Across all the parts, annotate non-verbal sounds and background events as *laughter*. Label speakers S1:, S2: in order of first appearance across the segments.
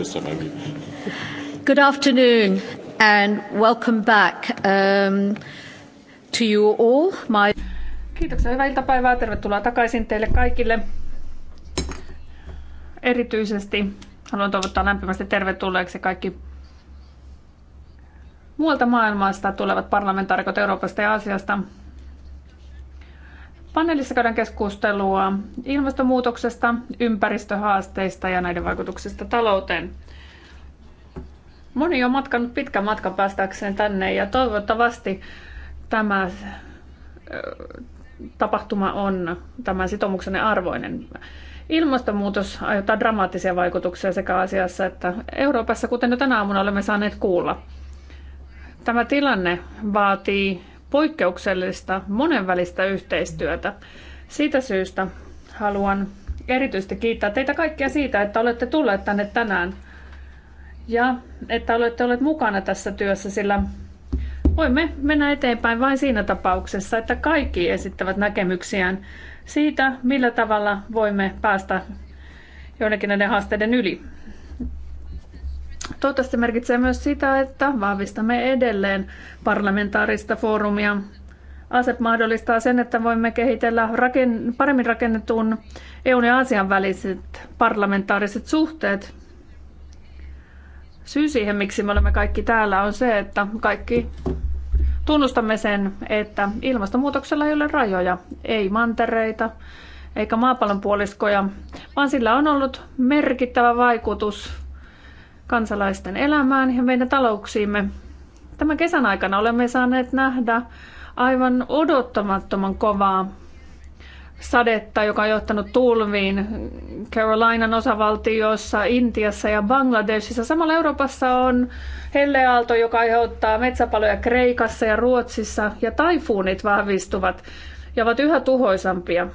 S1: Österreich.
S2: Good afternoon and welcome back um, to you all. My...
S1: Kiitoksia, hyvää iltapäivää. Tervetuloa takaisin teille kaikille. Erityisesti haluan toivottaa lämpimästi tervetulleeksi kaikki muualta maailmasta tulevat parlamentaarikot Euroopasta ja Aasiasta. Paneelissa käydään keskustelua ilmastonmuutoksesta, ympäristöhaasteista ja näiden vaikutuksista talouteen. Moni on matkanut pitkän matkan päästäkseen tänne ja toivottavasti tämä tapahtuma on tämän sitoumuksen arvoinen. Ilmastonmuutos aiheuttaa dramaattisia vaikutuksia sekä asiassa että Euroopassa, kuten jo tänä aamuna olemme saaneet kuulla. Tämä tilanne vaatii poikkeuksellista monenvälistä yhteistyötä. Siitä syystä haluan erityisesti kiittää teitä kaikkia siitä, että olette tulleet tänne tänään ja että olette olleet mukana tässä työssä, sillä voimme mennä eteenpäin vain siinä tapauksessa, että kaikki esittävät näkemyksiään siitä, millä tavalla voimme päästä joidenkin näiden haasteiden yli. Toivottavasti merkitsee myös sitä, että vahvistamme edelleen parlamentaarista foorumia. ASEP mahdollistaa sen, että voimme kehitellä raken, paremmin rakennetun EUn ja Aasian väliset parlamentaariset suhteet. Syy siihen, miksi me olemme kaikki täällä, on se, että kaikki tunnustamme sen, että ilmastonmuutoksella ei ole rajoja, ei mantereita eikä maapallon puoliskoja, vaan sillä on ollut merkittävä vaikutus kansalaisten elämään ja meidän talouksiimme. Tämän kesän aikana olemme saaneet nähdä aivan odottamattoman kovaa sadetta, joka on johtanut tulviin Carolinan osavaltiossa, Intiassa ja Bangladesissa. Samalla Euroopassa on helleaalto, joka aiheuttaa metsäpaloja Kreikassa ja Ruotsissa, ja taifuunit vahvistuvat ja ovat yhä tuhoisampia.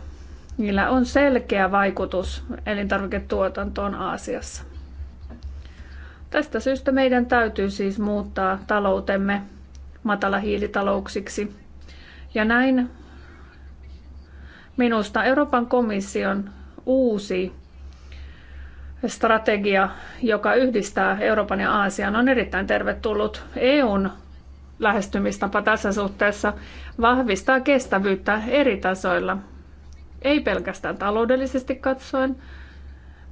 S1: Niillä on selkeä vaikutus elintarviketuotantoon Aasiassa. Tästä syystä meidän täytyy siis muuttaa taloutemme matalahiilitalouksiksi. Ja näin minusta Euroopan komission uusi strategia, joka yhdistää Euroopan ja Aasian, on erittäin tervetullut. EUn lähestymistapa tässä suhteessa vahvistaa kestävyyttä eri tasoilla. Ei pelkästään taloudellisesti katsoen,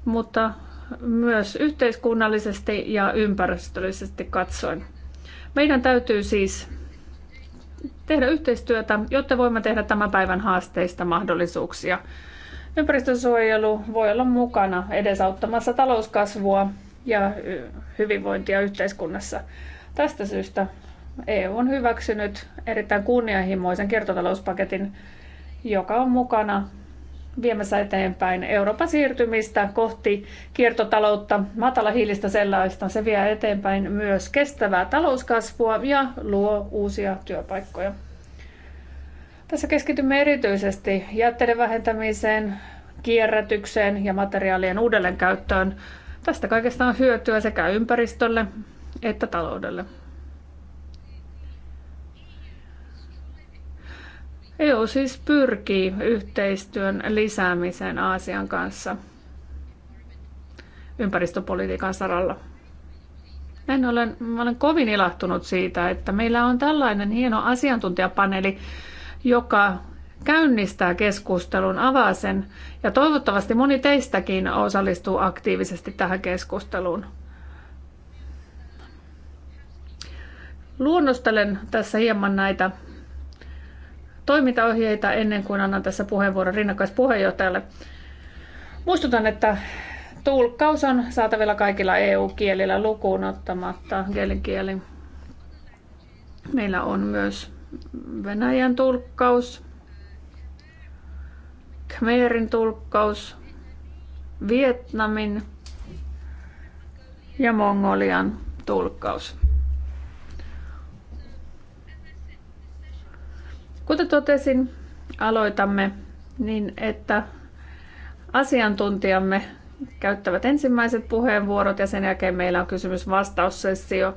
S1: mutta myös yhteiskunnallisesti ja ympäristöllisesti katsoen. Meidän täytyy siis tehdä yhteistyötä, jotta voimme tehdä tämän päivän haasteista mahdollisuuksia. Ympäristönsuojelu voi olla mukana edesauttamassa talouskasvua ja hyvinvointia yhteiskunnassa. Tästä syystä EU on hyväksynyt erittäin kunnianhimoisen kiertotalouspaketin, joka on mukana viemässä eteenpäin Euroopan siirtymistä kohti kiertotaloutta, hiilistä sellaista. Se vie eteenpäin myös kestävää talouskasvua ja luo uusia työpaikkoja. Tässä keskitymme erityisesti jätteiden vähentämiseen, kierrätykseen ja materiaalien uudelleenkäyttöön. Tästä kaikesta on hyötyä sekä ympäristölle että taloudelle. EU siis pyrkii yhteistyön lisäämiseen Aasian kanssa ympäristöpolitiikan saralla. Näin olen, olen kovin ilahtunut siitä, että meillä on tällainen hieno asiantuntijapaneeli, joka käynnistää keskustelun, avaa sen ja toivottavasti moni teistäkin osallistuu aktiivisesti tähän keskusteluun. Luonnostelen tässä hieman näitä toimintaohjeita ennen kuin annan tässä puheenvuoron rinnakkaispuheenjohtajalle. Muistutan, että tulkkaus on saatavilla kaikilla EU-kielillä lukuun ottamatta kielikieli. Meillä on myös Venäjän tulkkaus, Khmerin tulkkaus, Vietnamin ja Mongolian tulkkaus. Kuten totesin, aloitamme niin, että asiantuntijamme käyttävät ensimmäiset puheenvuorot ja sen jälkeen meillä on kysymys-vastaussessio.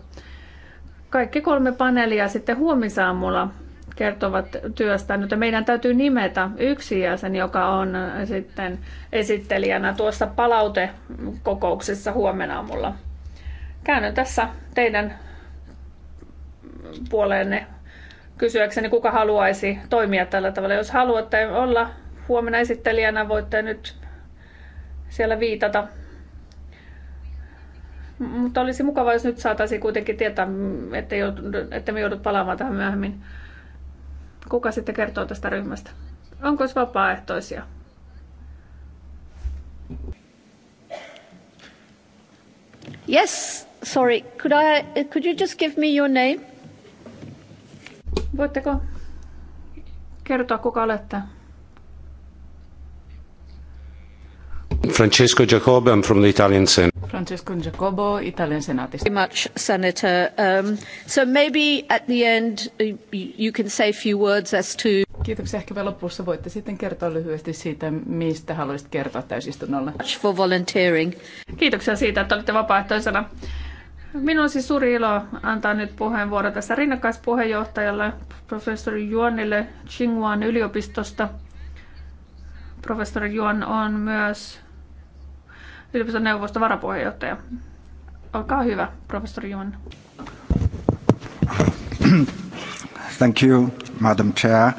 S1: Kaikki kolme paneelia sitten huomisaamulla kertovat työstä, Nyt meidän täytyy nimetä yksi jäsen, joka on sitten esittelijänä tuossa palautekokouksessa huomenna aamulla. Käännyn tässä teidän puoleenne kysyäkseni, kuka haluaisi toimia tällä tavalla. Jos haluatte olla huomenna esittelijänä, voitte nyt siellä viitata. Mutta olisi mukava, jos nyt saataisiin kuitenkin tietää, että, joudut, että me joudut palaamaan tähän myöhemmin. Kuka sitten kertoo tästä ryhmästä? Onko se vapaaehtoisia? Yes, sorry. Could, I, could you just give me your name? Voitteko kertoa, kuka olette?
S3: Francesco Giacobbe, I'm from the Italian Senate. Francesco Giacobbo, Italian you Very much, Senator. Um, so maybe at the end uh, you can say a few words as to... Kiitoksia. Ehkä vielä lopussa voitte sitten kertoa lyhyesti siitä,
S1: mistä haluaisit kertoa täysistunnolle. For volunteering. Kiitoksia siitä, että olitte vapaaehtoisena Minulla on siis suuri ilo antaa nyt puheenvuoro tässä rinnakkaispuheenjohtajalle, professori Juanille Tsinghuan yliopistosta. Professori Juan on myös yliopiston neuvoston varapuheenjohtaja. Olkaa hyvä, professori Juan.
S4: Thank you, Madam Chair.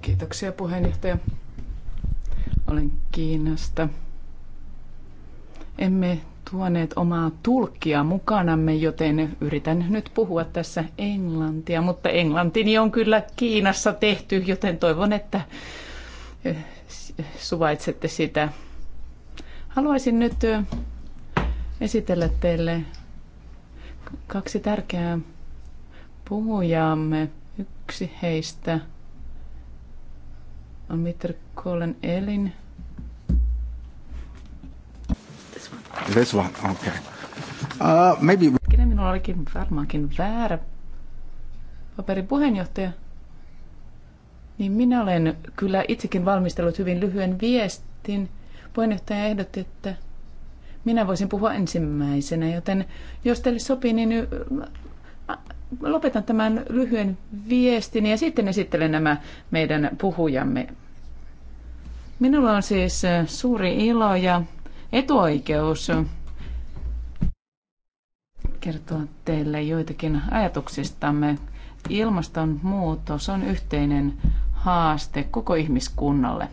S3: Kiitoksia puheenjohtaja. Olen Kiinasta. Emme tuoneet omaa tulkkia mukanamme, joten yritän nyt puhua tässä englantia, mutta englantini on kyllä Kiinassa tehty, joten toivon, että eh, suvaitsette sitä. Haluaisin nyt eh, esitellä teille kaksi tärkeää puhujaamme. Yksi heistä on Mitter Colin Elin,
S4: This one, okay.
S3: Uh, maybe... Kenen minulla olikin varmaankin väärä paperin puheenjohtaja? Niin minä olen kyllä itsekin valmistellut hyvin lyhyen viestin. Puheenjohtaja ehdotti, että minä voisin puhua ensimmäisenä, joten jos teille sopii, niin äh, äh, lopetan tämän lyhyen viestin ja sitten esittelen nämä meidän puhujamme. Minulla on siis äh, suuri ilo ja etuoikeus kertoa teille joitakin ajatuksistamme. Ilmastonmuutos on yhteinen haaste koko ihmiskunnalle.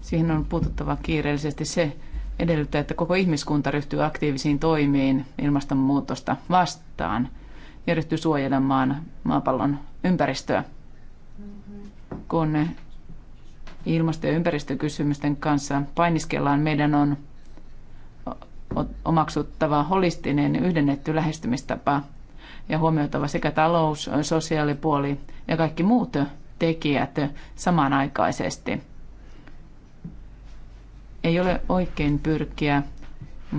S3: Siihen on puututtava kiireellisesti. Se edellyttää, että koko ihmiskunta ryhtyy aktiivisiin toimiin ilmastonmuutosta vastaan ja ryhtyy suojelemaan maapallon ympäristöä. Kun ilmasto- ja ympäristökysymysten kanssa painiskellaan, meidän on omaksuttava holistinen yhdennetty lähestymistapa ja huomioitava sekä talous, sosiaalipuoli ja kaikki muut tekijät samanaikaisesti. Ei ole oikein pyrkiä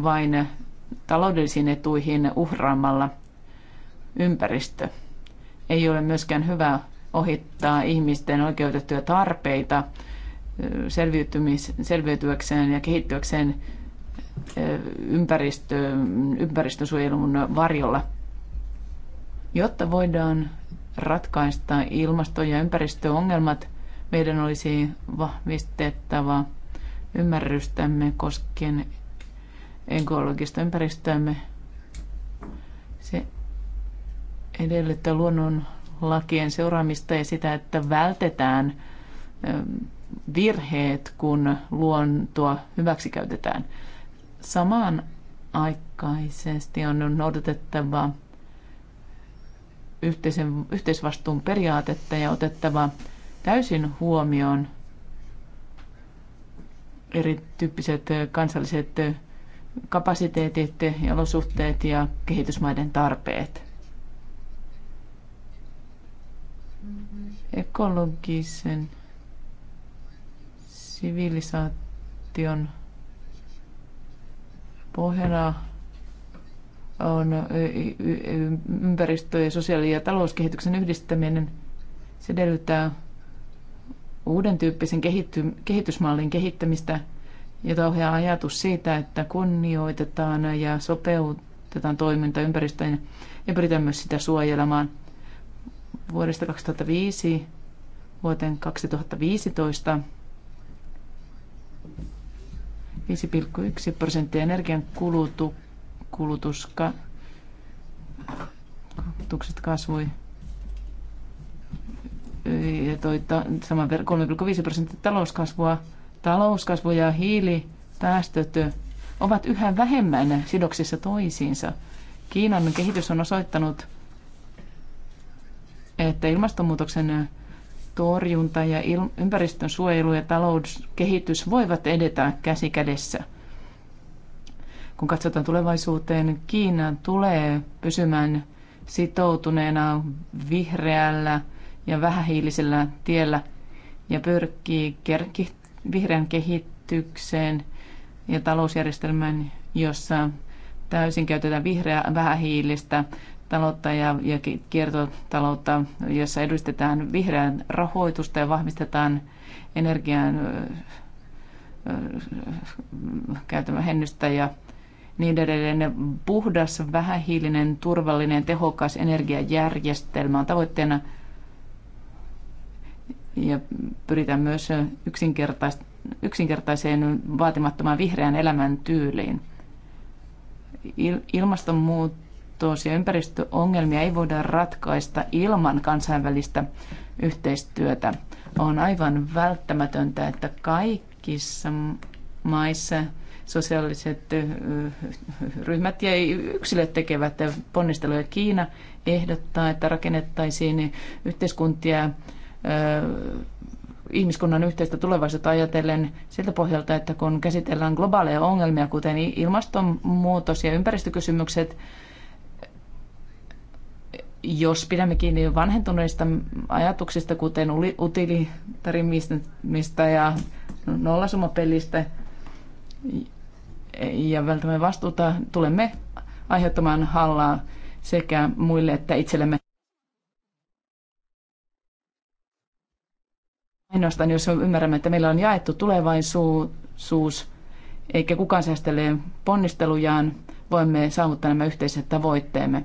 S3: vain taloudellisiin etuihin uhraamalla ympäristö. Ei ole myöskään hyvä ohittaa ihmisten oikeutettuja tarpeita selviytyäkseen ja kehittyäkseen ympäristö, ympäristösuojelun varjolla. Jotta voidaan ratkaista ilmasto- ja ympäristöongelmat, meidän olisi vahvistettava ymmärrystämme koskien ekologista ympäristöämme. Se edellyttää luonnonlakien seuraamista ja sitä, että vältetään virheet, kun luontoa hyväksikäytetään. Samaan aikaisesti on noudatettava yhteisen, yhteisvastuun periaatetta ja otettava täysin huomioon erityyppiset kansalliset kapasiteetit ja olosuhteet ja kehitysmaiden tarpeet. Ekologisen sivilisaation pohjana on ympäristö- ja sosiaali- ja talouskehityksen yhdistäminen. Se edellyttää uuden tyyppisen kehitty- kehitysmallin kehittämistä, jota ohjaa ajatus siitä, että kunnioitetaan ja sopeutetaan toiminta ympäristöön ja pyritään myös sitä suojelemaan. Vuodesta 2005 vuoteen 2015 5,1 prosenttia energian kulutu, kulutuska, kulutukset kasvoi ja toi ta, saman 3,5 prosenttia talouskasvua. Talouskasvu ja hiilipäästöt ovat yhä vähemmän sidoksissa toisiinsa. Kiinan kehitys on osoittanut, että ilmastonmuutoksen torjunta ja ympäristön suojelu ja talouskehitys voivat edetä käsi kädessä. Kun katsotaan tulevaisuuteen, Kiina tulee pysymään sitoutuneena vihreällä ja vähähiilisellä tiellä ja pyrkii vihreän kehitykseen ja talousjärjestelmään, jossa täysin käytetään vihreää vähähiilistä taloutta ja, ja kiertotaloutta, jossa edustetaan vihreän rahoitusta ja vahvistetaan energian käytön ja niin edelleen. Puhdas, vähähiilinen, turvallinen, tehokas energiajärjestelmä on tavoitteena ja pyritään myös yksinkertaiseen vaatimattomaan vihreän elämäntyyliin. Il- ilmastonmuutos tosiaan ympäristöongelmia ei voida ratkaista ilman kansainvälistä yhteistyötä. On aivan välttämätöntä, että kaikissa maissa sosiaaliset ryhmät ja yksilöt tekevät ponnisteluja. Kiina ehdottaa, että rakennettaisiin yhteiskuntia ihmiskunnan yhteistä tulevaisuutta ajatellen siltä pohjalta, että kun käsitellään globaaleja ongelmia, kuten ilmastonmuutos ja ympäristökysymykset, jos pidämme kiinni vanhentuneista ajatuksista, kuten utilitarimista ja nollasumapelistä ja vältämme vastuuta, tulemme aiheuttamaan hallaa sekä muille että itsellemme. Ainoastaan jos ymmärrämme, että meillä on jaettu tulevaisuus, eikä kukaan säästele ponnistelujaan, voimme saavuttaa nämä yhteiset tavoitteemme.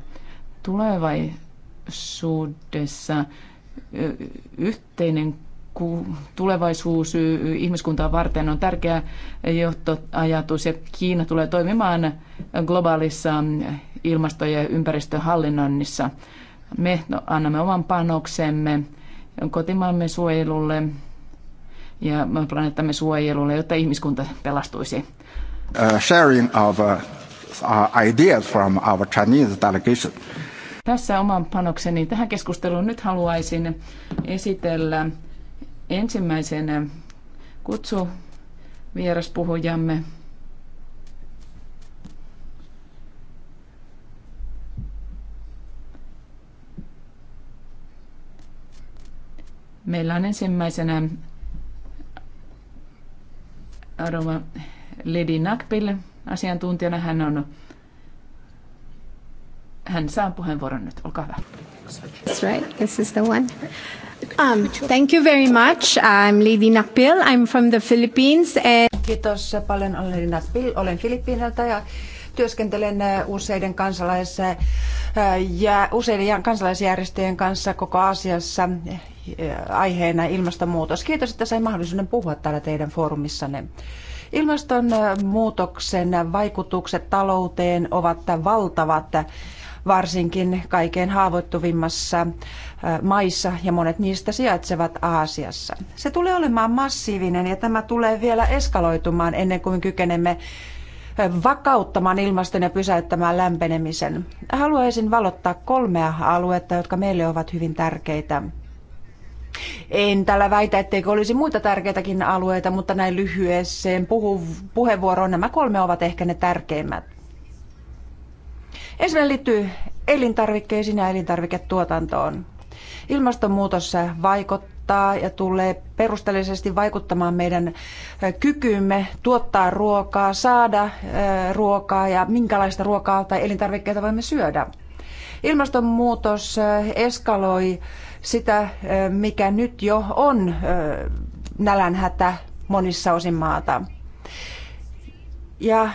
S3: tulevaisuus tulevaisuudessa yhteinen tulevaisuus ihmiskuntaa varten on tärkeä johtoajatus ja Kiina tulee toimimaan globaalissa ilmasto- ja ympäristöhallinnonnissa. Me no, annamme oman panoksemme kotimaamme suojelulle ja planeettamme suojelulle, jotta ihmiskunta pelastuisi.
S4: Uh, sharing of uh, ideas from our Chinese delegation.
S3: Tässä oman panokseni tähän keskusteluun nyt haluaisin esitellä ensimmäisen kutsu vieraspuhujamme. Meillä on ensimmäisenä Arova Lady Nakpil asiantuntijana. Hän on hän saa puheenvuoron nyt,
S2: olkaa hyvä. That's right, this is the one. Um, thank you very much. I'm Lady Napil. I'm from the Philippines. And...
S5: Kiitos paljon, olen Lady Napil. Olen Filippiineltä ja työskentelen äh, useiden kansalais- äh, ja useiden kansalaisjärjestöjen kanssa koko Aasiassa äh, aiheena ilmastonmuutos. Kiitos, että sain mahdollisuuden puhua täällä teidän foorumissanne. Ilmastonmuutoksen vaikutukset talouteen ovat valtavat varsinkin kaikkein haavoittuvimmassa maissa ja monet niistä sijaitsevat Aasiassa. Se tulee olemaan massiivinen ja tämä tulee vielä eskaloitumaan ennen kuin kykenemme vakauttamaan ilmaston ja pysäyttämään lämpenemisen. Haluaisin valottaa kolmea aluetta, jotka meille ovat hyvin tärkeitä. En tällä väitä, etteikö olisi muita tärkeitäkin alueita, mutta näin lyhyeseen puheenvuoroon nämä kolme ovat ehkä ne tärkeimmät. Ensimmäinen liittyy elintarvikkeisiin ja elintarviketuotantoon. Ilmastonmuutos vaikuttaa ja tulee perusteellisesti vaikuttamaan meidän kykyymme tuottaa ruokaa, saada ruokaa ja minkälaista ruokaa tai elintarvikkeita voimme syödä. Ilmastonmuutos eskaloi sitä, mikä nyt jo on nälänhätä monissa osin maata ja äh,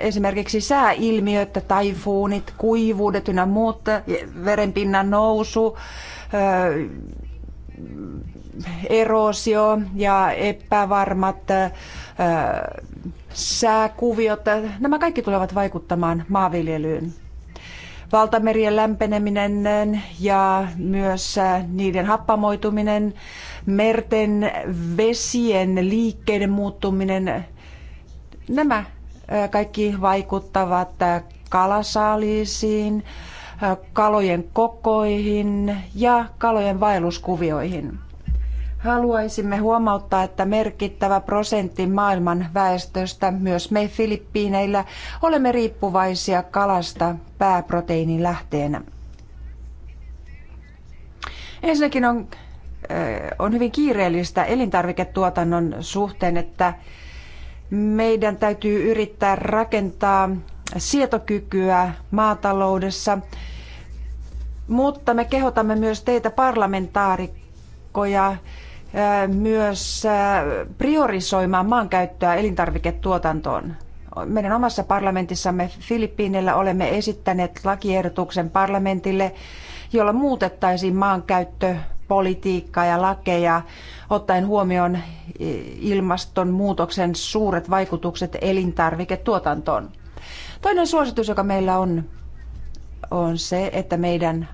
S5: esimerkiksi sääilmiöt, taifuunit, kuivuudet ynnä muut, äh, verenpinnan nousu, äh, erosio ja epävarmat sääkuviot, nämä kaikki tulevat vaikuttamaan maanviljelyyn. Valtamerien lämpeneminen ja myös niiden happamoituminen, merten vesien liikkeiden muuttuminen, Nämä kaikki vaikuttavat kalasaaliisiin, kalojen kokoihin ja kalojen vaelluskuvioihin. Haluaisimme huomauttaa, että merkittävä prosentti maailman väestöstä, myös me Filippiineillä, olemme riippuvaisia kalasta pääproteiinin lähteenä. Ensinnäkin on, on hyvin kiireellistä elintarviketuotannon suhteen, että meidän täytyy yrittää rakentaa sietokykyä maataloudessa, mutta me kehotamme myös teitä parlamentaarikkoja myös priorisoimaan maankäyttöä elintarviketuotantoon. Meidän omassa parlamentissamme Filippiineillä olemme esittäneet lakiehdotuksen parlamentille, jolla muutettaisiin maankäyttö politiikkaa ja lakeja, ottaen huomioon eh, ilmastonmuutoksen suuret vaikutukset elintarviketuotantoon. Toinen suositus, joka meillä on, on se, että meidän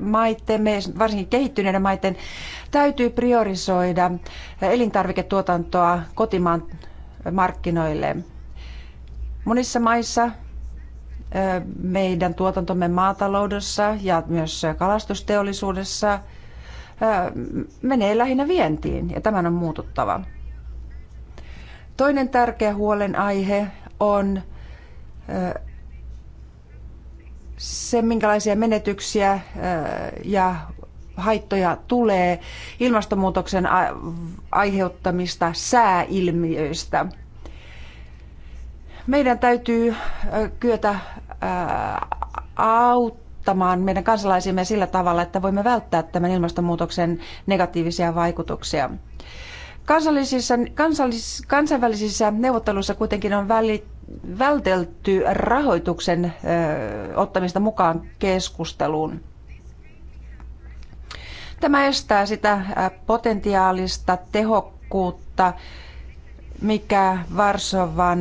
S5: maitemme, varsinkin kehittyneiden maiden, täytyy priorisoida elintarviketuotantoa kotimaan markkinoille. Monissa maissa meidän tuotantomme maataloudessa ja myös kalastusteollisuudessa menee lähinnä vientiin ja tämän on muututtava. Toinen tärkeä huolenaihe on se, minkälaisia menetyksiä ja haittoja tulee ilmastonmuutoksen aiheuttamista sääilmiöistä – meidän täytyy kyetä auttamaan meidän kansalaisimme sillä tavalla, että voimme välttää tämän ilmastonmuutoksen negatiivisia vaikutuksia. Kansallisissa, kansallis, kansainvälisissä neuvotteluissa kuitenkin on väli, vältelty rahoituksen ö, ottamista mukaan keskusteluun. Tämä estää sitä potentiaalista tehokkuutta, mikä Varsovan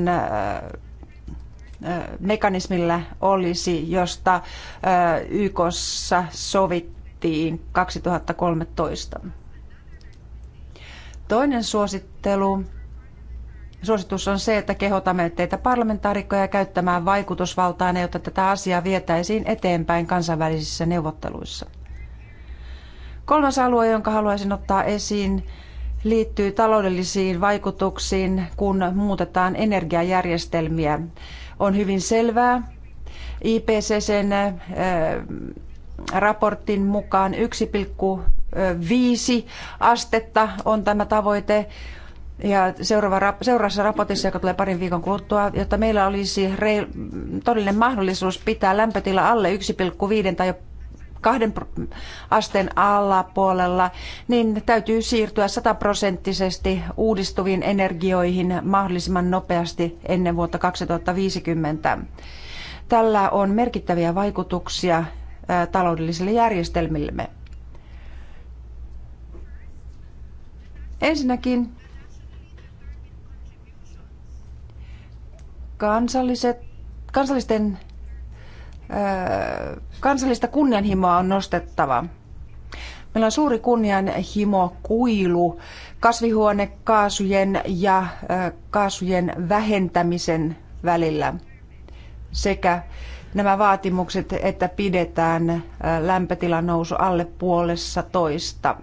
S5: mekanismilla olisi, josta YKssa sovittiin 2013. Toinen suosittelu Suositus on se, että kehotamme teitä parlamentaarikkoja käyttämään vaikutusvaltaanne, jotta tätä asiaa vietäisiin eteenpäin kansainvälisissä neuvotteluissa. Kolmas alue, jonka haluaisin ottaa esiin, liittyy taloudellisiin vaikutuksiin, kun muutetaan energiajärjestelmiä. On hyvin selvää IPCCn raportin mukaan 1,5 astetta on tämä tavoite. Ja seuraava, seuraavassa raportissa, joka tulee parin viikon kuluttua, jotta meillä olisi todellinen mahdollisuus pitää lämpötila alle 1,5 tai kahden asteen alapuolella, niin täytyy siirtyä sataprosenttisesti uudistuviin energioihin mahdollisimman nopeasti ennen vuotta 2050. Tällä on merkittäviä vaikutuksia taloudellisille järjestelmillemme. Ensinnäkin kansalliset, kansallisten kansallista kunnianhimoa on nostettava. Meillä on suuri kunnianhimo kuilu kasvihuonekaasujen ja kaasujen vähentämisen välillä sekä nämä vaatimukset, että pidetään lämpötilan nousu alle puolessa toista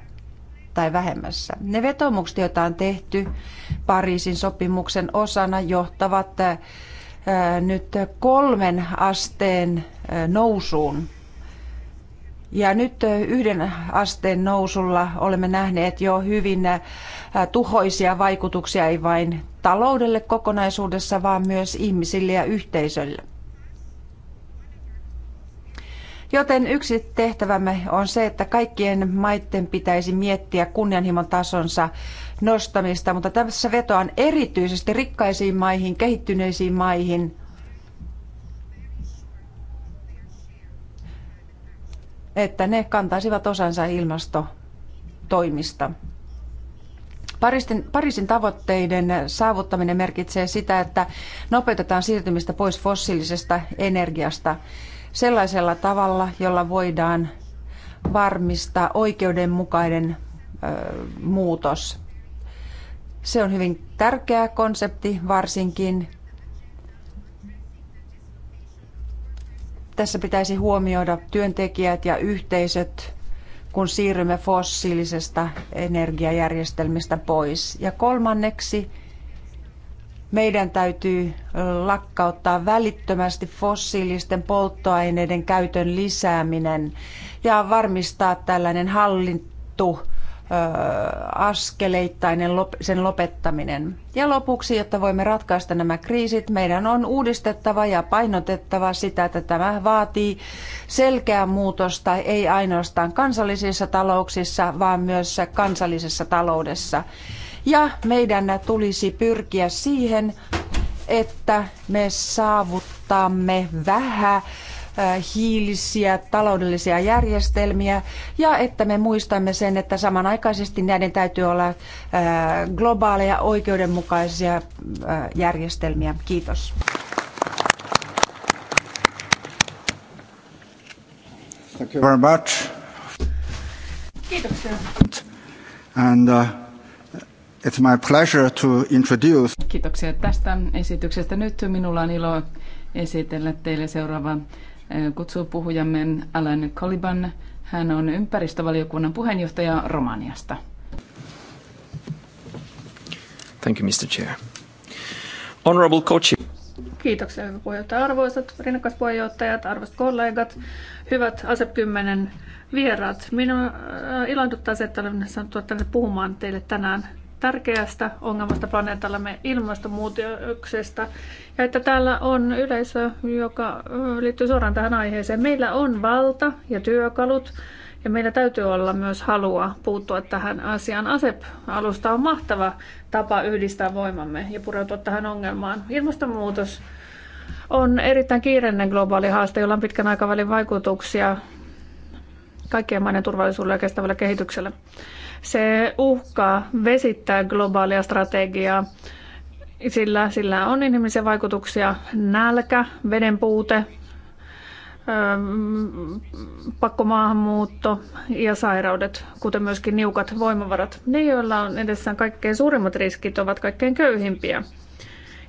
S5: tai vähemmässä. Ne vetomukset, joita on tehty Pariisin sopimuksen osana, johtavat nyt kolmen asteen nousuun. Ja nyt yhden asteen nousulla olemme nähneet jo hyvin tuhoisia vaikutuksia ei vain taloudelle kokonaisuudessa, vaan myös ihmisille ja yhteisölle. Joten yksi tehtävämme on se, että kaikkien maiden pitäisi miettiä kunnianhimon tasonsa nostamista, mutta tässä vetoan erityisesti rikkaisiin maihin, kehittyneisiin maihin että ne kantaisivat osansa ilmastotoimista. Pariisin, Pariisin tavoitteiden saavuttaminen merkitsee sitä, että nopeutetaan siirtymistä pois fossiilisesta energiasta sellaisella tavalla, jolla voidaan varmistaa oikeudenmukainen ö, muutos. Se on hyvin tärkeä konsepti, varsinkin Tässä pitäisi huomioida työntekijät ja yhteisöt, kun siirrymme fossiilisesta energiajärjestelmistä pois. Ja kolmanneksi, meidän täytyy lakkauttaa välittömästi fossiilisten polttoaineiden käytön lisääminen ja varmistaa tällainen hallittu askeleittainen sen lopettaminen. Ja lopuksi, jotta voimme ratkaista nämä kriisit, meidän on uudistettava ja painotettava sitä, että tämä vaatii selkeää muutosta ei ainoastaan kansallisissa talouksissa, vaan myös kansallisessa taloudessa. Ja meidän tulisi pyrkiä siihen, että me saavutamme vähän hiilisiä taloudellisia järjestelmiä ja että me muistamme sen, että samanaikaisesti näiden täytyy olla globaaleja oikeudenmukaisia järjestelmiä. Kiitos.
S3: Thank you
S4: very much. Kiitoksia. And, uh, it's my pleasure to introduce.
S3: Kiitoksia tästä esityksestä. Nyt minulla on ilo esitellä teille seuraava kutsuu puhujamme Alan Koliban. Hän on ympäristövaliokunnan puheenjohtaja Romaniasta.
S2: Thank you, Mr. Chair. Honorable Kochi.
S1: Kiitoksia, hyvä puheenjohtaja. Arvoisat rinnakkaispuheenjohtajat, arvoisat kollegat, hyvät ASEP 10 vieraat. Minua äh, ilahduttaa se, että olen saanut tänne puhumaan teille tänään tärkeästä ongelmasta planeetallamme ilmastonmuutoksesta ja että täällä on yleisö, joka liittyy suoraan tähän aiheeseen. Meillä on valta ja työkalut ja meillä täytyy olla myös halua puuttua tähän asiaan. ASEP-alusta on mahtava tapa yhdistää voimamme ja pureutua tähän ongelmaan. Ilmastonmuutos on erittäin kiireinen globaali haaste, jolla on pitkän aikavälin vaikutuksia kaikkien maiden turvallisuudelle ja kestävälle kehitykselle. Se uhkaa vesittää globaalia strategiaa, sillä sillä on inhimillisiä vaikutuksia nälkä, veden puute, pakkomaahanmuutto ja sairaudet, kuten myöskin niukat voimavarat. Ne, joilla on edessään kaikkein suurimmat riskit, ovat kaikkein köyhimpiä,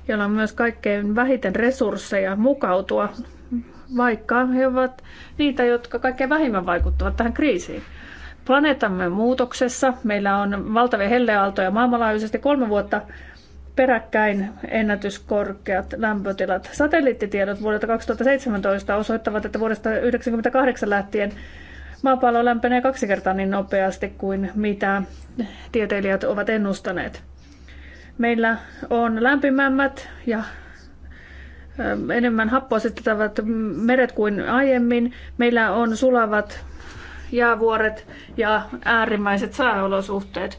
S1: joilla on myös kaikkein vähiten resursseja mukautua, vaikka he ovat niitä, jotka kaikkein vähimmän vaikuttavat tähän kriisiin. Planeetamme muutoksessa. Meillä on valtavia helleaaltoja maailmanlaajuisesti kolme vuotta peräkkäin ennätyskorkeat lämpötilat. Satelliittitiedot vuodelta 2017 osoittavat, että vuodesta 1998 lähtien maapallo lämpenee kaksi kertaa niin nopeasti kuin mitä tieteilijät ovat ennustaneet. Meillä on lämpimämmät ja enemmän happoa sisältävät meret kuin aiemmin. Meillä on sulavat jäävuoret ja äärimmäiset sääolosuhteet.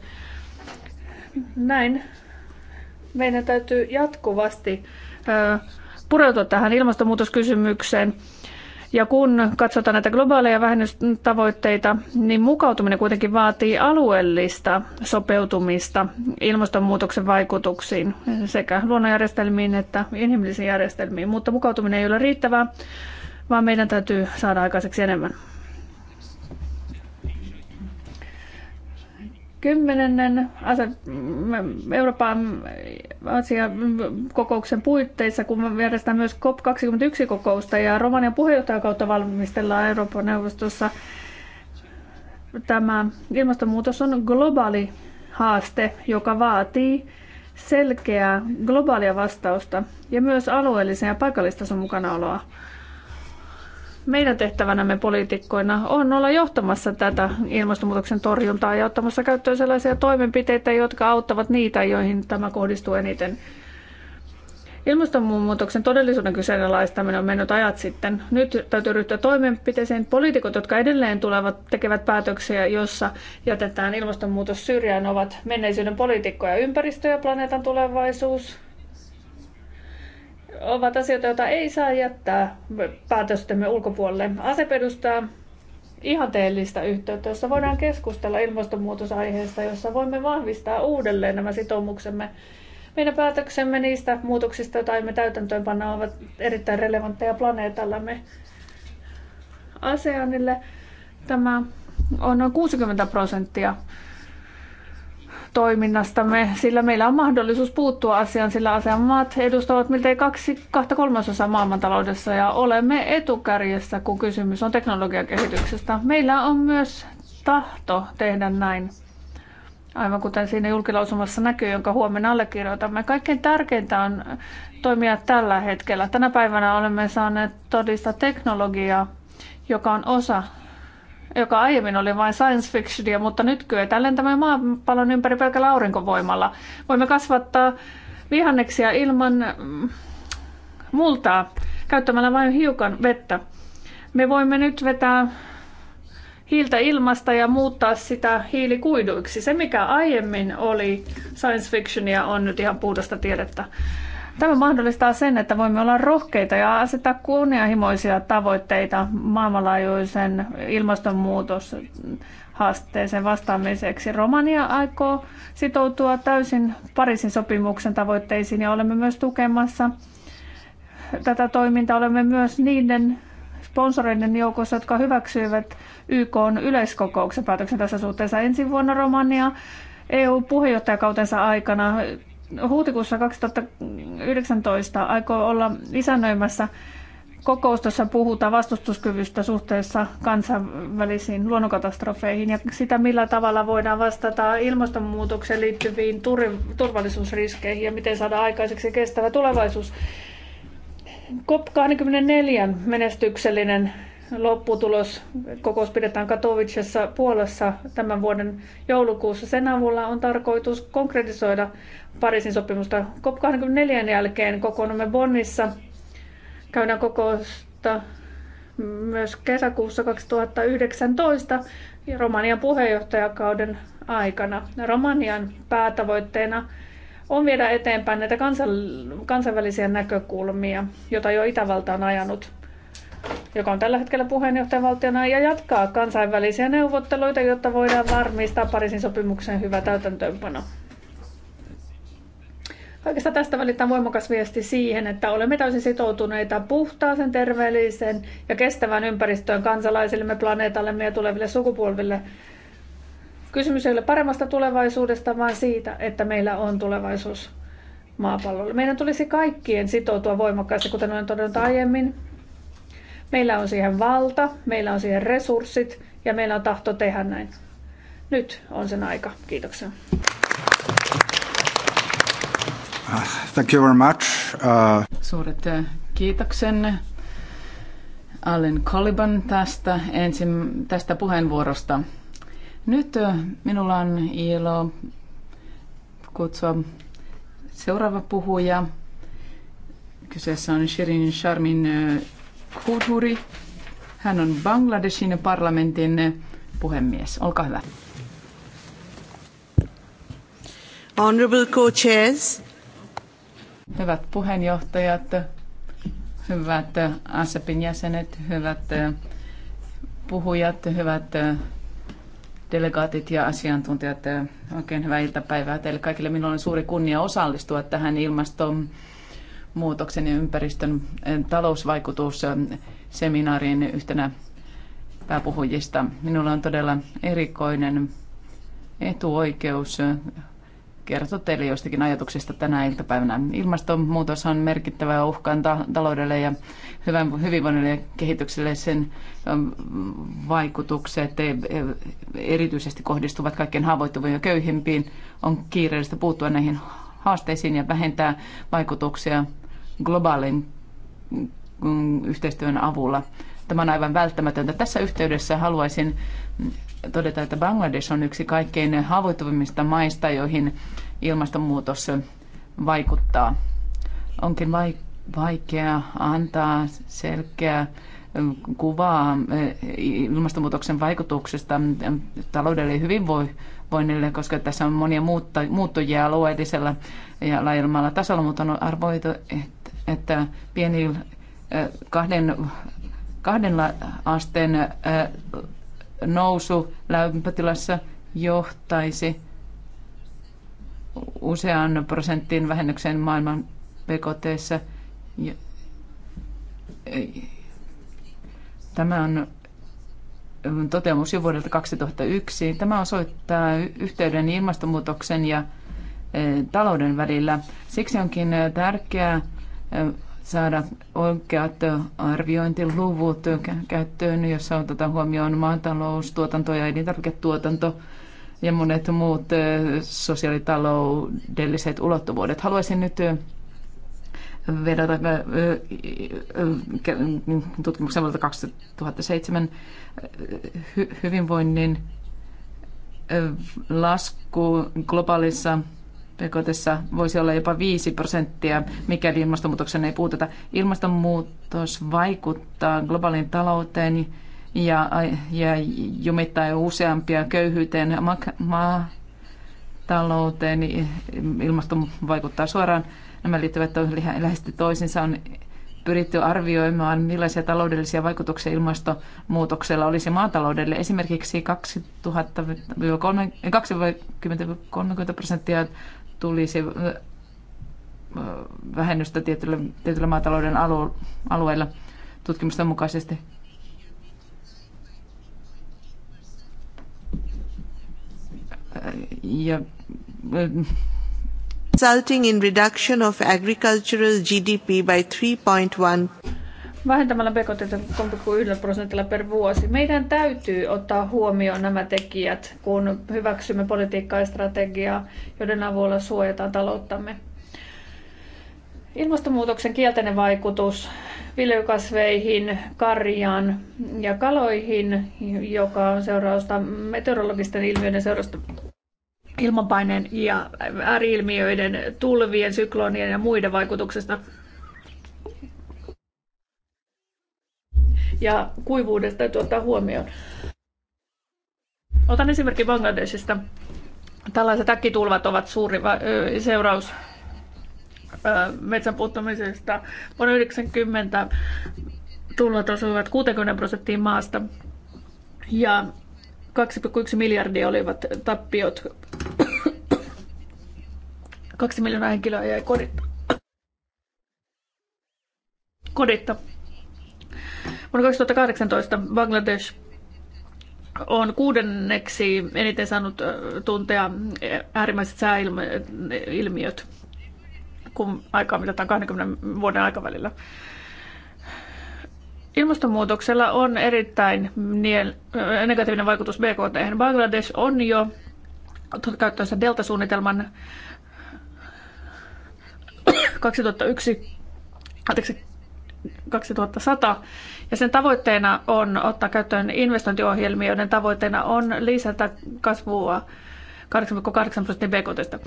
S1: Näin meidän täytyy jatkuvasti pureutua tähän ilmastonmuutoskysymykseen. Ja kun katsotaan näitä globaaleja vähennystavoitteita, niin mukautuminen kuitenkin vaatii alueellista sopeutumista ilmastonmuutoksen vaikutuksiin sekä luonnonjärjestelmiin että inhimillisiin järjestelmiin. Mutta mukautuminen ei ole riittävää, vaan meidän täytyy saada aikaiseksi enemmän. kymmenennen Euroopan asia kokouksen puitteissa, kun järjestetään myös COP21-kokousta ja Romanian puheenjohtajakautta valmistellaan Euroopan neuvostossa. Tämä ilmastonmuutos on globaali haaste, joka vaatii selkeää globaalia vastausta ja myös alueellisen ja paikallistason mukanaoloa. Meidän tehtävänämme poliitikkoina on olla johtamassa tätä ilmastonmuutoksen torjuntaa ja ottamassa käyttöön sellaisia toimenpiteitä, jotka auttavat niitä, joihin tämä kohdistuu eniten. Ilmastonmuutoksen todellisuuden kyseenalaistaminen on mennyt ajat sitten. Nyt täytyy ryhtyä toimenpiteisiin. Poliitikot, jotka edelleen tulevat, tekevät päätöksiä, jossa jätetään ilmastonmuutos syrjään, ovat menneisyyden poliitikkoja ympäristö ja planeetan tulevaisuus, ovat asioita, joita ei saa jättää päätöstemme ulkopuolelle. Ase perustaa ihanteellista yhteyttä, jossa voidaan keskustella ilmastonmuutosaiheesta, jossa voimme vahvistaa uudelleen nämä sitoumuksemme. Meidän päätöksemme niistä muutoksista, joita emme täytäntöönpanna, ovat erittäin relevantteja planeetallamme. ASEANille tämä on noin 60 prosenttia toiminnastamme, sillä meillä on mahdollisuus puuttua asiaan, sillä asian edustavat miltei kaksi, kahta kolmasosaa maailmantaloudessa ja olemme etukärjessä, kun kysymys on teknologiakehityksestä. Meillä on myös tahto tehdä näin, aivan kuten siinä julkilausumassa näkyy, jonka huomenna allekirjoitamme. Kaikkein tärkeintä on toimia tällä hetkellä. Tänä päivänä olemme saaneet todistaa teknologiaa, joka on osa joka aiemmin oli vain science fictionia, mutta nyt kyetään lentämään maapallon ympäri pelkällä aurinkovoimalla. Voimme kasvattaa vihanneksia ilman mm, multaa käyttämällä vain hiukan vettä. Me voimme nyt vetää hiiltä ilmasta ja muuttaa sitä hiilikuiduiksi. Se, mikä aiemmin oli science fictionia, on nyt ihan puhdasta tiedettä. Tämä mahdollistaa sen, että voimme olla rohkeita ja asettaa kunnianhimoisia tavoitteita maailmanlaajuisen ilmastonmuutos haasteeseen vastaamiseksi. Romania aikoo sitoutua täysin Pariisin sopimuksen tavoitteisiin ja olemme myös tukemassa tätä toimintaa. Olemme myös niiden sponsoreiden joukossa, jotka hyväksyivät YK yleiskokouksen päätöksen tässä suhteessa. Ensi vuonna Romania EU-puheenjohtajakautensa aikana huhtikuussa 2019 aikoo olla isännöimässä kokousta, jossa puhutaan vastustuskyvystä suhteessa kansainvälisiin luonnonkatastrofeihin ja sitä, millä tavalla voidaan vastata ilmastonmuutokseen liittyviin turvallisuusriskeihin ja miten saada aikaiseksi kestävä tulevaisuus. COP24 menestyksellinen lopputulos. Kokous pidetään Katowicessa Puolassa tämän vuoden joulukuussa. Sen avulla on tarkoitus konkretisoida Pariisin sopimusta. COP24 jälkeen kokoonnumme Bonnissa. Käydään kokousta myös kesäkuussa 2019 Romanian puheenjohtajakauden aikana. Romanian päätavoitteena on viedä eteenpäin näitä kansainvälisiä näkökulmia, joita jo Itävalta on ajanut joka on tällä hetkellä puheenjohtajavaltiona, ja jatkaa kansainvälisiä neuvotteluita, jotta voidaan varmistaa Pariisin sopimuksen hyvä täytäntöönpano. Kaikesta tästä välittää voimakas viesti siihen, että olemme täysin sitoutuneita puhtaaseen, terveelliseen ja kestävään ympäristöön kansalaisillemme, planeetallemme ja tuleville sukupolville. Kysymys ei ole paremmasta tulevaisuudesta, vaan siitä, että meillä on tulevaisuus maapallolla. Meidän tulisi kaikkien sitoutua voimakkaasti, kuten olen todennut aiemmin, Meillä on siihen valta, meillä on siihen resurssit ja meillä on tahto tehdä näin. Nyt on sen aika. Kiitoksia.
S4: Thank you very much. Uh...
S3: Suuret eh, kiitoksen Allen Coliban tästä, ensin, tästä puheenvuorosta. Nyt eh, minulla on ilo kutsua seuraava puhuja. Kyseessä on Shirin Sharmin eh, Kuthuri. Hän on Bangladeshin parlamentin puhemies. Olkaa hyvä. Honorable co-chairs. Hyvät puheenjohtajat, hyvät ASEPin jäsenet, hyvät puhujat, hyvät delegaatit ja asiantuntijat, oikein hyvää iltapäivää teille kaikille. Minulla on suuri kunnia osallistua tähän ilmastoon muutoksen ja ympäristön eh, talousvaikutus eh, seminaariin yhtenä pääpuhujista. Minulla on todella erikoinen etuoikeus eh, kertoa teille joistakin ajatuksista tänä iltapäivänä. Ilmastonmuutos on merkittävä uhka taloudelle ja hyvän, hyvinvoinnille ja kehitykselle. Sen vaikutukset erityisesti kohdistuvat kaikkein haavoittuviin ja köyhimpiin. On kiireellistä puuttua näihin haasteisiin ja vähentää vaikutuksia globaalin mm, yhteistyön avulla. Tämä on aivan välttämätöntä. Tässä yhteydessä haluaisin todeta, että Bangladesh on yksi kaikkein haavoittuvimmista maista, joihin ilmastonmuutos vaikuttaa. Onkin vaikea antaa selkeää kuvaa eh, ilmastonmuutoksen vaikutuksesta taloudelle ja hyvinvoinnille, koska tässä on monia muutta, muuttujia alueellisella ja laajemmalla tasolla, mutta on arvoitu, että pieni kahden, kahden asteen nousu lämpötilassa johtaisi usean prosenttiin vähennykseen maailman BKTssä. Tämä on toteamus jo vuodelta 2001. Tämä osoittaa yhteyden ilmastonmuutoksen ja talouden välillä. Siksi onkin tärkeää saada oikeat arviointiluvut käyttöön, jossa otetaan huomioon tuotanto ja elintarviketuotanto ja monet muut sosiaalitaloudelliset ulottuvuudet. Haluaisin nyt vedota tutkimuksen vuodelta 2007 hyvinvoinnin lasku globaalissa Pekotessa voisi olla jopa 5 prosenttia, mikäli ilmastonmuutoksen ei puututa. Ilmastonmuutos vaikuttaa globaalin talouteen ja, ja jumittaa jo useampia köyhyyteen, maatalouteen. Ilmaston vaikuttaa suoraan. Nämä liittyvät läheisesti toisiinsa. On pyritty arvioimaan, millaisia taloudellisia vaikutuksia ilmastonmuutoksella olisi maataloudelle. Esimerkiksi 20-30 prosenttia tulisi vähennystä tietyllä, tietyllä maatalouden alu, alueella tutkimusten mukaisesti. Ja,
S2: resulting in reduction of agricultural GDP by 3.1
S1: vähentämällä BKT 3,1 prosentilla per vuosi. Meidän täytyy ottaa huomioon nämä tekijät, kun hyväksymme politiikkaa ja strategiaa, joiden avulla suojataan talouttamme. Ilmastonmuutoksen kielteinen vaikutus viljelykasveihin, karjaan ja kaloihin, joka on seurausta meteorologisten ilmiöiden seurausta ilmanpaineen ja ääriilmiöiden, tulvien, syklonien ja muiden vaikutuksesta – ja kuivuudesta täytyy ottaa huomioon. Otan esimerkki Bangladesista. Tällaiset äkkitulvat ovat suuri seuraus metsän puuttumisesta. Vuonna 90 tulvat osuivat 60 prosenttiin maasta ja 2,1 miljardia olivat tappiot. Kaksi miljoonaa henkilöä jäi kodittaa. koditta. Vuonna 2018 Bangladesh on kuudenneksi eniten saanut äh, tuntea äh, äärimmäiset sääilmiöt, kun aikaa mitataan 20 vuoden aikavälillä. Ilmastonmuutoksella on erittäin äh, negatiivinen vaikutus BKT. Bangladesh on jo käyttänyt Delta-suunnitelman 2001, 2100 ja sen tavoitteena on ottaa käyttöön investointiohjelmia, joiden tavoitteena on lisätä kasvua 8,8 prosentin BKTstä.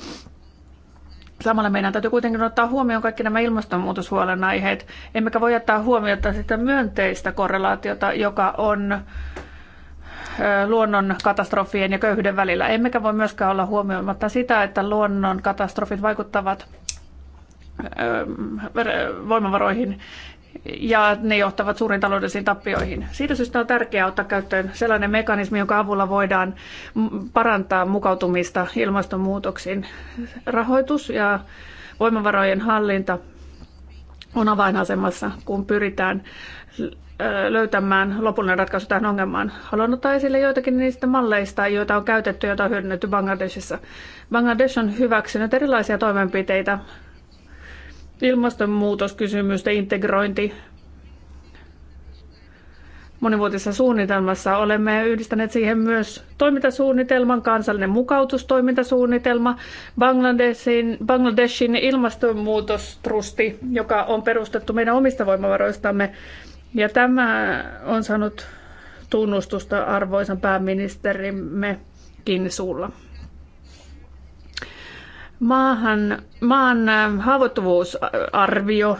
S1: Samalla meidän täytyy kuitenkin ottaa huomioon kaikki nämä ilmastonmuutoshuolenaiheet, emmekä voi jättää huomiota sitä myönteistä korrelaatiota, joka on luonnon katastrofien ja köyhyyden välillä. Emmekä voi myöskään olla huomioimatta sitä, että luonnon katastrofit vaikuttavat voimavaroihin ja ne johtavat suuriin taloudellisiin tappioihin. Siitä syystä on tärkeää ottaa käyttöön sellainen mekanismi, jonka avulla voidaan parantaa mukautumista ilmastonmuutoksiin. Rahoitus ja voimavarojen hallinta on avainasemassa, kun pyritään löytämään lopullinen ratkaisu tähän ongelmaan. Haluan ottaa esille joitakin niistä malleista, joita on käytetty ja joita on hyödynnetty Bangladesissa. Bangladesh on hyväksynyt erilaisia toimenpiteitä ilmastonmuutoskysymysten integrointi. Monivuotisessa suunnitelmassa olemme yhdistäneet siihen myös toimintasuunnitelman, kansallinen mukautustoimintasuunnitelma, Bangladeshin, Bangladeshin ilmastonmuutostrusti, joka on perustettu meidän omista voimavaroistamme. Ja tämä on saanut tunnustusta arvoisan pääministerimme suulla. Maahan, maan äh, haavoittuvuusarvio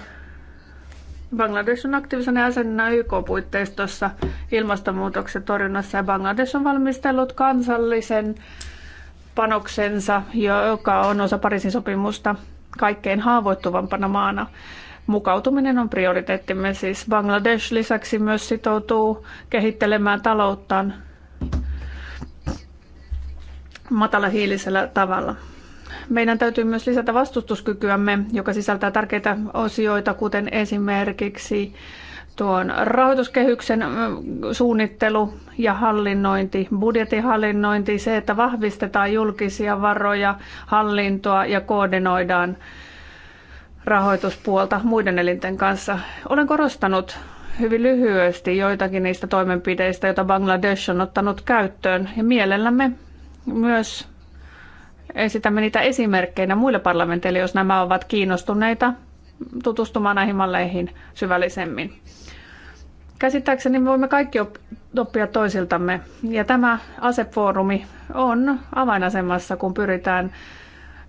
S1: Bangladesh on aktiivisena jäsenenä YK-puitteistossa ilmastonmuutoksen torjunnassa ja Bangladesh on valmistellut kansallisen panoksensa, joka on osa Pariisin sopimusta kaikkein haavoittuvampana maana. Mukautuminen on prioriteettimme siis. Bangladesh lisäksi myös sitoutuu kehittelemään talouttaan matalahiilisellä tavalla meidän täytyy myös lisätä vastustuskykyämme, joka sisältää tärkeitä osioita, kuten esimerkiksi tuon rahoituskehyksen suunnittelu ja hallinnointi, hallinnointi, se, että vahvistetaan julkisia varoja, hallintoa ja koordinoidaan rahoituspuolta muiden elinten kanssa. Olen korostanut hyvin lyhyesti joitakin niistä toimenpiteistä, joita Bangladesh on ottanut käyttöön ja mielellämme myös esitämme niitä esimerkkeinä muille parlamenteille, jos nämä ovat kiinnostuneita tutustumaan näihin malleihin syvällisemmin. Käsittääkseni me voimme kaikki oppia toisiltamme ja tämä asefoorumi on avainasemassa, kun pyritään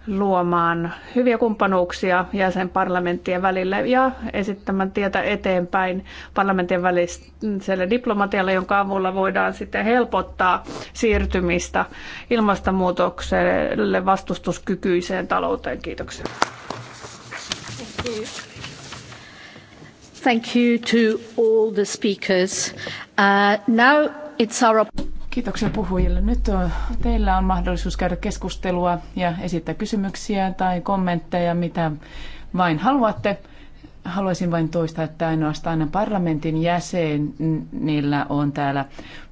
S1: luomaan hyviä kumppanuuksia jäsenparlamenttien välille ja esittämään tietä eteenpäin parlamenttien väliselle diplomatialle, jonka avulla voidaan sitten helpottaa siirtymistä ilmastonmuutokselle vastustuskykyiseen talouteen. Kiitoksia.
S2: Thank you.
S1: Thank you to all the speakers. Uh, now
S3: it's our Kiitoksia puhujille. Nyt teillä on mahdollisuus käydä keskustelua ja esittää kysymyksiä tai kommentteja, mitä vain haluatte. Haluaisin vain toistaa, että ainoastaan parlamentin jäsenillä on täällä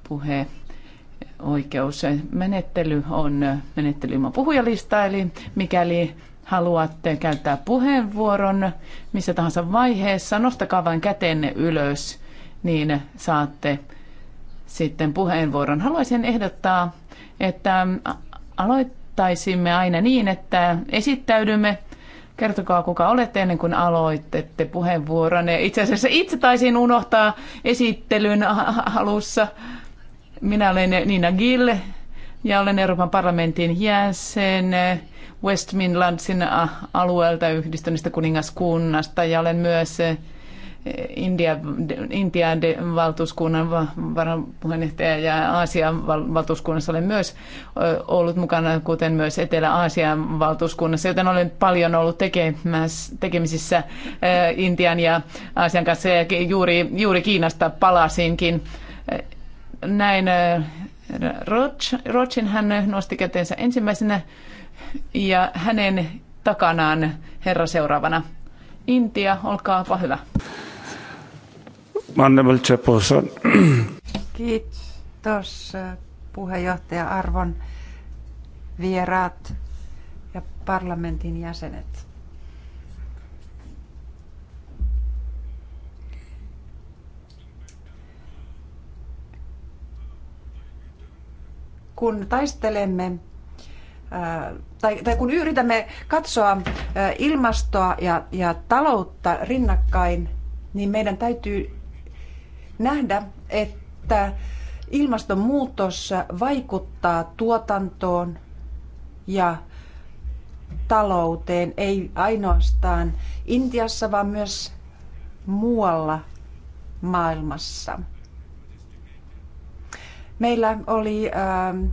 S3: puheoikeus. Menettely on menettely ilman puhujalista, eli mikäli haluatte käyttää puheenvuoron missä tahansa vaiheessa, nostakaa vain kätenne ylös, niin saatte sitten puheenvuoron. Haluaisin ehdottaa, että aloittaisimme aina niin, että esittäydymme. Kertokaa, kuka olette ennen kuin aloitette puheenvuoronne. Itse asiassa itse taisin unohtaa esittelyn alussa. Minä olen Nina Gill ja olen Euroopan parlamentin jäsen West Midlandsin alueelta yhdistyneestä kuningaskunnasta ja olen myös India, Intian valtuuskunnan varapuheenjohtaja ja Aasian valtuuskunnassa olen myös ollut mukana, kuten myös Etelä-Aasian valtuuskunnassa, joten olen paljon ollut tekemisissä Intian ja Aasian kanssa ja juuri, juuri Kiinasta palasinkin. Näin Rochin hän nosti käteensä ensimmäisenä ja hänen takanaan herra seuraavana. Intia, olkaapa
S5: hyvä.
S4: Mannable Chairperson.
S5: Kiitos puheenjohtaja Arvon vieraat ja parlamentin jäsenet. Kun taistelemme äh, tai, tai kun yritämme katsoa äh, ilmastoa ja, ja taloutta rinnakkain, niin meidän täytyy nähdä, että ilmastonmuutos vaikuttaa tuotantoon ja talouteen, ei ainoastaan Intiassa, vaan myös muualla maailmassa. Meillä oli ähm,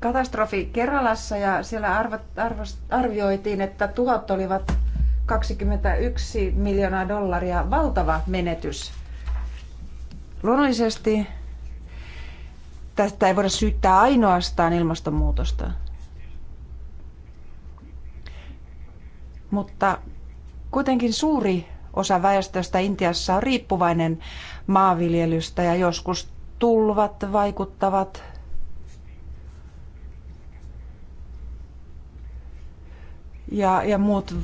S5: katastrofi Keralassa ja siellä arvioitiin, että tuhot olivat 21 miljoonaa dollaria, valtava menetys. Luonnollisesti tästä ei voida syyttää ainoastaan ilmastonmuutosta. Mutta kuitenkin suuri osa väestöstä Intiassa on riippuvainen maanviljelystä ja joskus tulvat vaikuttavat ja, ja muut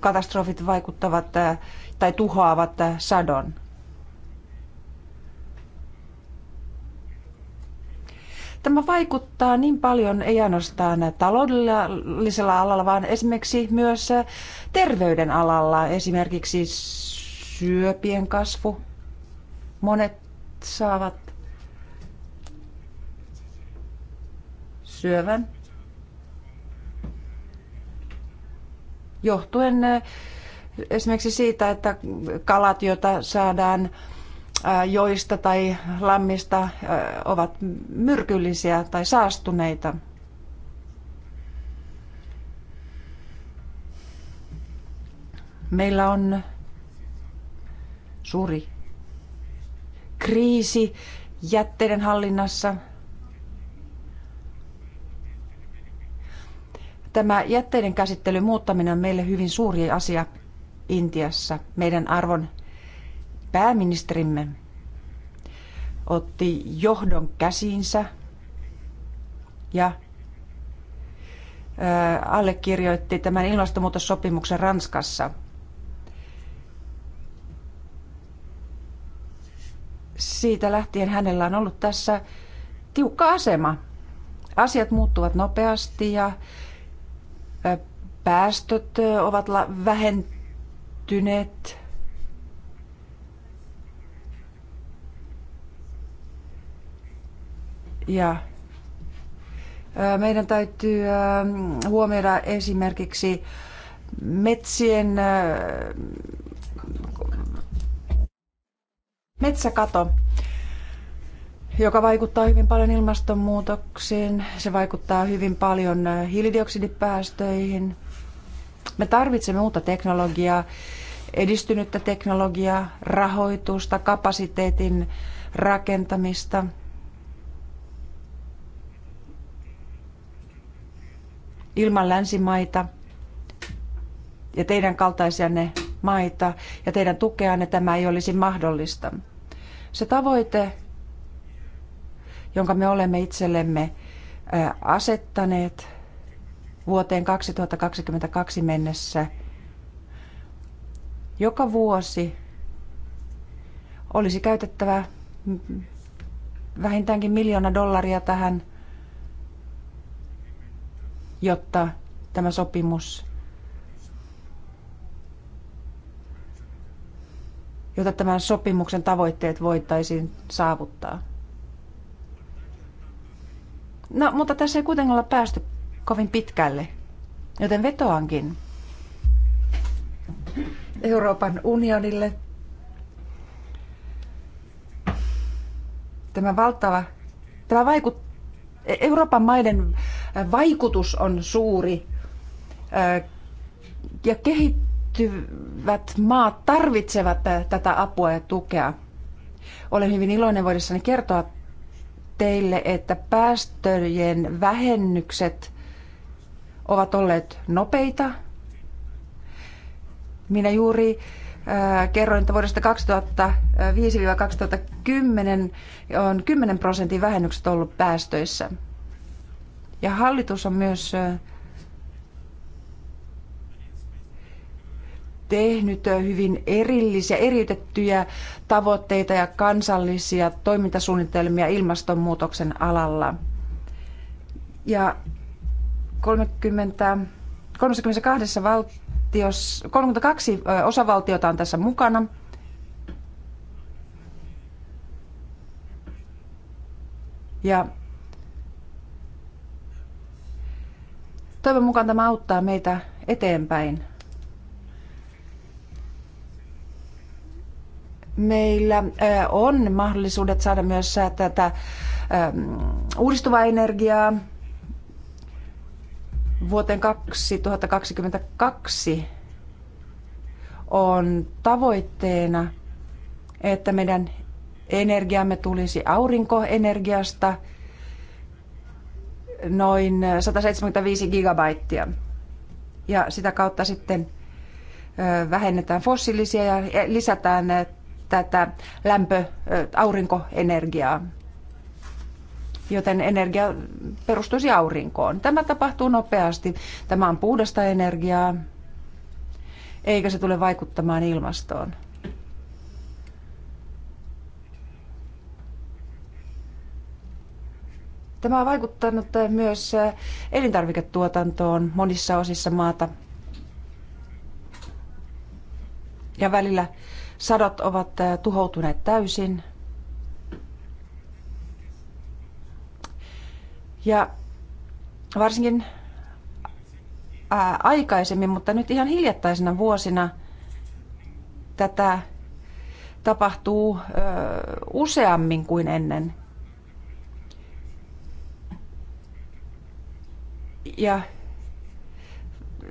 S5: katastrofit vaikuttavat tai tuhoavat sadon. Tämä vaikuttaa niin paljon ei ainoastaan taloudellisella alalla, vaan esimerkiksi myös terveyden alalla, esimerkiksi syöpien kasvu. Monet saavat syövän johtuen eh, esimerkiksi siitä, että kalat, joita saadaan eh, joista tai lammista, eh, ovat myrkyllisiä tai saastuneita. Meillä on suuri kriisi jätteiden hallinnassa – Tämä jätteiden käsittelyn muuttaminen on meille hyvin suuri asia Intiassa. Meidän arvon pääministerimme otti johdon käsiinsä ja äh, allekirjoitti tämän ilmastonmuutossopimuksen Ranskassa. Siitä lähtien hänellä on ollut tässä tiukka asema. Asiat muuttuvat nopeasti ja päästöt ovat vähentyneet. Ja meidän täytyy huomioida esimerkiksi metsien metsäkato joka vaikuttaa hyvin paljon ilmastonmuutoksiin, se vaikuttaa hyvin paljon hiilidioksidipäästöihin. Me tarvitsemme uutta teknologiaa, edistynyttä teknologiaa, rahoitusta, kapasiteetin rakentamista. Ilman länsimaita ja teidän kaltaisianne maita ja teidän tukeanne tämä ei olisi mahdollista. Se tavoite, jonka me olemme itsellemme asettaneet vuoteen 2022 mennessä joka vuosi olisi käytettävä vähintäänkin miljoona dollaria tähän, jotta tämä sopimus, jotta tämän sopimuksen tavoitteet voitaisiin saavuttaa. No, mutta tässä ei kuitenkaan ole päästy kovin pitkälle, joten vetoankin Euroopan unionille tämä valtava, tämä vaikut, Euroopan maiden vaikutus on suuri ja kehittyvät maat tarvitsevat tätä apua ja tukea. Olen hyvin iloinen voidessani kertoa teille, että päästöjen vähennykset ovat olleet nopeita. Minä juuri äh, kerroin, että vuodesta 2005-2010 on 10 prosentin vähennykset ollut päästöissä. Ja hallitus on myös äh, tehnyt hyvin erillisiä, eriytettyjä tavoitteita ja kansallisia toimintasuunnitelmia ilmastonmuutoksen alalla. Ja 30, 32 valtios, 32 osavaltiota on tässä mukana. Ja toivon mukaan tämä auttaa meitä eteenpäin meillä on mahdollisuudet saada myös tätä uudistuvaa energiaa vuoteen 2022 on tavoitteena, että meidän energiamme tulisi aurinkoenergiasta noin 175 gigabaittia. Ja sitä kautta sitten vähennetään fossiilisia ja lisätään tätä lämpö, aurinkoenergiaa. Joten energia perustuisi aurinkoon. Tämä tapahtuu nopeasti. Tämä on puhdasta energiaa, eikä se tule vaikuttamaan ilmastoon. Tämä on vaikuttanut myös elintarviketuotantoon monissa osissa maata. Ja välillä Sadot ovat tuhoutuneet täysin. Ja varsinkin ää, aikaisemmin, mutta nyt ihan hiljattaisena vuosina tätä tapahtuu ö, useammin kuin ennen. Ja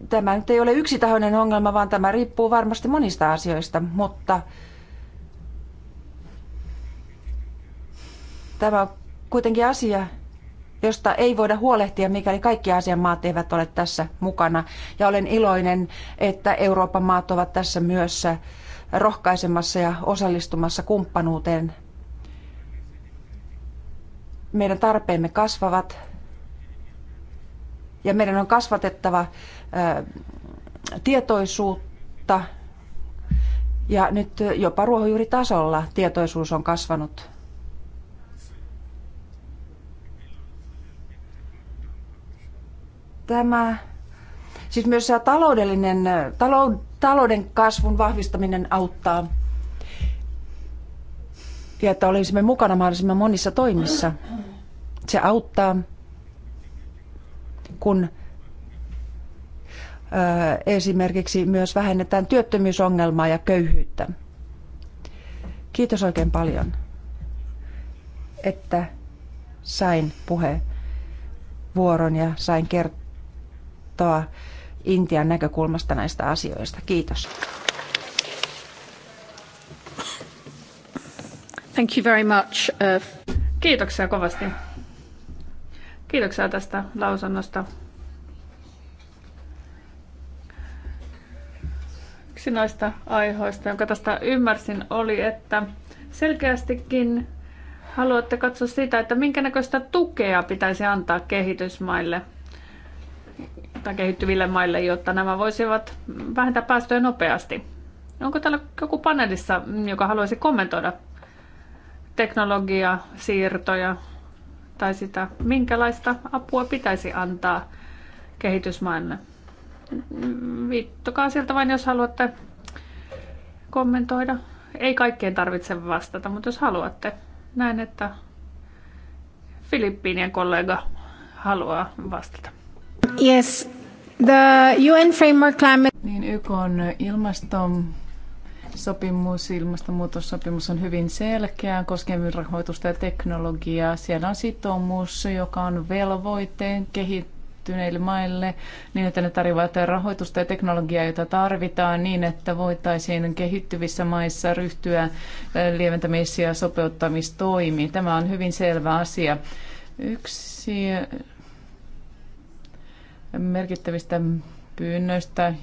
S5: tämä nyt ei ole yksitahoinen ongelma, vaan tämä riippuu varmasti monista asioista, mutta tämä on kuitenkin asia, josta ei voida huolehtia, mikäli kaikki Aasian maat eivät ole tässä mukana. Ja olen iloinen, että Euroopan maat ovat tässä myös rohkaisemassa ja osallistumassa kumppanuuteen. Meidän tarpeemme kasvavat ja meidän on kasvatettava tietoisuutta ja nyt jopa ruohonjuuritasolla tietoisuus on kasvanut. Tämä, siis myös taloudellinen, talouden kasvun vahvistaminen auttaa ja että olisimme mukana mahdollisimman monissa toimissa. Se auttaa, kun esimerkiksi myös vähennetään työttömyysongelmaa ja köyhyyttä. Kiitos oikein paljon, että sain puheenvuoron ja sain kertoa Intian näkökulmasta näistä asioista. Kiitos. Thank you
S1: very much. Uh, Kiitoksia kovasti. Kiitoksia tästä lausunnosta. Yksi noista aiheista, jonka tästä ymmärsin, oli, että selkeästikin haluatte katsoa sitä, että minkä näköistä tukea pitäisi antaa kehitysmaille tai kehittyville maille, jotta nämä voisivat vähentää päästöjä nopeasti. Onko täällä joku paneelissa, joka haluaisi kommentoida teknologiasiirtoja siirtoja tai sitä, minkälaista apua pitäisi antaa kehitysmaille? viittokaa sieltä vain, jos haluatte kommentoida. Ei kaikkeen tarvitse vastata, mutta jos haluatte. Näen, että Filippiinien kollega haluaa vastata. Yes, the UN framework climate... Niin YK on
S3: ilmaston sopimus, ilmastonmuutossopimus on hyvin selkeä, koskee rahoitusta ja teknologiaa. Siellä on sitoumus, joka on velvoitteen kehi- kehittyneille maille niin, että ne tarjoavat rahoitusta ja teknologiaa, jota tarvitaan niin, että voitaisiin kehittyvissä maissa ryhtyä äh, lieventämis- ja sopeuttamistoimiin. Tämä on hyvin selvä asia. Yksi äh, merkittävistä pyynnöistä,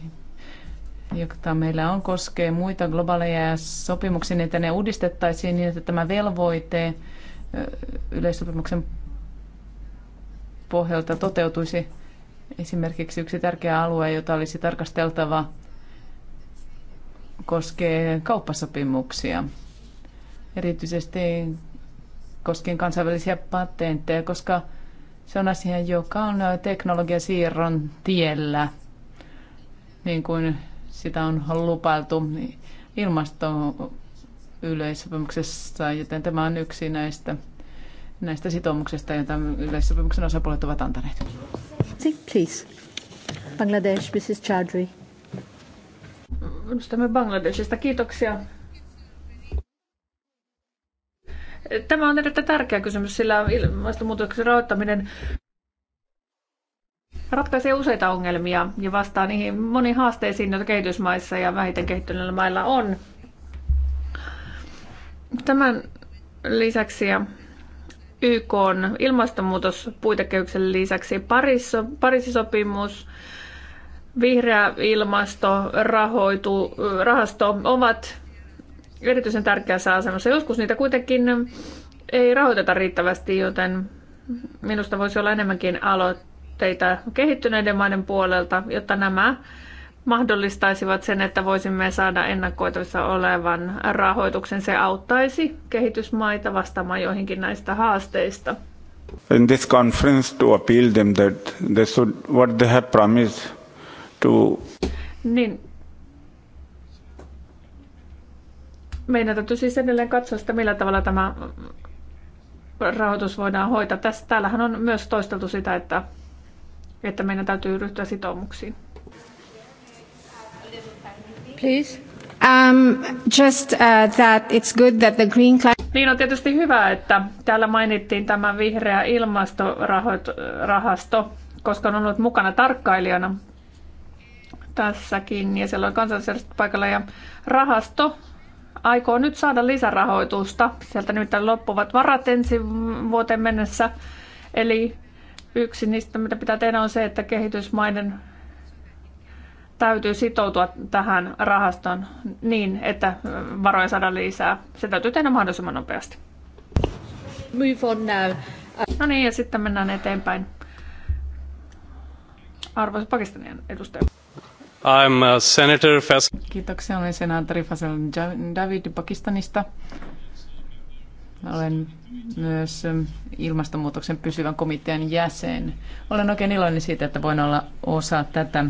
S3: joka meillä on, koskee muita globaaleja sopimuksia, niin että ne uudistettaisiin niin, että tämä velvoite äh, yleissopimuksen pohjalta toteutuisi. Esimerkiksi yksi tärkeä alue, jota olisi tarkasteltava, koskee kauppasopimuksia. Erityisesti koskien kansainvälisiä patentteja, koska se on asia, joka on teknologiasiirron tiellä, niin kuin sitä on lupailtu ilmaston yleissopimuksessa, joten tämä on yksi näistä näistä sitoumuksista, joita yleissopimuksen osapuolet ovat antaneet.
S2: Please. Bangladesh, Mrs. Chowdhury.
S1: Edustamme Bangladesista. Kiitoksia. Tämä on erittäin tärkeä kysymys, sillä ilmastonmuutoksen rahoittaminen ratkaisee useita ongelmia ja vastaa niihin moniin haasteisiin, joita kehitysmaissa ja vähiten kehittyneillä mailla on. Tämän lisäksi ja YK on ilmastonmuutospuitekehyksen lisäksi Paris, Pariisin sopimus, vihreä ilmasto, rahoitu, rahasto ovat erityisen tärkeässä asemassa. Joskus niitä kuitenkin ei rahoiteta riittävästi, joten minusta voisi olla enemmänkin aloitteita kehittyneiden maiden puolelta, jotta nämä mahdollistaisivat sen, että voisimme saada ennakoitavissa olevan rahoituksen. Se auttaisi kehitysmaita vastaamaan joihinkin näistä haasteista.
S4: In this conference to appeal them that they should, what they have promised to...
S1: Niin. Meidän täytyy siis edelleen katsoa sitä, millä tavalla tämä rahoitus voidaan hoitaa. Tässä, täällähän on myös toisteltu sitä, että, että meidän täytyy ryhtyä sitoumuksiin
S2: please. Um, just uh, that it's good that the green climate...
S1: Niin on tietysti hyvä, että täällä mainittiin tämä vihreä ilmastorahasto, koska on ollut mukana tarkkailijana tässäkin ja siellä on kansallisjärjestöt paikalla ja rahasto aikoo nyt saada lisärahoitusta. Sieltä nimittäin loppuvat varat ensi vuoteen mennessä. Eli yksi niistä, mitä pitää tehdä, on se, että kehitysmaiden täytyy sitoutua tähän rahastoon niin, että varoja saadaan lisää. Se täytyy tehdä mahdollisimman nopeasti. Move on now. No niin, ja sitten mennään eteenpäin. Arvoisa Pakistanien edustaja. I'm a Senator Fes-
S3: Kiitoksia, olen senaattori Fasel David Pakistanista. Olen myös ähm, ilmastonmuutoksen pysyvän komitean jäsen. Olen oikein iloinen siitä, että voin olla osa tätä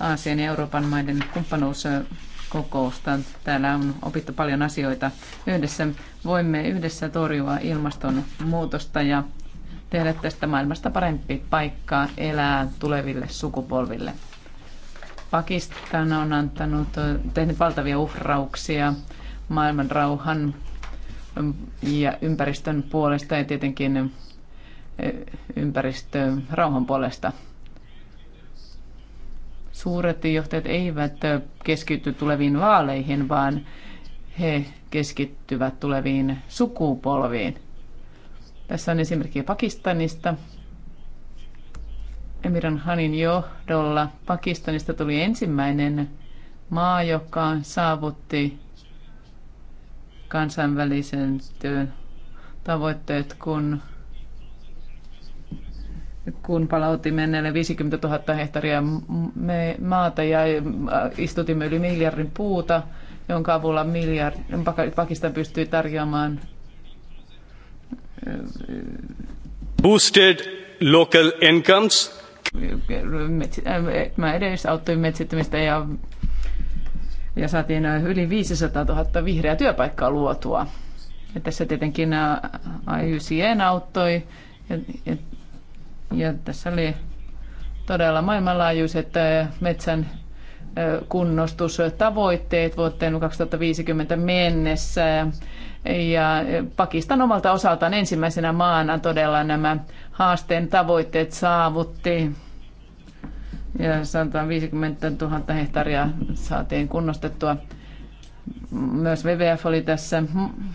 S3: Aasian ja Euroopan maiden kumppanuuskokousta. Täällä on opittu paljon asioita yhdessä. Voimme yhdessä torjua ilmastonmuutosta ja tehdä tästä maailmasta parempi paikka elää tuleville sukupolville. Pakistan on antanut, tehnyt valtavia uhrauksia maailman rauhan ja ympäristön puolesta ja tietenkin eh, ympäristön rauhan puolesta suuret johtajat eivät keskitty tuleviin vaaleihin, vaan he keskittyvät tuleviin sukupolviin. Tässä on esimerkki Pakistanista. Emiran Hanin johdolla Pakistanista tuli ensimmäinen maa, joka saavutti kansainvälisen tavoitteet, kun kun palautimme 50 000 hehtaaria maata ja äh, istutimme yli miljardin puuta, jonka avulla miljard, Pakistan pystyi tarjoamaan
S1: äh, boosted local incomes.
S3: Äh, mä edes auttoin metsittämistä ja, ja saatiin yli 500 000 vihreää työpaikkaa luotua. Ja tässä tietenkin IUCN auttoi ja, ja ja tässä oli todella maailmanlaajuiset metsän kunnostustavoitteet vuoteen 2050 mennessä. Ja Pakistan omalta osaltaan ensimmäisenä maana todella nämä haasteen tavoitteet saavutti. Ja 150 000 hehtaaria saatiin kunnostettua. Myös WWF oli tässä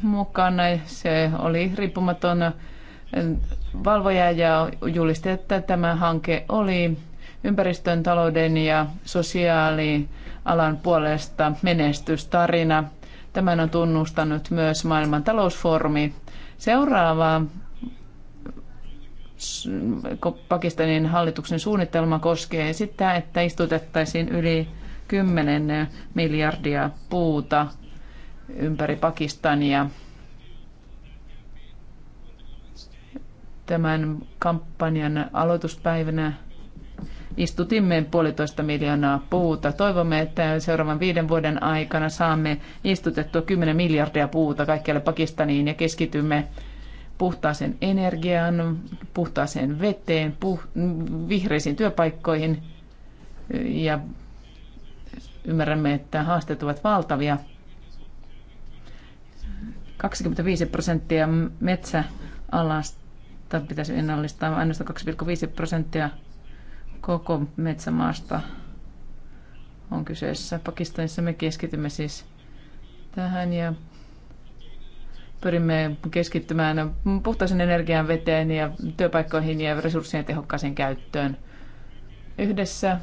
S3: mukana. Se oli riippumaton valvoja ja julisti, että tämä hanke oli ympäristön, talouden ja sosiaalialan puolesta menestystarina. Tämän on tunnustanut myös maailman talousfoorumi. Seuraava Pakistanin hallituksen suunnitelma koskee sitä, että istutettaisiin yli 10 miljardia puuta ympäri Pakistania tämän kampanjan aloituspäivänä istutimme puolitoista miljoonaa puuta. Toivomme, että seuraavan viiden vuoden aikana saamme istutettua 10 miljardia puuta kaikkialle Pakistaniin ja keskitymme puhtaaseen energiaan, puhtaaseen veteen, puh- vihreisiin työpaikkoihin ja ymmärrämme, että haasteet ovat valtavia. 25 prosenttia metsäalasta että pitäisi ennallistaa ainoastaan 2,5 prosenttia koko metsämaasta on kyseessä. Pakistanissa me keskitymme siis tähän ja pyrimme keskittymään puhtaisen energian veteen ja työpaikkoihin ja resurssien tehokkaaseen käyttöön. Yhdessä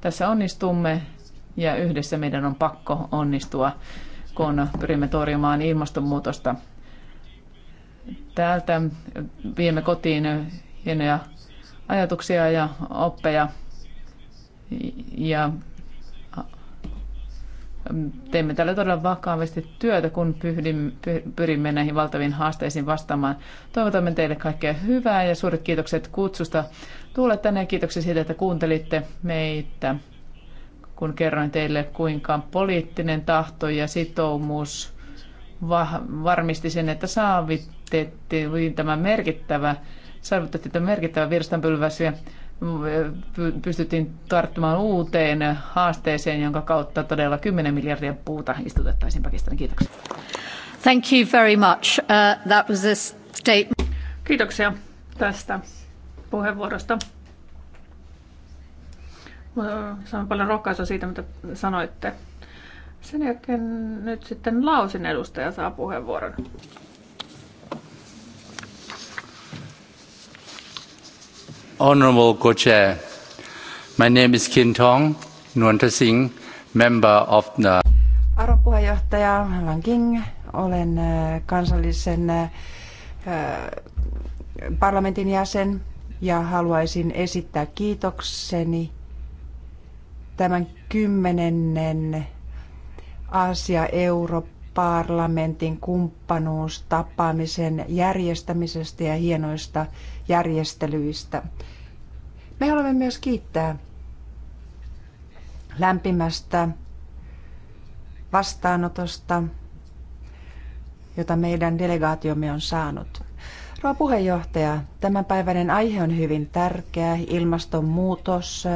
S3: tässä onnistumme ja yhdessä meidän on pakko onnistua, kun pyrimme torjumaan ilmastonmuutosta täältä viemme kotiin hienoja ajatuksia ja oppeja ja teemme täällä todella vakavasti työtä, kun pyrimme näihin valtaviin haasteisiin vastaamaan. Toivotamme teille kaikkea hyvää ja suuret kiitokset kutsusta tulla tänne ja kiitoksia siitä, että kuuntelitte meitä, kun kerroin teille, kuinka poliittinen tahto ja sitoumus varmisti sen, että saavutettiin tämä merkittävä, saavutettiin tämä merkittävä virstanpylväs ja pystyttiin tarttumaan uuteen haasteeseen, jonka kautta todella 10 miljardia puuta istutettaisiin Pakistanin. Kiitoksia.
S1: Thank you very much. Uh, that was a statement. Kiitoksia tästä puheenvuorosta. Saan paljon rohkaisua siitä, mitä sanoitte. Sen jälkeen nyt sitten Lausin edustaja saa puheenvuoron.
S5: Honorable
S4: Co-Chair, my name is Kin Tong Nuanta member of
S2: the...
S5: Arvon puheenjohtaja Lan King, olen äh, kansallisen äh, äh, parlamentin jäsen ja haluaisin esittää kiitokseni tämän kymmenennen aasia parlamentin kumppanuustapaamisen järjestämisestä ja hienoista järjestelyistä. Me haluamme myös kiittää lämpimästä vastaanotosta, jota meidän delegaatiomme on saanut. Rouva puheenjohtaja, tämänpäiväinen aihe on hyvin tärkeä, ilmastonmuutos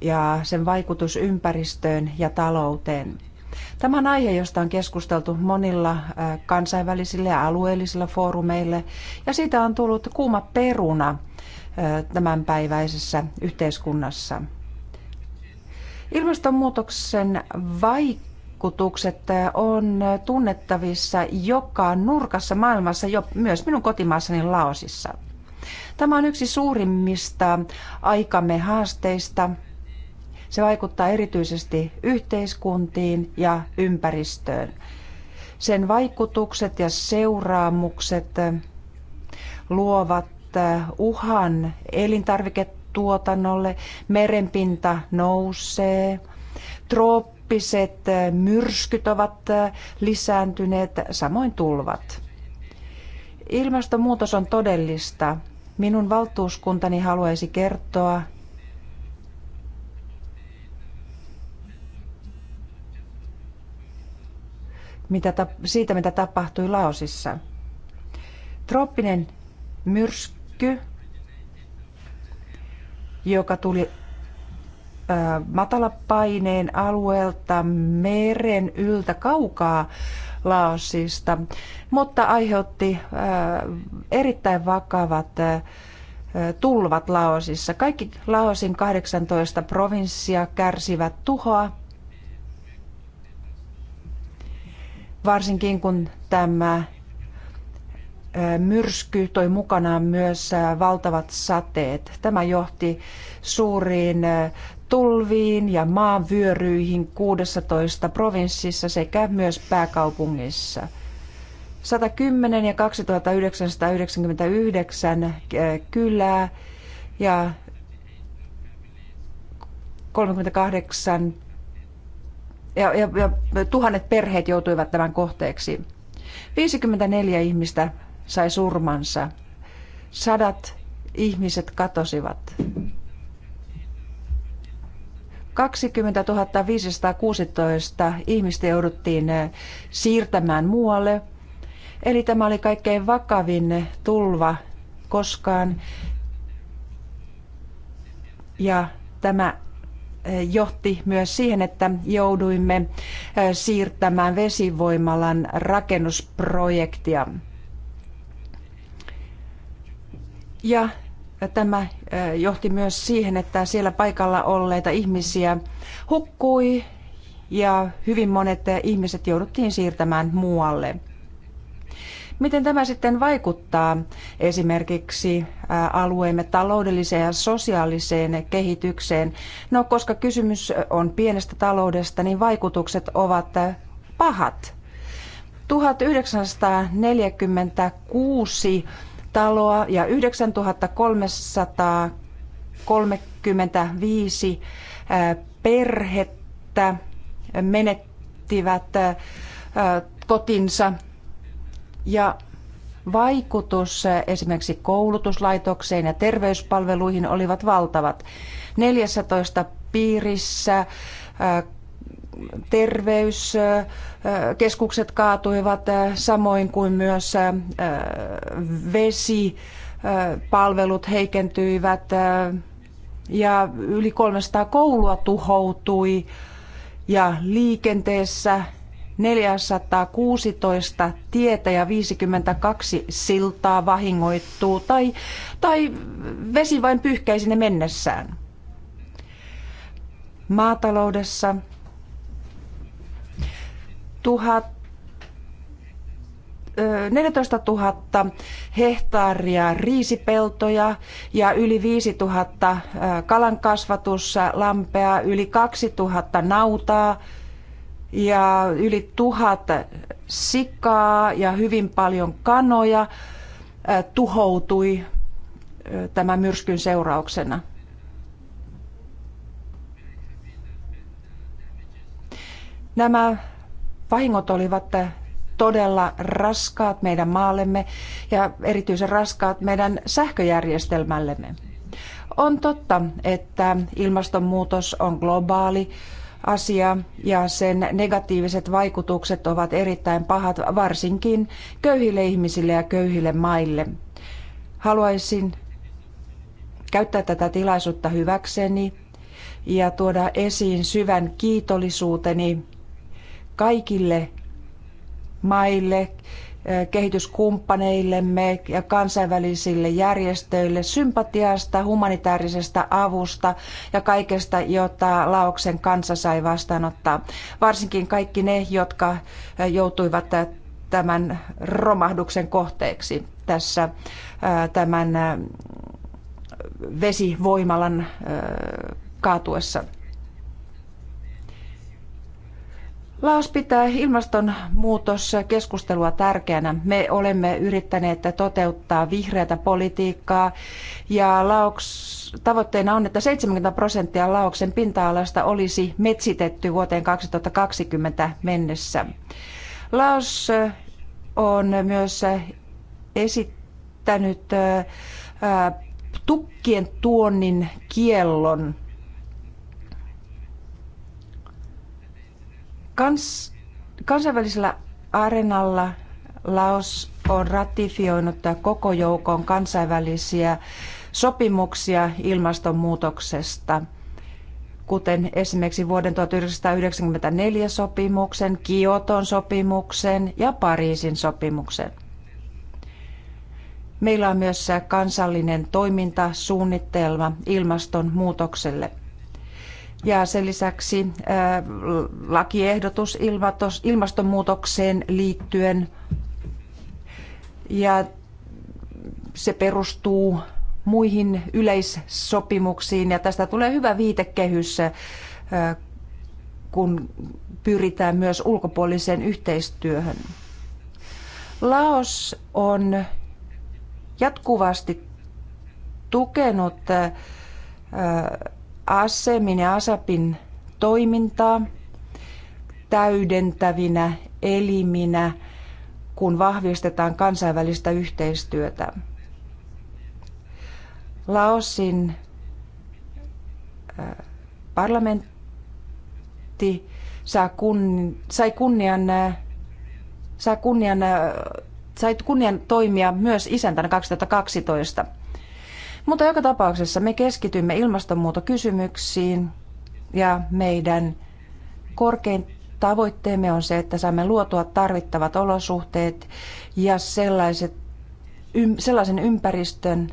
S5: ja sen vaikutus ympäristöön ja talouteen. Tämä on aihe, josta on keskusteltu monilla äh, kansainvälisillä ja alueellisilla foorumeilla, ja siitä on tullut kuuma peruna äh, tämänpäiväisessä yhteiskunnassa. Ilmastonmuutoksen vaikutukset äh, on tunnettavissa joka nurkassa maailmassa, jo myös minun kotimaassani Laosissa. Tämä on yksi suurimmista aikamme haasteista – se vaikuttaa erityisesti yhteiskuntiin ja ympäristöön. Sen vaikutukset ja seuraamukset luovat eh, uhan elintarviketuotannolle, merenpinta nousee, trooppiset eh, myrskyt ovat eh, lisääntyneet, samoin tulvat. Ilmastonmuutos on todellista. Minun valtuuskuntani haluaisi kertoa mitä, siitä, mitä tapahtui Laosissa. Trooppinen myrsky, joka tuli matalapaineen alueelta meren yltä kaukaa Laosista, mutta aiheutti erittäin vakavat tulvat Laosissa. Kaikki Laosin 18 provinssia kärsivät tuhoa varsinkin kun tämä myrsky toi mukanaan myös valtavat sateet. Tämä johti suuriin tulviin ja maanvyöryihin 16 provinssissa sekä myös pääkaupungissa. 110 ja 2999 kylää ja 38 ja, ja, ja tuhannet perheet joutuivat tämän kohteeksi. 54 ihmistä sai surmansa. Sadat ihmiset katosivat. 20 516 ihmistä jouduttiin eh, siirtämään muualle. Eli tämä oli kaikkein vakavin tulva koskaan. Ja tämä johti myös siihen, että jouduimme siirtämään vesivoimalan rakennusprojektia. Ja tämä johti myös siihen, että siellä paikalla olleita ihmisiä hukkui ja hyvin monet ihmiset jouduttiin siirtämään muualle. Miten tämä sitten vaikuttaa esimerkiksi alueemme taloudelliseen ja sosiaaliseen kehitykseen? No, koska kysymys on pienestä taloudesta, niin vaikutukset ovat pahat. 1946 taloa ja 9335 perhettä menettivät kotinsa ja vaikutus eh, esimerkiksi koulutuslaitokseen ja terveyspalveluihin olivat valtavat. 14 piirissä eh, terveyskeskukset kaatuivat, eh, samoin kuin myös vesipalvelut heikentyivät ja yli 300 koulua tuhoutui ja liikenteessä 416 tietä ja 52 siltaa vahingoittuu tai, tai vesi vain pyyhkäisi ne mennessään. Maataloudessa 1000 14 000 hehtaaria riisipeltoja ja yli 5 000 kalankasvatuslampea, yli 2 000 nautaa, ja yli tuhat sikaa ja hyvin paljon kanoja äh, tuhoutui äh, tämän myrskyn seurauksena. Nämä vahingot olivat todella raskaat meidän maallemme ja erityisen raskaat meidän sähköjärjestelmällemme. On totta, että ilmastonmuutos on globaali asia ja sen negatiiviset vaikutukset ovat erittäin pahat varsinkin köyhille ihmisille ja köyhille maille. Haluaisin käyttää tätä tilaisuutta hyväkseni ja tuoda esiin syvän kiitollisuuteni kaikille maille, kehityskumppaneillemme ja kansainvälisille järjestöille sympatiasta, humanitaarisesta avusta ja kaikesta, jota Laoksen kansa sai vastaanottaa. Varsinkin kaikki ne, jotka joutuivat tämän romahduksen kohteeksi tässä tämän vesivoimalan kaatuessa. Laos pitää ilmastonmuutoskeskustelua tärkeänä. Me olemme yrittäneet toteuttaa vihreätä politiikkaa ja Laoks, tavoitteena on, että 70 prosenttia Laoksen pinta-alasta olisi metsitetty vuoteen 2020 mennessä. Laos on myös esittänyt tukkien tuonnin kiellon Kans, kansainvälisellä areenalla Laos on ratifioinut koko joukon kansainvälisiä sopimuksia ilmastonmuutoksesta, kuten esimerkiksi vuoden 1994 sopimuksen, Kioton sopimuksen ja Pariisin sopimuksen. Meillä on myös kansallinen toimintasuunnitelma ilmastonmuutokselle – ja sen lisäksi lakiehdotus ilmastonmuutokseen liittyen. Ja se perustuu muihin yleissopimuksiin ja tästä tulee hyvä viitekehys, kun pyritään myös ulkopuoliseen yhteistyöhön. Laos on jatkuvasti tukenut ASEMin ja ASAPin toimintaa täydentävinä eliminä, kun vahvistetaan kansainvälistä yhteistyötä. Laosin parlamentti saa kun, sai kunnian, sai kunnian, sai kunnian toimia myös isäntänä 2012. Mutta joka tapauksessa me keskitymme ilmastonmuutokysymyksiin ja meidän korkein tavoitteemme on se, että saamme luotua tarvittavat olosuhteet ja sellaiset, ym, sellaisen ympäristön,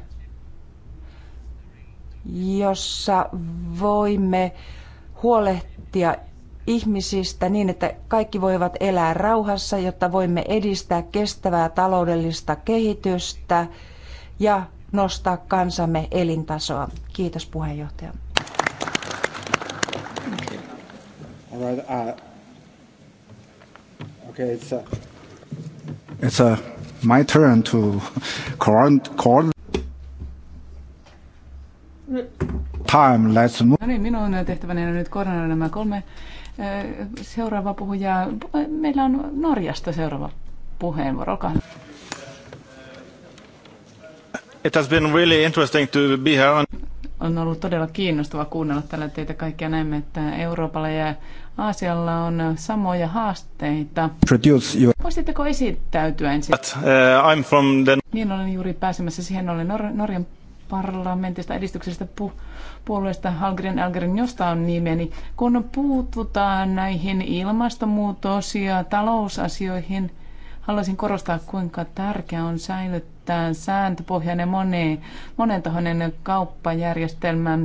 S5: jossa voimme huolehtia ihmisistä niin, että kaikki voivat elää rauhassa, jotta voimme edistää kestävää taloudellista kehitystä ja nostaa kansamme elintasoa. Kiitos puheenjohtaja.
S4: All right, uh, okay, it's a, uh, it's a, uh, my turn to call time, let's
S3: move. No niin, minun tehtäväni on nyt koronan nämä kolme seuraava puhujaa. Meillä on Norjasta seuraava puheenvuoro. Olkaa It has been really interesting to be here on... On ollut todella kiinnostava kuunnella tällä teitä kaikkia. Näemme, että Euroopalla ja Aasialla on samoja haasteita. your... Voisitteko esittäytyä ensin? But,
S4: uh, I'm from the...
S3: Niin olen juuri pääsemässä siihen. Olen Nor- Norjan parlamentista edistyksestä pu- puolueesta Algren Algren, josta on nimeni. Kun puututaan näihin ilmastonmuutos- ja talousasioihin – Haluaisin korostaa, kuinka tärkeää on säilyttää sääntöpohjainen moni, monentahoinen kauppajärjestelmä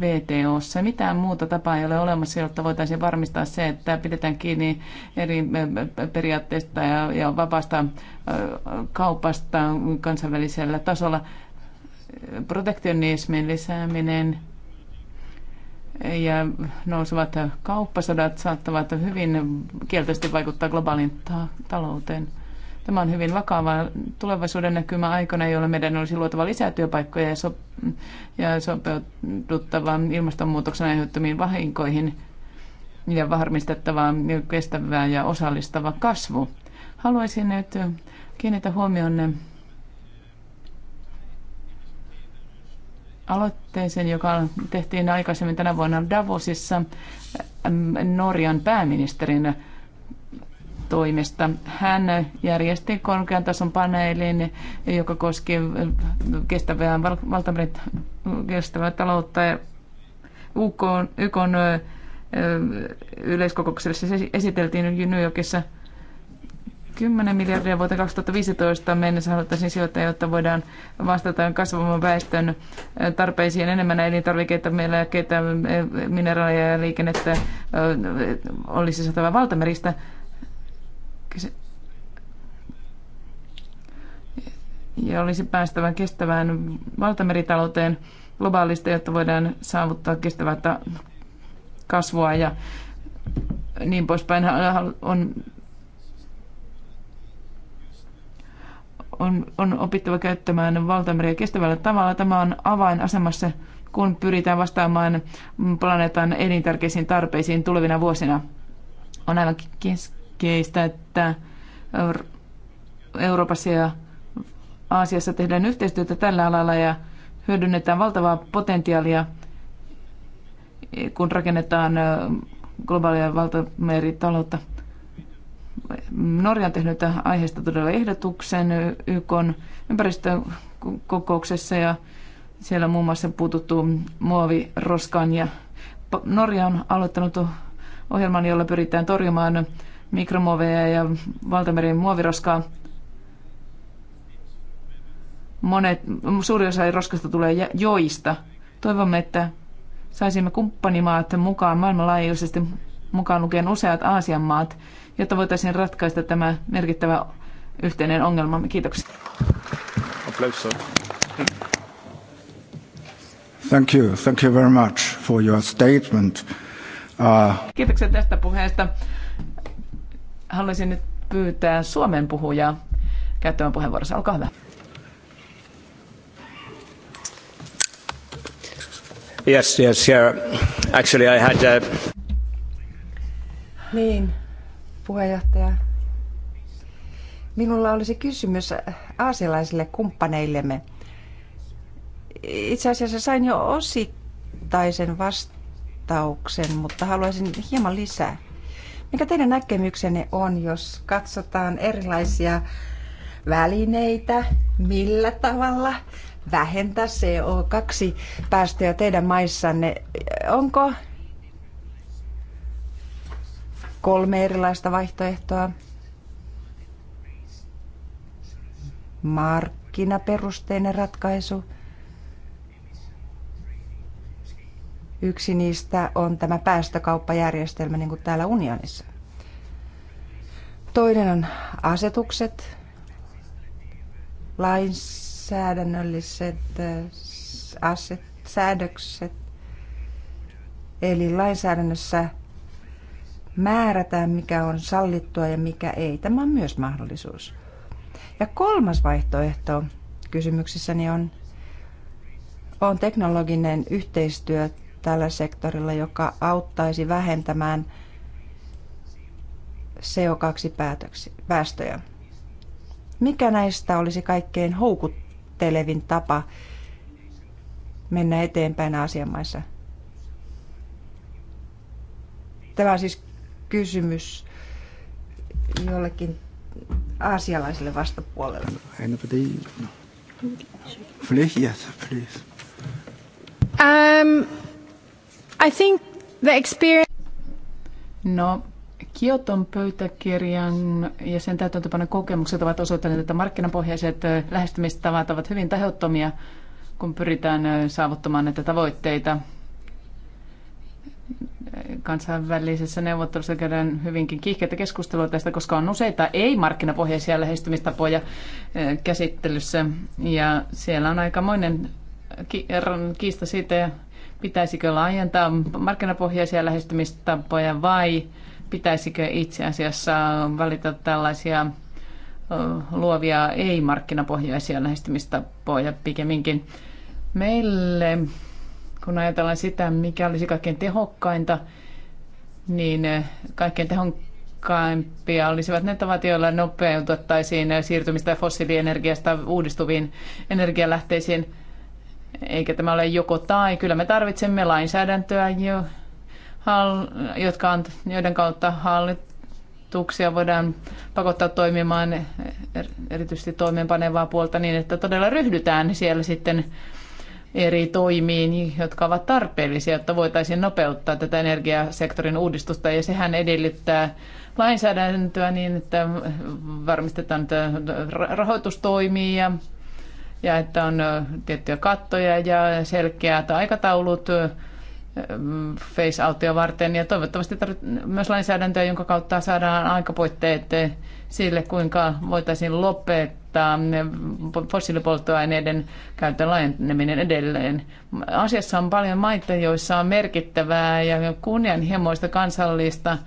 S3: VTOssa. Mitään muuta tapaa ei ole olemassa, jotta voitaisiin varmistaa se, että pidetään kiinni eri periaatteista ja, ja vapaasta kaupasta kansainvälisellä tasolla. Protektionismin lisääminen ja nousevat kauppasodat saattavat hyvin kielteisesti vaikuttaa globaaliin ta- talouteen. Tämä on hyvin vakava tulevaisuuden näkymä aikana, jolla meidän olisi luotava lisää työpaikkoja ja, so- ja sopeuduttava ilmastonmuutoksen aiheuttamiin vahinkoihin ja varmistettava kestävää ja osallistava kasvu. Haluaisin nyt kiinnittää huomionne aloitteeseen, joka tehtiin aikaisemmin tänä vuonna Davosissa Norjan pääministerin toimesta. Hän järjesti korkean tason paneelin, joka koski kestävää, valtamerit, kestävää taloutta ja UK, YK yleiskokouksessa se esiteltiin New Yorkissa – 10 miljardia vuoteen 2015 mennessä haluttaisiin sijoittaa, jotta voidaan vastata kasvavan väestön tarpeisiin enemmän elintarvikeita, keitä mineraaleja ja liikennettä olisi saatava valtameristä. Ja olisi päästävän kestävään valtameritalouteen globaalista, jotta voidaan saavuttaa kestävää kasvua ja niin poispäin. On on, on opittava käyttämään valtameriä kestävällä tavalla. Tämä on avainasemassa, kun pyritään vastaamaan planeetan elintärkeisiin tarpeisiin tulevina vuosina. On aivan keskeistä, että Euroopassa ja Aasiassa tehdään yhteistyötä tällä alalla ja hyödynnetään valtavaa potentiaalia, kun rakennetaan globaalia valtameritaloutta. taloutta Norja on tehnyt aiheesta todella ehdotuksen YK ympäristökokouksessa ja siellä muun muassa puututtu muoviroskaan ja Norja on aloittanut ohjelman, jolla pyritään torjumaan mikromuoveja ja valtamerin muoviroskaa. Monet, suuri osa roskasta tulee joista. Toivomme, että saisimme kumppanimaat mukaan maailmanlaajuisesti, mukaan lukien useat Aasian maat, jotta voitaisiin ratkaista tämä merkittävä yhteinen ongelmamme. Kiitoksia.
S4: Thank you. Thank you very much for your statement. Uh...
S3: Kiitoksia tästä puheesta. Haluaisin nyt pyytää Suomen puhujaa käyttämään puheenvuorossa. Olkaa hyvä. Yes, yes, yeah. Actually I had a... Uh,
S5: niin, puheenjohtaja. Minulla olisi kysymys aasialaisille kumppaneillemme. Itse asiassa sain jo osittaisen vastauksen, mutta haluaisin hieman lisää. Mikä teidän näkemyksenne on, jos katsotaan erilaisia välineitä, millä tavalla vähentää CO2-päästöjä teidän maissanne? Onko kolme erilaista vaihtoehtoa. Markkinaperusteinen ratkaisu. Yksi niistä on tämä päästökauppajärjestelmä, niin kuin täällä unionissa. Toinen on asetukset, lainsäädännölliset äh, aset, säädökset. Eli lainsäädännössä määrätään, mikä on sallittua ja mikä ei. Tämä on myös mahdollisuus. Ja kolmas vaihtoehto kysymyksessäni on, on teknologinen yhteistyö tällä sektorilla, joka auttaisi vähentämään CO2-päästöjä. Mikä näistä olisi kaikkein houkuttelevin tapa mennä eteenpäin asiamaissa? Tämä on siis kysymys jollekin aasialaiselle vastapuolelle.
S4: Please, yes, please.
S5: Um,
S3: I think the experience... No, Kioton pöytäkirjan ja sen täytäntöpanon kokemukset ovat osoittaneet, että markkinapohjaiset lähestymistavat ovat hyvin tehottomia, kun pyritään saavuttamaan näitä tavoitteita kansainvälisessä neuvottelussa käydään hyvinkin kiihkeitä keskustelua tästä, koska on useita ei-markkinapohjaisia lähestymistapoja eh, käsittelyssä. Ja siellä on aikamoinen kiista siitä, pitäisikö laajentaa markkinapohjaisia lähestymistapoja vai pitäisikö itse asiassa valita tällaisia eh, luovia ei-markkinapohjaisia lähestymistapoja pikemminkin. Meille kun ajatellaan sitä, mikä olisi kaikkein tehokkainta, niin eh, kaikkein tehokkaimpia olisivat ne tavat, joilla nopeutettaisiin eh, siirtymistä fossiilienergiasta uudistuviin energialähteisiin. Eikä tämä ole joko tai. Kyllä me tarvitsemme lainsäädäntöä, jo, hall, jotka, joiden kautta hallituksia voidaan pakottaa toimimaan er, erityisesti toimeenpanevaa puolta niin, että todella ryhdytään siellä sitten eri toimiin, jotka ovat tarpeellisia, jotta voitaisiin nopeuttaa tätä energiasektorin uudistusta. Ja sehän edellyttää lainsäädäntöä niin, että varmistetaan, että rahoitus toimii ja, ja että on tiettyjä kattoja ja selkeät aikataulut face-outia varten. Ja toivottavasti myös lainsäädäntöä, jonka kautta saadaan aikapuitteet sille, kuinka voitaisiin lopettaa fossiilipolttoaineiden käytön laajeneminen edelleen. Asiassa on paljon maita, joissa on merkittävää ja kunnianhimoista kansallista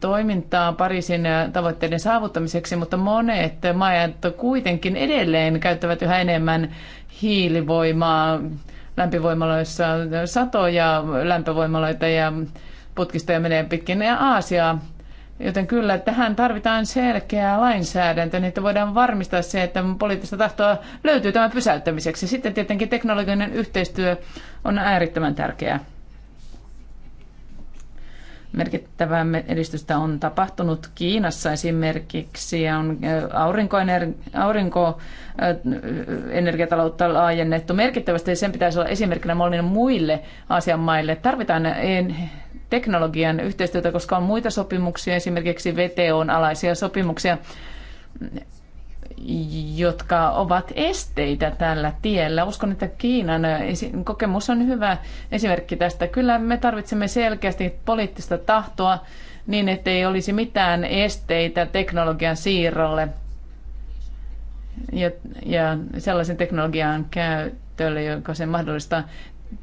S3: toimintaa Pariisin tavoitteiden saavuttamiseksi, mutta monet maat kuitenkin edelleen käyttävät yhä enemmän hiilivoimaa lämpövoimaloissa, satoja lämpövoimaloita ja putkistoja menee pitkin ja Aasiaa Joten kyllä tähän tarvitaan selkeää lainsäädäntöä, niin että voidaan varmistaa se, että poliittista tahtoa löytyy tämän pysäyttämiseksi. Sitten tietenkin teknologinen yhteistyö on äärettömän tärkeää merkittävää edistystä on tapahtunut Kiinassa esimerkiksi ja on aurinkoenergiataloutta laajennettu merkittävästi sen pitäisi olla esimerkkinä monille muille Aasian maille. Tarvitaan teknologian yhteistyötä, koska on muita sopimuksia, esimerkiksi VTOn alaisia sopimuksia jotka ovat esteitä tällä tiellä. Uskon, että Kiinan kokemus on hyvä esimerkki tästä. Kyllä me tarvitsemme selkeästi poliittista tahtoa niin, ettei olisi mitään esteitä teknologian siirrolle ja, ja sellaisen teknologian käytölle, joka sen mahdollistaa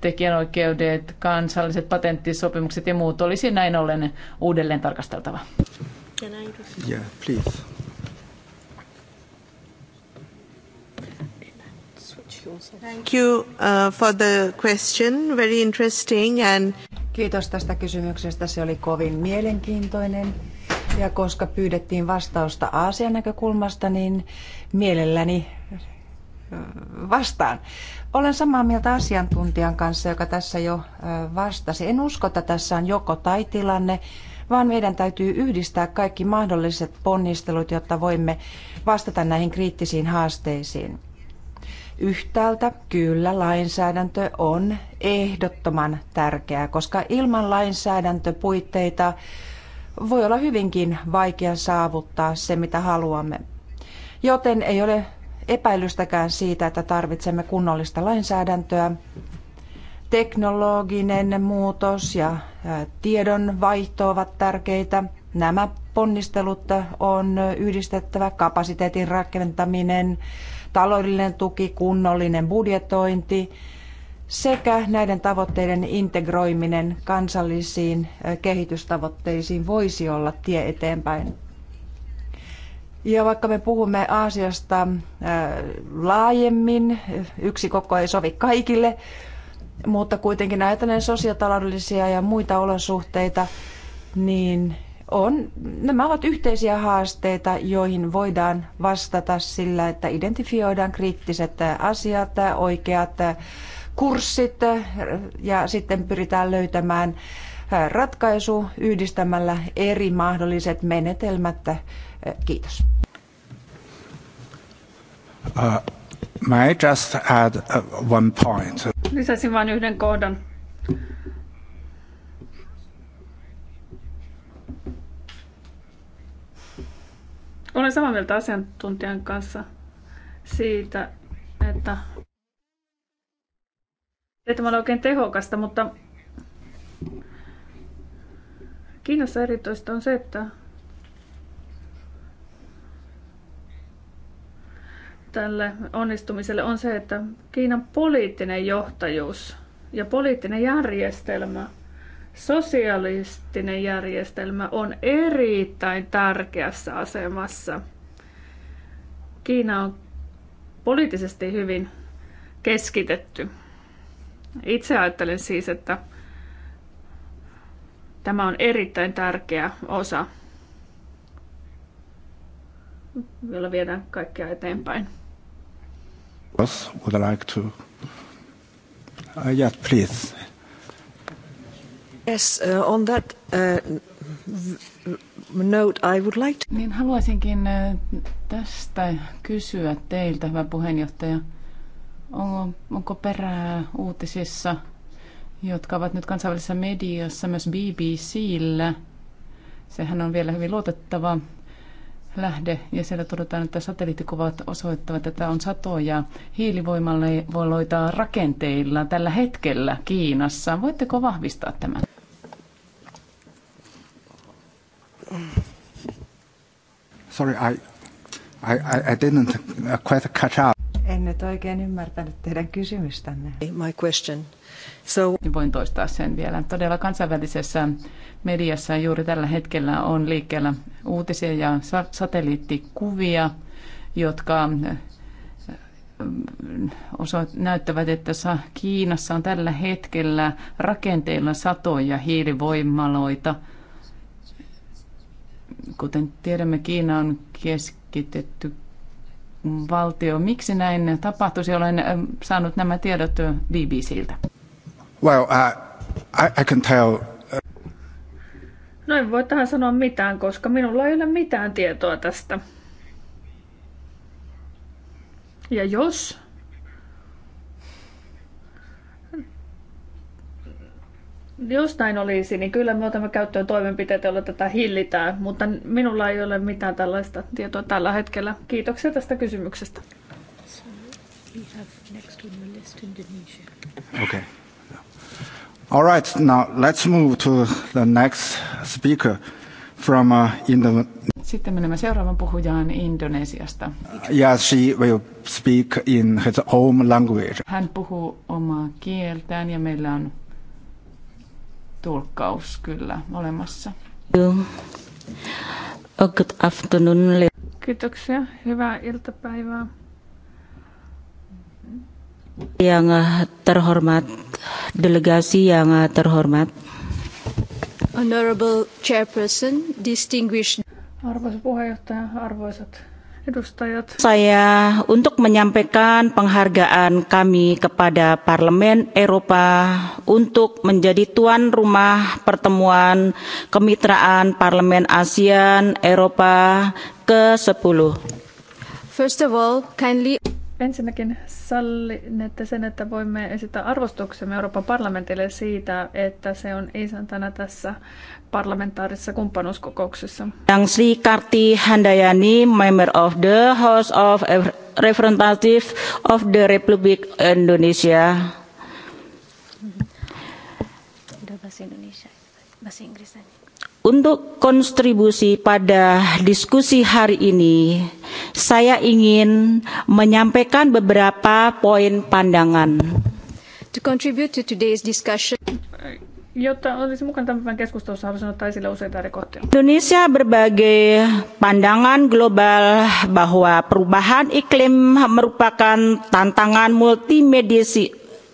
S3: tekijänoikeudet, kansalliset patenttisopimukset ja muut olisi näin ollen uudelleen tarkasteltava.
S2: Yeah, please. Thank
S5: you uh, for the question. Very interesting and... Kiitos tästä kysymyksestä. Se oli kovin mielenkiintoinen. Ja koska pyydettiin vastausta Aasian näkökulmasta, niin mielelläni äh, vastaan. Olen samaa mieltä asiantuntijan kanssa, joka tässä jo äh, vastasi. En usko, että tässä on joko tai tilanne, vaan meidän täytyy yhdistää kaikki mahdolliset ponnistelut, jotta voimme vastata näihin kriittisiin haasteisiin. Yhtäältä kyllä lainsäädäntö on ehdottoman tärkeää, koska ilman lainsäädäntöpuitteita voi olla hyvinkin vaikea saavuttaa se, mitä haluamme. Joten ei ole epäilystäkään siitä, että tarvitsemme kunnollista lainsäädäntöä. Teknologinen muutos ja tiedon vaihto ovat tärkeitä. Nämä ponnistelut on yhdistettävä kapasiteetin rakentaminen, taloudellinen tuki, kunnollinen budjetointi sekä näiden tavoitteiden integroiminen kansallisiin kehitystavoitteisiin voisi olla tie eteenpäin. Ja vaikka me puhumme Aasiasta laajemmin, yksi koko ei sovi kaikille, mutta kuitenkin ajatellen sosiotaloudellisia ja muita olosuhteita, niin on, nämä ovat yhteisiä haasteita, joihin voidaan vastata sillä, että identifioidaan kriittiset asiat, oikeat kurssit ja sitten pyritään löytämään ratkaisu yhdistämällä eri mahdolliset menetelmät. Kiitos.
S4: Uh, may I just add uh, one point?
S5: Lisäsin vain yhden kohdan.
S1: Olen samaa mieltä asiantuntijan kanssa siitä, että, että ole oikein tehokasta, mutta Kiinassa erityistä on se, että tälle onnistumiselle on se, että Kiinan poliittinen johtajuus ja poliittinen järjestelmä – sosialistinen järjestelmä on erittäin tärkeässä asemassa. Kiina on poliittisesti hyvin keskitetty. Itse ajattelen siis, että tämä on erittäin tärkeä osa, jolla viedään kaikkea eteenpäin.
S4: Would I like to? Uh, yes, please.
S5: Uh, uh,
S3: niin haluaisinkin uh, tästä kysyä teiltä, hyvä puheenjohtaja. Onko, onko perää uutisissa, jotka ovat nyt kansainvälisessä mediassa, myös BBCllä? Sehän on vielä hyvin luotettava lähde, ja siellä todetaan, että satelliittikuvat osoittavat, että on satoja hiilivoimaloita rakenteilla tällä hetkellä Kiinassa. Voitteko vahvistaa tämän?
S4: Sorry, I, I, I didn't quite catch up.
S5: En nyt oikein ymmärtänyt teidän kysymystänne. My question So... Niin voin
S3: toistaa sen vielä. Todella kansainvälisessä mediassa juuri tällä hetkellä on liikkeellä uutisia ja satelliittikuvia, jotka äh, osoit, näyttävät, että Kiinassa on tällä hetkellä rakenteilla satoja hiilivoimaloita. Kuten tiedämme, Kiina on keskitetty valtio. Miksi näin tapahtuisi? Olen äh, saanut nämä tiedot BBCltä.
S4: Well, uh, I, I can tell... Uh,
S1: no en voi tähän sanoa mitään, koska minulla ei ole mitään tietoa tästä. Ja jos jos näin olisi, niin kyllä me otamme käyttöön toimenpiteitä, joilla tätä hillitään, mutta minulla ei ole mitään tällaista tietoa tällä hetkellä. Kiitoksia tästä kysymyksestä. So,
S4: okay. All right, now let's move to the next speaker from uh, Indo-
S3: Sitten menemme seuraavan puhujaan Indonesiasta. Uh,
S4: yes, she will speak in his home language.
S3: Hän puhuu omaa kieltään ja meillä on tulkkaus kyllä
S2: olemassa. Good afternoon.
S1: Kiitoksia. Hyvää iltapäivää.
S2: Yang ah, terhormat, delegasi yang ah, terhormat. Honorable Chairperson, distinguished.
S1: Arvoisa puheenjohtaja, arvoisat edustajat.
S2: Saya untuk menyampaikan penghargaan kami kepada Parlemen Eropa untuk menjadi tuan rumah pertemuan kemitraan Parlemen ASEAN Eropa ke-10. First of all, kindly
S1: Ensinnäkin sallinette sen, että voimme esittää arvostuksemme Euroopan parlamentille siitä, että se on isäntänä tässä parlamentaarisessa kumppanuuskokouksessa.
S2: Sri Karti Handayani, member of the House of Representative of the Republic Indonesia. Bahasa Indonesia, bahasa Inggris untuk kontribusi pada diskusi hari ini saya ingin menyampaikan beberapa poin pandangan. To contribute to today's discussion.
S1: Jotta olisi mukana tämän keskustelussa, haluaisin ottaa esille useita eri kohtia.
S2: Indonesia berbagai pandangan global bahwa perubahan iklim merupakan tantangan multimediasi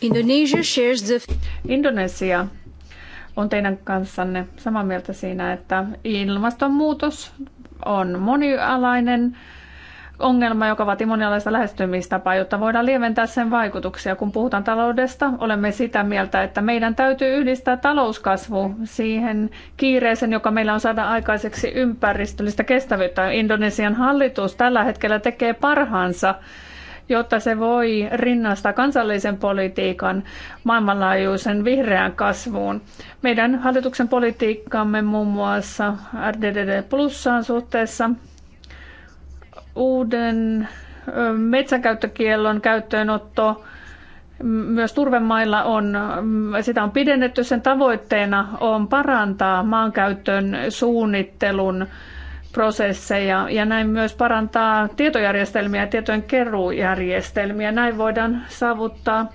S2: Indonesia shares the...
S1: Indonesia on teidän kanssanne samaa mieltä siinä, että ilmastonmuutos on monialainen ongelma, joka vaatii monialaista lähestymistapaa, jotta voidaan lieventää sen vaikutuksia. Kun puhutaan taloudesta, olemme sitä mieltä, että meidän täytyy yhdistää talouskasvu siihen kiireeseen, joka meillä on saada aikaiseksi ympäristöllistä kestävyyttä. Indonesian hallitus tällä hetkellä tekee parhaansa jotta se voi rinnastaa kansallisen politiikan maailmanlaajuisen vihreään kasvuun. Meidän hallituksen politiikkamme muun muassa RDDD plussaan suhteessa uuden metsäkäyttökiellon käyttöönotto myös turvemailla on, sitä on pidennetty, sen tavoitteena on parantaa maankäytön suunnittelun prosesseja ja näin myös parantaa tietojärjestelmiä ja tietojen keruujärjestelmiä. Näin voidaan saavuttaa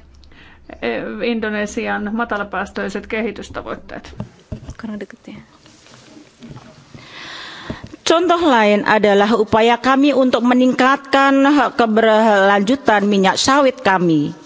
S1: eh, Indonesian matalapäästöiset kehitystavoitteet.
S2: Contoh lain adalah upaya kami untuk meningkatkan keberlanjutan minyak sawit kami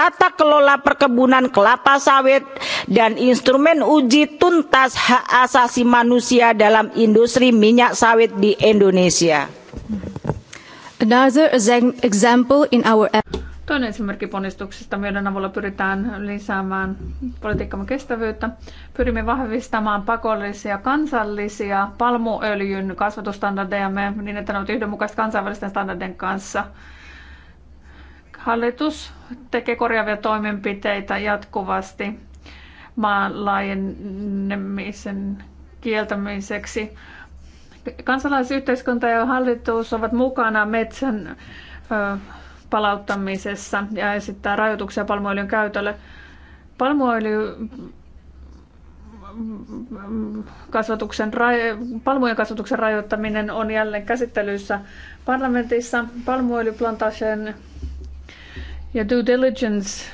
S2: tata kelola perkebunan kelapa sawit dan instrumen uji tuntas hak asasi manusia dalam industri minyak sawit di Indonesia. Another example in our
S1: Toinen esimerkki ponnistuksista meidän avulla pyritään lisäämään politiikkamme kestävyyttä. Pyrimme vahvistamaan pakollisia kansallisia palmuöljyn kasvatustandardejamme niin, että ne ovat yhdenmukaiset kansainvälisten standardien kanssa – Hallitus tekee korjaavia toimenpiteitä jatkuvasti maan laajenemisen kieltämiseksi. Kansalaisyhteiskunta ja hallitus ovat mukana metsän palauttamisessa ja esittää rajoituksia palmuöljyn käytölle. Palmuöljy kasvatuksen, palmujen kasvatuksen rajoittaminen on jälleen käsittelyssä parlamentissa. Palmuöljyplantaasien ja due diligence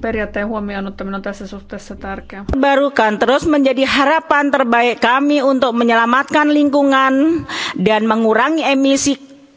S1: periaatteen huomioon ottaminen on tässä suhteessa tärkeää.
S2: Barukan terus menjadi harapan terbaik kami untuk menyelamatkan lingkungan dan mengurangi emisi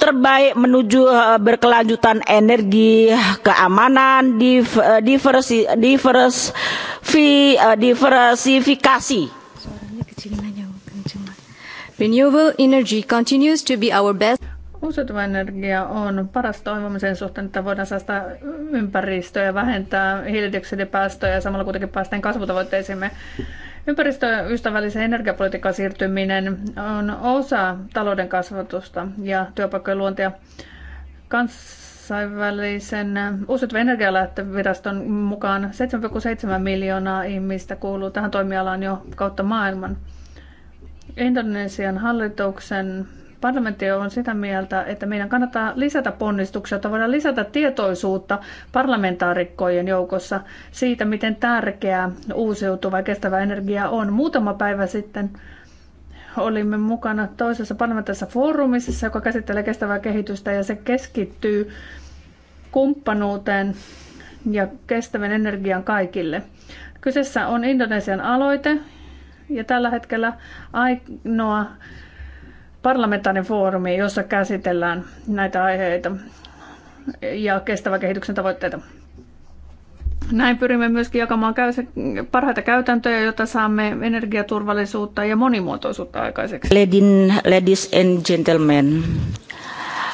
S2: terbaik menuju eh, berkelanjutan energi keamanan eh, diversi divers fi, eh, diversifikasi Renewable energy continues to be our best Uusiutuva
S1: energia on paras toimimisen suhteen, että voidaan säästää ympäristöä ja vähentää hiilidioksidipäästöjä ja samalla kuitenkin päästään kasvutavoitteisiimme. Ympäristöystävällisen energiapolitiikan siirtyminen on osa talouden kasvatusta ja työpaikkojen luontia. Kansainvälisen uusiutuvan energialähtöviraston mukaan 7,7 miljoonaa ihmistä kuuluu tähän toimialaan jo kautta maailman. Indonesian hallituksen Parlamentti on sitä mieltä, että meidän kannattaa lisätä ponnistuksia, että voidaan lisätä tietoisuutta parlamentaarikkojen joukossa siitä, miten tärkeää uusiutuva ja kestävä energia on. Muutama päivä sitten olimme mukana toisessa parlamentaarisessa foorumissa, joka käsittelee kestävää kehitystä ja se keskittyy kumppanuuteen ja kestävän energian kaikille. Kyseessä on Indonesian aloite ja tällä hetkellä ainoa parlamentaarinen foorumi, jossa käsitellään näitä aiheita ja kestävän kehityksen tavoitteita. Näin pyrimme myöskin jakamaan parhaita käytäntöjä, joita saamme energiaturvallisuutta ja monimuotoisuutta aikaiseksi.
S2: Ladies and gentlemen,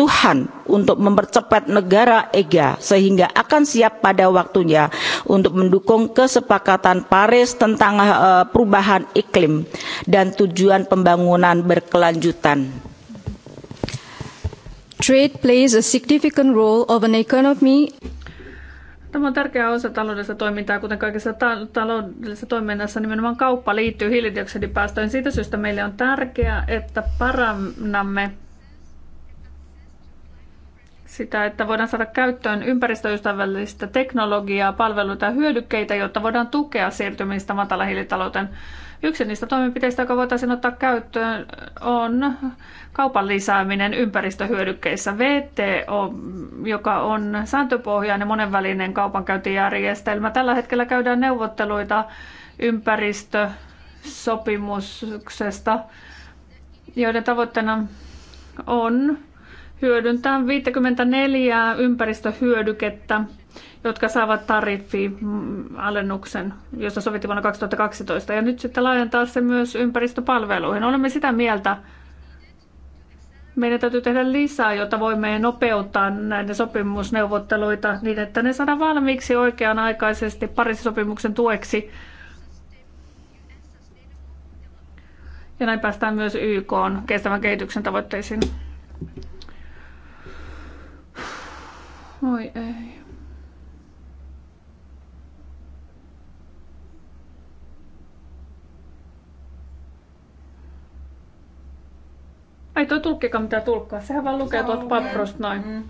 S2: Tuhan untuk mempercepat negara EGA sehingga akan siap pada waktunya untuk mendukung kesepakatan Paris tentang uh, perubahan iklim dan tujuan pembangunan berkelanjutan. Trade plays a significant role of an economy.
S1: Tämä on tärkeä osa taloudellista toimintaa, kuten kaikessa ta- taloudellisessa toiminnassa nimenomaan kauppa liittyy hiilidioksidipäästöön. Siitä syystä meille on tärkeää, että parannamme sitä, että voidaan saada käyttöön ympäristöystävällistä teknologiaa, palveluita ja hyödykkeitä, jotta voidaan tukea siirtymistä matalahiilitalouteen. Yksi niistä toimenpiteistä, joka voitaisiin ottaa käyttöön, on kaupan lisääminen ympäristöhyödykkeissä. VTO, joka on sääntöpohjainen monenvälinen kaupankäyntijärjestelmä. Tällä hetkellä käydään neuvotteluita ympäristösopimuksesta, joiden tavoitteena on hyödyntää 54 ympäristöhyödykettä, jotka saavat tariffialennuksen, josta sovittiin vuonna 2012. Ja nyt sitten laajentaa se myös ympäristöpalveluihin. Olemme sitä mieltä, meidän täytyy tehdä lisää, jotta voimme nopeuttaa näiden sopimusneuvotteluita niin, että ne saadaan valmiiksi oikeanaikaisesti Pariisin sopimuksen tueksi. Ja näin päästään myös YK kestävän kehityksen tavoitteisiin. Voi ei. Ei toi tulkkikaan mitään tulkkaa, sehän vaan lukee tuolta paprosta noin. Mm.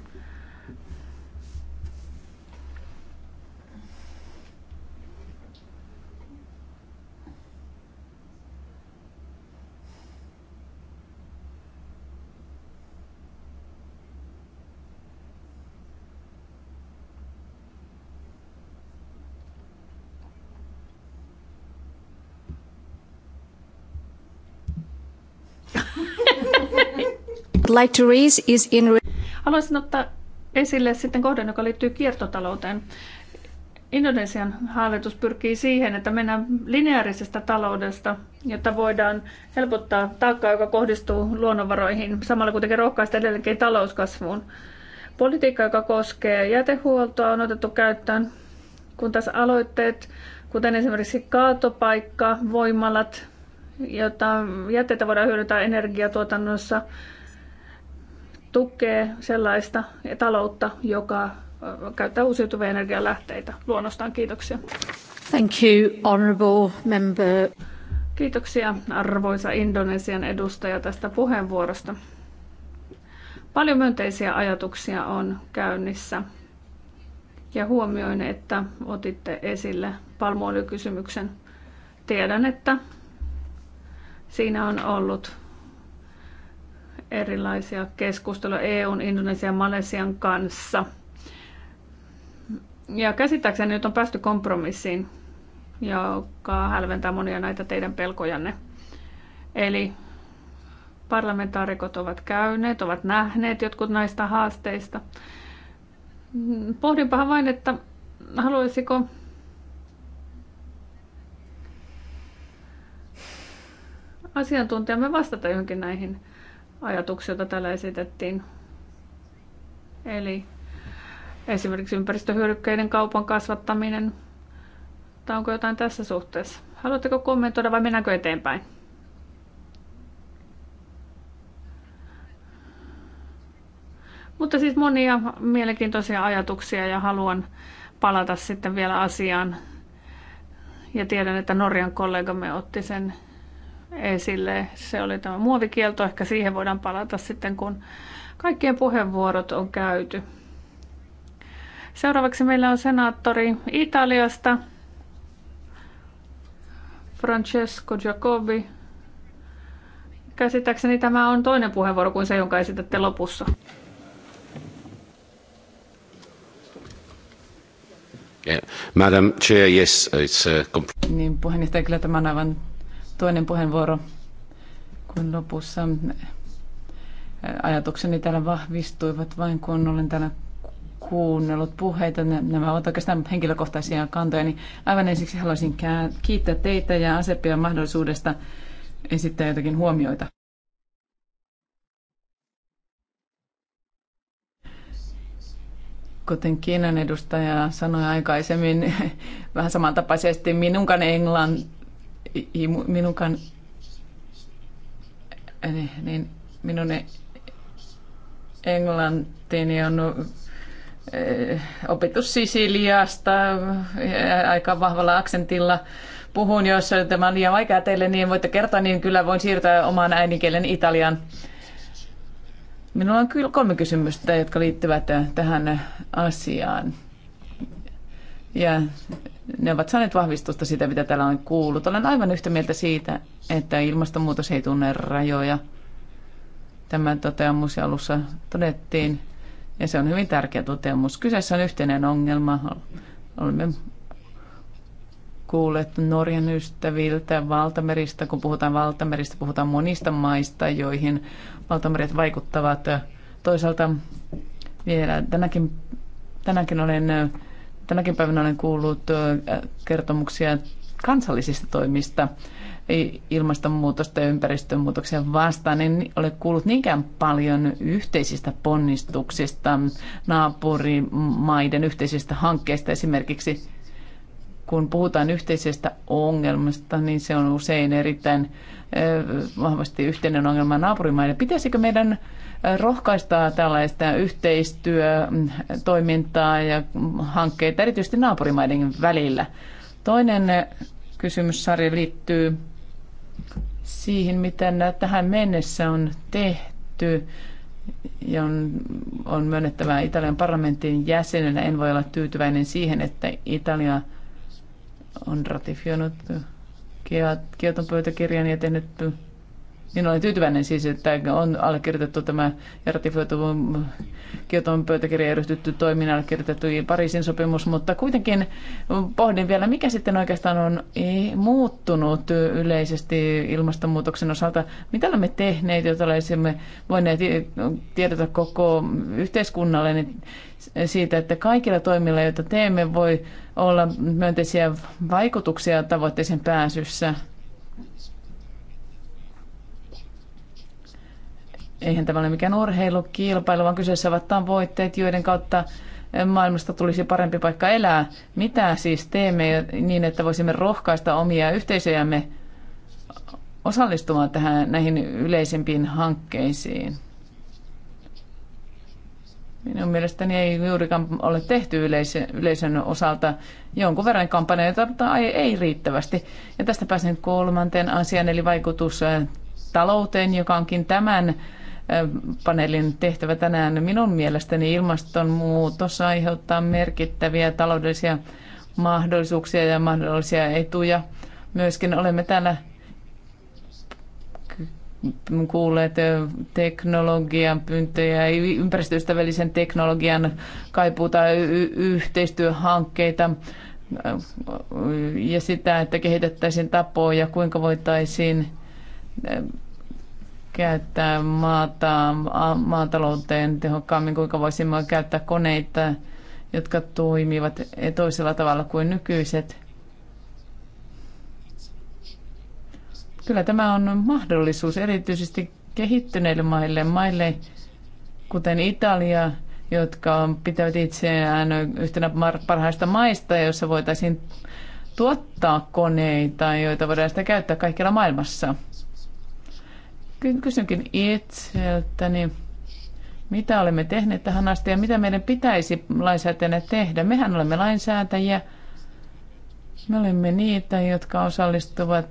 S2: like to raise is in...
S1: Haluaisin ottaa esille sitten kohdan, joka liittyy kiertotalouteen. Indonesian hallitus pyrkii siihen, että mennään lineaarisesta taloudesta, jotta voidaan helpottaa taakkaa, joka kohdistuu luonnonvaroihin, samalla kuitenkin rohkaista edelleenkin talouskasvuun. Politiikka, joka koskee jätehuoltoa, on otettu käyttöön, kun taas aloitteet, kuten esimerkiksi kaatopaikka, voimalat, jotta jätteitä voidaan hyödyntää energiatuotannossa, tukee sellaista taloutta, joka käyttää uusiutuvia energialähteitä. Luonnostaan kiitoksia. Thank you, honorable member. Kiitoksia arvoisa Indonesian edustaja tästä puheenvuorosta. Paljon myönteisiä ajatuksia on käynnissä ja huomioin, että otitte esille palmuöljykysymyksen. Tiedän, että siinä on ollut erilaisia keskusteluja EUn, Indonesian, Malesian kanssa. Ja käsittääkseni nyt on päästy kompromissiin, joka hälventää monia näitä teidän pelkojanne. Eli parlamentaarikot ovat käyneet, ovat nähneet jotkut näistä haasteista. Pohdinpahan vain, että haluaisiko asiantuntijamme vastata johonkin näihin ajatuksia, joita täällä esitettiin. Eli esimerkiksi ympäristöhyödykkeiden kaupan kasvattaminen. Tai onko jotain tässä suhteessa? Haluatteko kommentoida vai mennäänkö eteenpäin? Mutta siis monia mielenkiintoisia ajatuksia ja haluan palata sitten vielä asiaan. Ja tiedän, että Norjan kollegamme otti sen esille. Se oli tämä muovikielto. Ehkä siihen voidaan palata sitten, kun kaikkien puheenvuorot on käyty. Seuraavaksi meillä on senaattori Italiasta, Francesco Giacobbi. Käsittääkseni tämä on toinen puheenvuoro kuin se, jonka esitätte lopussa.
S3: Yeah. Madam Chair, yes, it's a... Uh, niin, puheenjohtaja, kyllä tämä on aivan toinen puheenvuoro, kun lopussa ajatukseni täällä vahvistuivat vain kun olen täällä kuunnellut puheita. Nämä ovat oikeastaan henkilökohtaisia kantoja, niin aivan ensiksi haluaisin kiittää teitä ja Asepia mahdollisuudesta esittää jotakin huomioita. kuten Kiinan edustaja sanoi aikaisemmin, *laughs* vähän samantapaisesti minunkaan englanti minunkaan niin, niin minun e- englantini on e- opetus Sisiliasta e- aika vahvalla aksentilla puhun, jos tämä on liian vaikea teille, niin voitte kertoa, niin kyllä voin siirtää oman äidinkielen Italian. Minulla on kyllä kolme kysymystä, jotka liittyvät tähän asiaan. Ja ne ovat saaneet vahvistusta sitä, mitä täällä on kuullut. Olen aivan yhtä mieltä siitä, että ilmastonmuutos ei tunne rajoja. Tämä toteamus alussa todettiin, ja se on hyvin tärkeä toteamus. Kyseessä on yhteinen ongelma. Olemme kuulleet Norjan ystäviltä valtameristä. Kun puhutaan valtameristä, puhutaan monista maista, joihin valtameret vaikuttavat. Toisaalta vielä tänäkin, tänäkin olen Tänäkin päivänä olen kuullut kertomuksia kansallisista toimista ilmastonmuutosta ja ympäristönmuutoksen vastaan, en ole kuullut niinkään paljon yhteisistä ponnistuksista, naapurimaiden yhteisistä hankkeista esimerkiksi kun puhutaan yhteisestä ongelmasta, niin se on usein erittäin vahvasti yhteinen ongelma naapurimaille. Pitäisikö meidän rohkaista tällaista yhteistyötoimintaa ja hankkeita erityisesti naapurimaiden välillä? Toinen kysymys, Sari, liittyy siihen, mitä tähän mennessä on tehty. Ja on, on myönnettävää Italian parlamentin jäsenenä. En voi olla tyytyväinen siihen, että Italia – on ratifioinut Kioton pöytäkirjan ja tehnyt niin olen tyytyväinen siis, että on allekirjoitettu tämä ja ratifioitu mm, Kioton pöytäkirja ja ryhdytty toimiin allekirjoitettu Pariisin sopimus, mutta kuitenkin pohdin vielä, mikä sitten oikeastaan on muuttunut yleisesti ilmastonmuutoksen osalta. Mitä olemme tehneet, jotta olisimme voineet tiedota koko yhteiskunnalle niin siitä, että kaikilla toimilla, joita teemme, voi olla myönteisiä vaikutuksia tavoitteeseen pääsyssä. Eihän tämä ole mikään urheilukilpailu, vaan kyseessä ovat voitteet joiden kautta maailmasta tulisi parempi paikka elää. Mitä siis teemme niin, että voisimme rohkaista omia yhteisöjämme osallistumaan tähän, näihin yleisempiin hankkeisiin? Minun mielestäni ei juurikaan ole tehty yleisön, osalta jonkun verran kampanjoita, mutta ei, riittävästi. Ja tästä pääsen kolmanteen asian, eli vaikutus talouteen, joka onkin tämän paneelin tehtävä tänään. Minun mielestäni ilmastonmuutos aiheuttaa merkittäviä taloudellisia mahdollisuuksia ja mahdollisia etuja. Myöskin olemme täällä kuulleet teknologian pyyntöjä, ympäristöystävällisen teknologian kaipuuta yhteistyöhankkeita ja sitä, että kehitettäisiin tapoja, kuinka voitaisiin käyttää maata, maatalouteen tehokkaammin, kuinka voisimme käyttää koneita, jotka toimivat toisella tavalla kuin nykyiset. Kyllä tämä on mahdollisuus erityisesti kehittyneille maille, maille kuten Italia, jotka pitävät itseään yhtenä parhaista maista, jossa voitaisiin tuottaa koneita, joita voidaan sitä käyttää kaikkialla maailmassa. Kysynkin itseltäni, mitä olemme tehneet tähän asti ja mitä meidän pitäisi lainsäätäjänä tehdä. Mehän olemme lainsäätäjiä. Me olemme niitä, jotka osallistuvat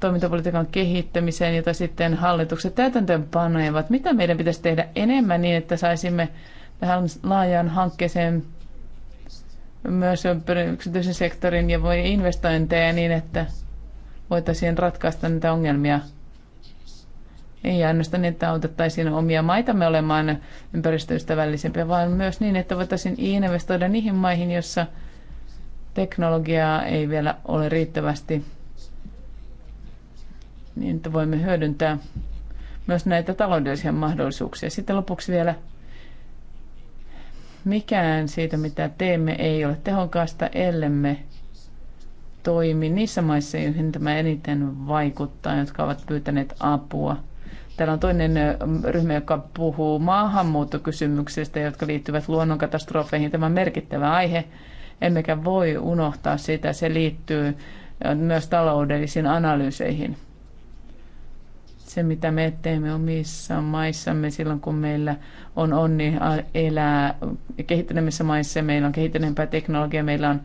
S3: toimintapolitiikan kehittämiseen, jota sitten hallitukset täytäntöön panevat. Mitä meidän pitäisi tehdä enemmän niin, että saisimme tähän laajaan hankkeeseen myös yksityisen sektorin ja voi investointeja niin, että voitaisiin ratkaista niitä ongelmia, ei ainoastaan, että autettaisiin omia maitamme olemaan ympäristöystävällisempiä, vaan myös niin, että voitaisiin investoida niihin maihin, joissa teknologiaa ei vielä ole riittävästi, niin että voimme hyödyntää myös näitä taloudellisia mahdollisuuksia. Sitten lopuksi vielä, mikään siitä, mitä teemme, ei ole tehokasta, ellemme toimi niissä maissa, joihin tämä eniten vaikuttaa, jotka ovat pyytäneet apua – Täällä on toinen ryhmä, joka puhuu maahanmuuttokysymyksistä, jotka liittyvät luonnonkatastrofeihin. Tämä on merkittävä aihe, emmekä voi unohtaa sitä. Se liittyy myös taloudellisiin analyyseihin. Se, mitä me teemme omissa maissamme silloin, kun meillä on onni elää kehittyneemmissä maissa, meillä on kehittyneempää teknologiaa, meillä on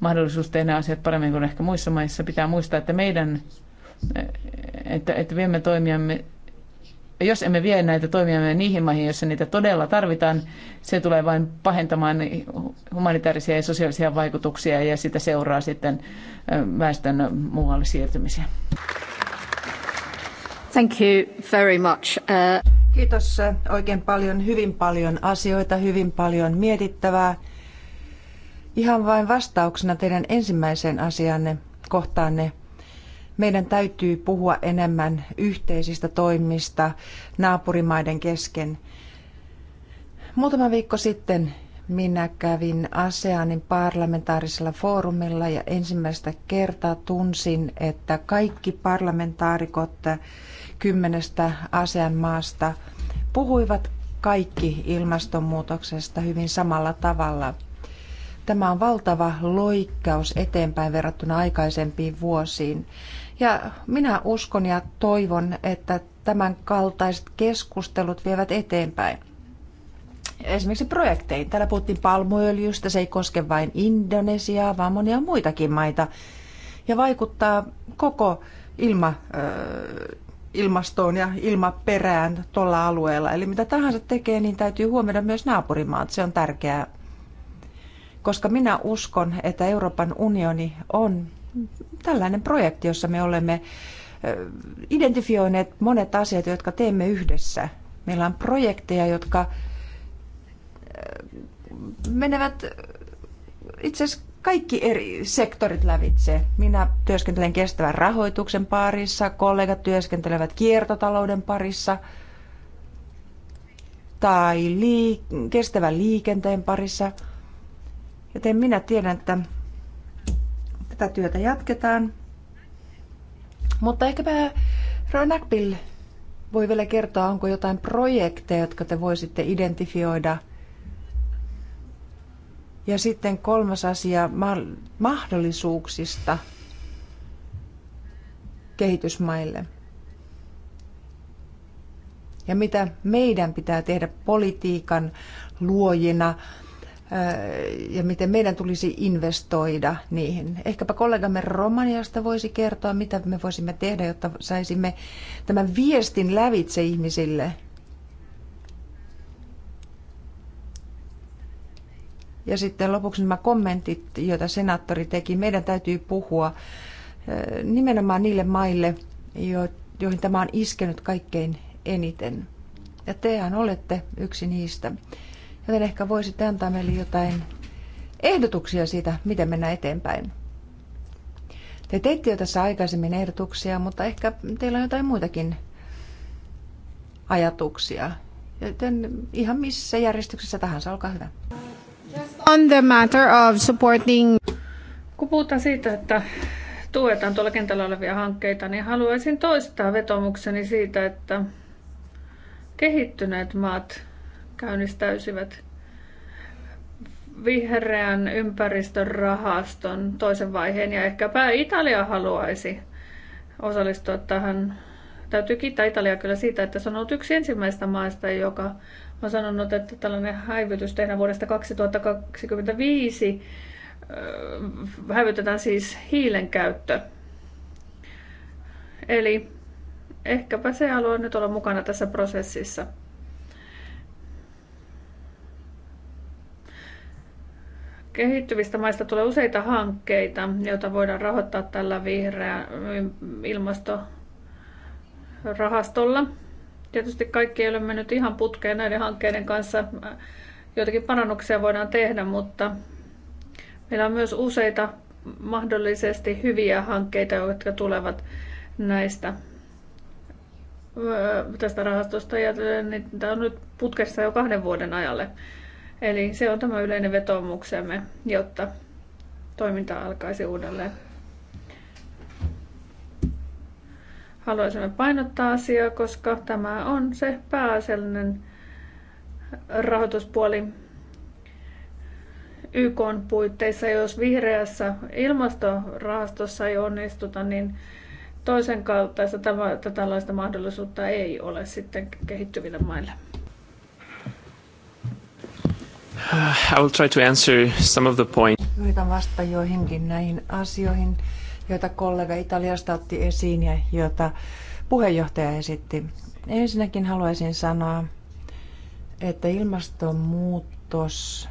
S3: mahdollisuus tehdä asiat paremmin kuin ehkä muissa maissa. Pitää muistaa, että meidän, että, että viemme toimiamme jos emme vie näitä toimia niihin maihin, joissa niitä todella tarvitaan, se tulee vain pahentamaan humanitaarisia ja sosiaalisia vaikutuksia ja sitä seuraa sitten väestön muualle siirtymisiä.
S5: Thank you very much. Uh... Kiitos oikein paljon, hyvin paljon asioita, hyvin paljon mietittävää. Ihan vain vastauksena teidän ensimmäiseen asianne, kohtaanne meidän täytyy puhua enemmän yhteisistä toimista naapurimaiden kesken. Muutama viikko sitten minä kävin ASEANin parlamentaarisella foorumilla ja ensimmäistä kertaa tunsin, että kaikki parlamentaarikot kymmenestä ASEAN maasta puhuivat kaikki ilmastonmuutoksesta hyvin samalla tavalla. Tämä on valtava loikkaus eteenpäin verrattuna aikaisempiin vuosiin. Ja minä uskon ja toivon, että tämän kaltaiset keskustelut vievät eteenpäin. Esimerkiksi projekteihin. Täällä puhuttiin palmuöljystä, se ei koske vain Indonesiaa, vaan monia muitakin maita. Ja vaikuttaa koko ilma, ilmastoon ja ilmaperään tuolla alueella. Eli mitä tahansa tekee, niin täytyy huomioida myös naapurimaat. Se on tärkeää, koska minä uskon, että Euroopan unioni on tällainen projekti, jossa me olemme identifioineet monet asiat, jotka teemme yhdessä. Meillä on projekteja, jotka menevät itse asiassa kaikki eri sektorit lävitse. Minä työskentelen kestävän rahoituksen parissa, kollegat työskentelevät kiertotalouden parissa tai lii- kestävän liikenteen parissa. Joten minä tiedän, että Tätä työtä jatketaan. Mutta ehkäpä Ronakpil voi vielä kertoa, onko jotain projekteja, jotka te voisitte identifioida. Ja sitten kolmas asia mahdollisuuksista kehitysmaille. Ja mitä meidän pitää tehdä politiikan luojina, ja miten meidän tulisi investoida niihin. Ehkäpä kollegamme Romaniasta voisi kertoa, mitä me voisimme tehdä, jotta saisimme tämän viestin lävitse ihmisille. Ja sitten lopuksi nämä kommentit, joita senaattori teki. Meidän täytyy puhua nimenomaan niille maille, joihin tämä on iskenyt kaikkein eniten. Ja tehän olette yksi niistä joten ehkä voisitte antaa meille jotain ehdotuksia siitä, miten mennään eteenpäin. Te teitte jo tässä aikaisemmin ehdotuksia, mutta ehkä teillä on jotain muitakin ajatuksia. Joten ihan missä järjestyksessä tahansa, olkaa hyvä.
S2: on the matter of supporting...
S1: Kun puhutaan siitä, että tuetaan tuolla kentällä olevia hankkeita, niin haluaisin toistaa vetomukseni siitä, että kehittyneet maat käynnistäisivät vihreän ympäristörahaston toisen vaiheen ja ehkäpä Italia haluaisi osallistua tähän. Täytyy kiittää Italiaa kyllä siitä, että se on ollut yksi ensimmäistä maista, joka on sanonut, että tällainen häivytys tehdään vuodesta 2025. Häivytetään siis hiilen käyttö. Eli ehkäpä se haluaa nyt olla mukana tässä prosessissa. Kehittyvistä maista tulee useita hankkeita, joita voidaan rahoittaa tällä vihreä ilmastorahastolla. Tietysti kaikki ei ole mennyt ihan putkeen näiden hankkeiden kanssa. Joitakin parannuksia voidaan tehdä, mutta meillä on myös useita mahdollisesti hyviä hankkeita, jotka tulevat näistä tästä rahastosta ja tämä on nyt putkessa jo kahden vuoden ajalle. Eli se on tämä yleinen vetoomuksemme, jotta toiminta alkaisi uudelleen. Haluaisimme painottaa asiaa, koska tämä on se pääasiallinen rahoituspuoli YK on puitteissa. Jos vihreässä ilmastorahastossa ei onnistuta, niin toisen kaltaista tällaista mahdollisuutta ei ole sitten kehittyville maille.
S3: *sighs* I will try to answer some of the points.
S5: Yritän vastata joihinkin näihin asioihin, joita kollega Italiasta otti esiin ja joita puheenjohtaja esitti. Ensinnäkin haluaisin sanoa, että ilmastonmuutos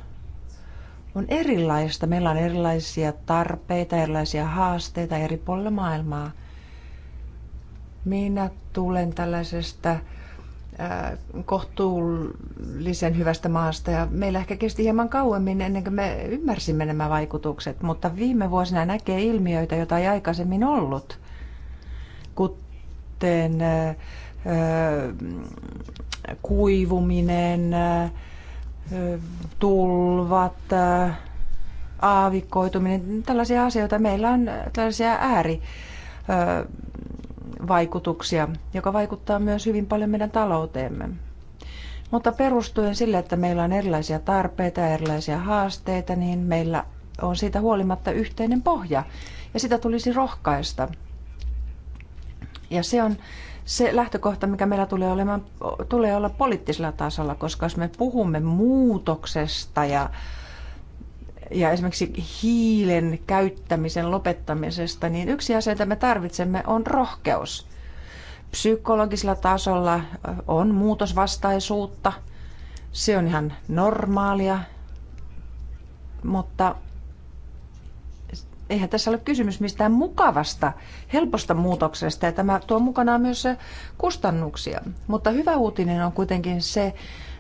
S5: on erilaista. Meillä on erilaisia tarpeita, erilaisia haasteita eri puolilla maailmaa. Minä tulen tällaisesta Äh, kohtuullisen hyvästä maasta ja meillä ehkä kesti hieman kauemmin ennen kuin me ymmärsimme nämä vaikutukset, mutta viime vuosina näkee ilmiöitä, joita ei aikaisemmin ollut, kuten äh, äh, kuivuminen, äh, tulvat, äh, aavikoituminen, tällaisia asioita. Meillä on tällaisia ääri vaikutuksia, joka vaikuttaa myös hyvin paljon meidän talouteemme. Mutta perustuen sille, että meillä on erilaisia tarpeita ja erilaisia haasteita, niin meillä on siitä huolimatta yhteinen pohja ja sitä tulisi rohkaista. Ja se on se lähtökohta, mikä meillä tulee, olemaan, tulee olla poliittisella tasolla, koska jos me puhumme muutoksesta ja ja esimerkiksi hiilen käyttämisen lopettamisesta, niin yksi asia, jota me tarvitsemme, on rohkeus. Psykologisella tasolla on muutosvastaisuutta, se on ihan normaalia, mutta eihän tässä ole kysymys mistään mukavasta, helposta muutoksesta ja tämä tuo mukanaan myös kustannuksia. Mutta hyvä uutinen on kuitenkin se,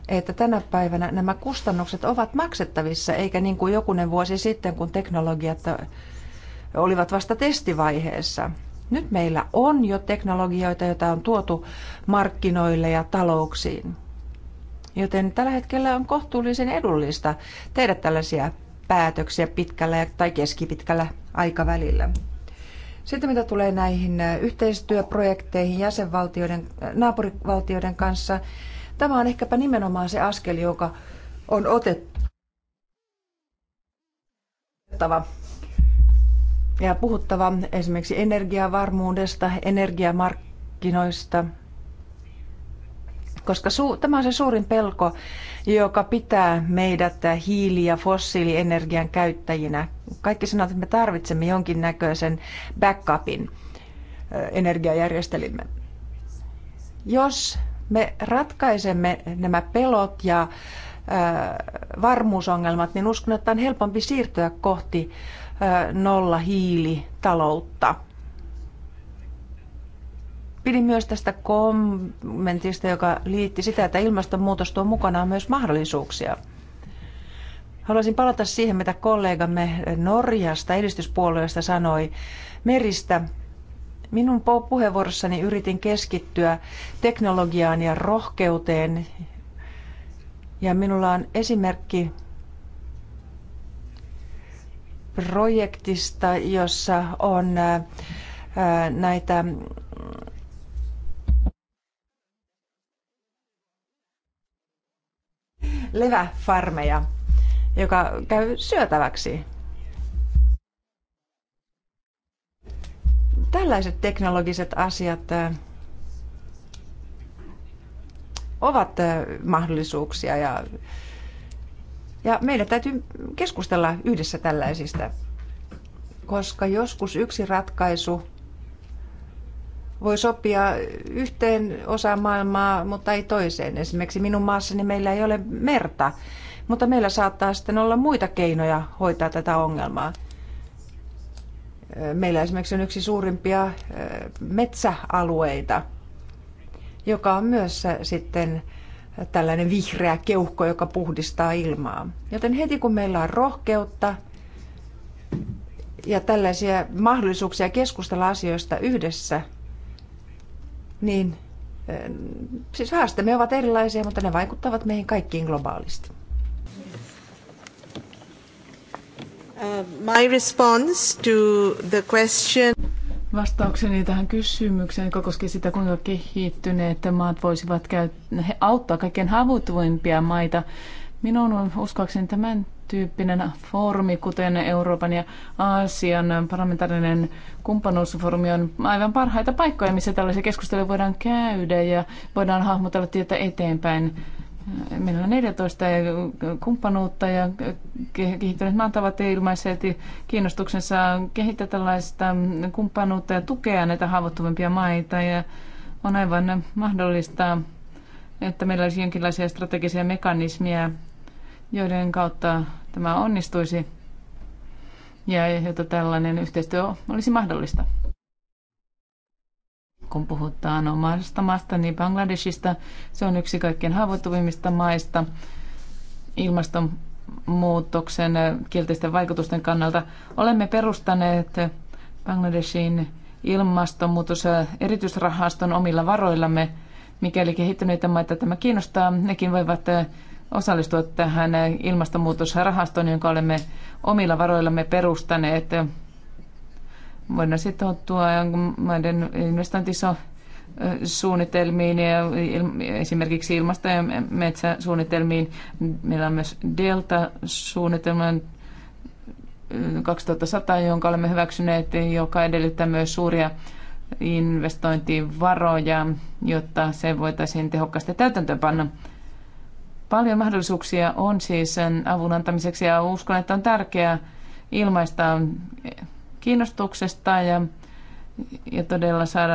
S5: että tänä päivänä nämä kustannukset ovat maksettavissa, eikä niin kuin jokunen vuosi sitten, kun teknologiat olivat vasta testivaiheessa. Nyt meillä on jo teknologioita, joita on tuotu markkinoille ja talouksiin. Joten tällä hetkellä on kohtuullisen edullista tehdä tällaisia päätöksiä pitkällä tai keskipitkällä aikavälillä. Sitten mitä tulee näihin yhteistyöprojekteihin jäsenvaltioiden, naapurivaltioiden kanssa, Tämä on ehkäpä nimenomaan se askel, joka on otettava ja puhuttava esimerkiksi energiavarmuudesta, energiamarkkinoista, koska su- tämä on se suurin pelko, joka pitää meidät hiili- ja fossiilienergian käyttäjinä. Kaikki sanoo, että me tarvitsemme jonkinnäköisen backupin energiajärjestelimme. Jos me ratkaisemme nämä pelot ja äh, varmuusongelmat, niin uskon, että on helpompi siirtyä kohti äh, nolla hiilitaloutta. Pidin myös tästä kommentista, joka liitti sitä, että ilmastonmuutos tuo mukanaan myös mahdollisuuksia. Haluaisin palata siihen, mitä kollegamme Norjasta edistyspuolueesta sanoi meristä Minun puheenvuorossani yritin keskittyä teknologiaan ja rohkeuteen. Ja minulla on esimerkki projektista, jossa on äh, äh, näitä mm, leväfarmeja, joka käy syötäväksi Tällaiset teknologiset asiat ovat mahdollisuuksia ja, ja meidän täytyy keskustella yhdessä tällaisista, koska joskus yksi ratkaisu voi sopia yhteen osaan maailmaa, mutta ei toiseen. Esimerkiksi minun maassani meillä ei ole merta, mutta meillä saattaa sitten olla muita keinoja hoitaa tätä ongelmaa. Meillä esimerkiksi on yksi suurimpia metsäalueita, joka on myös sitten tällainen vihreä keuhko, joka puhdistaa ilmaa. Joten heti kun meillä on rohkeutta ja tällaisia mahdollisuuksia keskustella asioista yhdessä, niin siis haasteemme ovat erilaisia, mutta ne vaikuttavat meihin kaikkiin globaalisti. Uh, my response
S3: to the question... Vastaukseni tähän kysymykseen, joka koski sitä, kuinka kehittyneet maat voisivat käyt- auttaa kaikkein haavoittuvimpia maita. Minun on uskoakseni tämän tyyppinen foorumi, kuten Euroopan ja Aasian parlamentaarinen kumppanuusfoorumi on aivan parhaita paikkoja, missä tällaisia keskusteluja voidaan käydä ja voidaan hahmotella tietä eteenpäin. Meillä on 14 kumppanuutta ja kehittyneet maat ovat ilmaiset kiinnostuksensa kehittää tällaista kumppanuutta ja tukea näitä haavoittuvimpia maita. Ja on aivan mahdollista, että meillä olisi jonkinlaisia strategisia mekanismia, joiden kautta tämä onnistuisi ja jotta tällainen yhteistyö olisi mahdollista kun puhutaan omasta maasta, niin Bangladesista. Se on yksi kaikkein haavoittuvimmista maista ilmastonmuutoksen kielteisten vaikutusten kannalta. Olemme perustaneet Bangladeshin ilmastonmuutos erityisrahaston omilla varoillamme. Mikäli kehittyneitä maita tämä kiinnostaa, nekin voivat eh, osallistua tähän eh, ilmastonmuutosrahastoon, jonka olemme omilla varoillamme perustaneet voidaan sitoutua maiden investointisuunnitelmiin ja esimerkiksi ilmasto- ja metsäsuunnitelmiin. Meillä on myös Delta-suunnitelma 2100, jonka olemme hyväksyneet, joka edellyttää myös suuria investointivaroja, jotta se voitaisiin tehokkaasti täytäntöönpanna. Paljon mahdollisuuksia on siis sen avun antamiseksi ja uskon, että on tärkeää ilmaista kiinnostuksesta ja, ja todella saada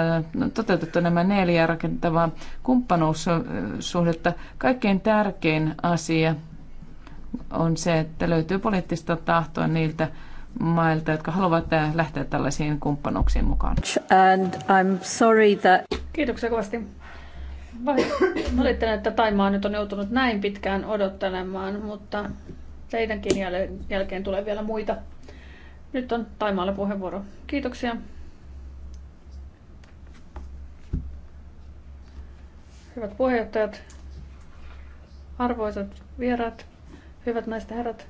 S3: toteutettua nämä neljä rakentavaa kumppanuussuhdetta. Kaikkein tärkein asia on se, että löytyy poliittista tahtoa niiltä mailta, jotka haluavat lähteä tällaisiin kumppanuuksiin mukaan.
S2: And I'm sorry that... Kiitoksia
S1: kovasti. Valittelen, että Taimaa nyt on joutunut näin pitkään odottelemaan, mutta teidänkin jäl- jälkeen tulee vielä muita nyt on Taimaalle puheenvuoro. Kiitoksia. Hyvät puheenjohtajat, arvoisat vieraat, hyvät naiset herrat.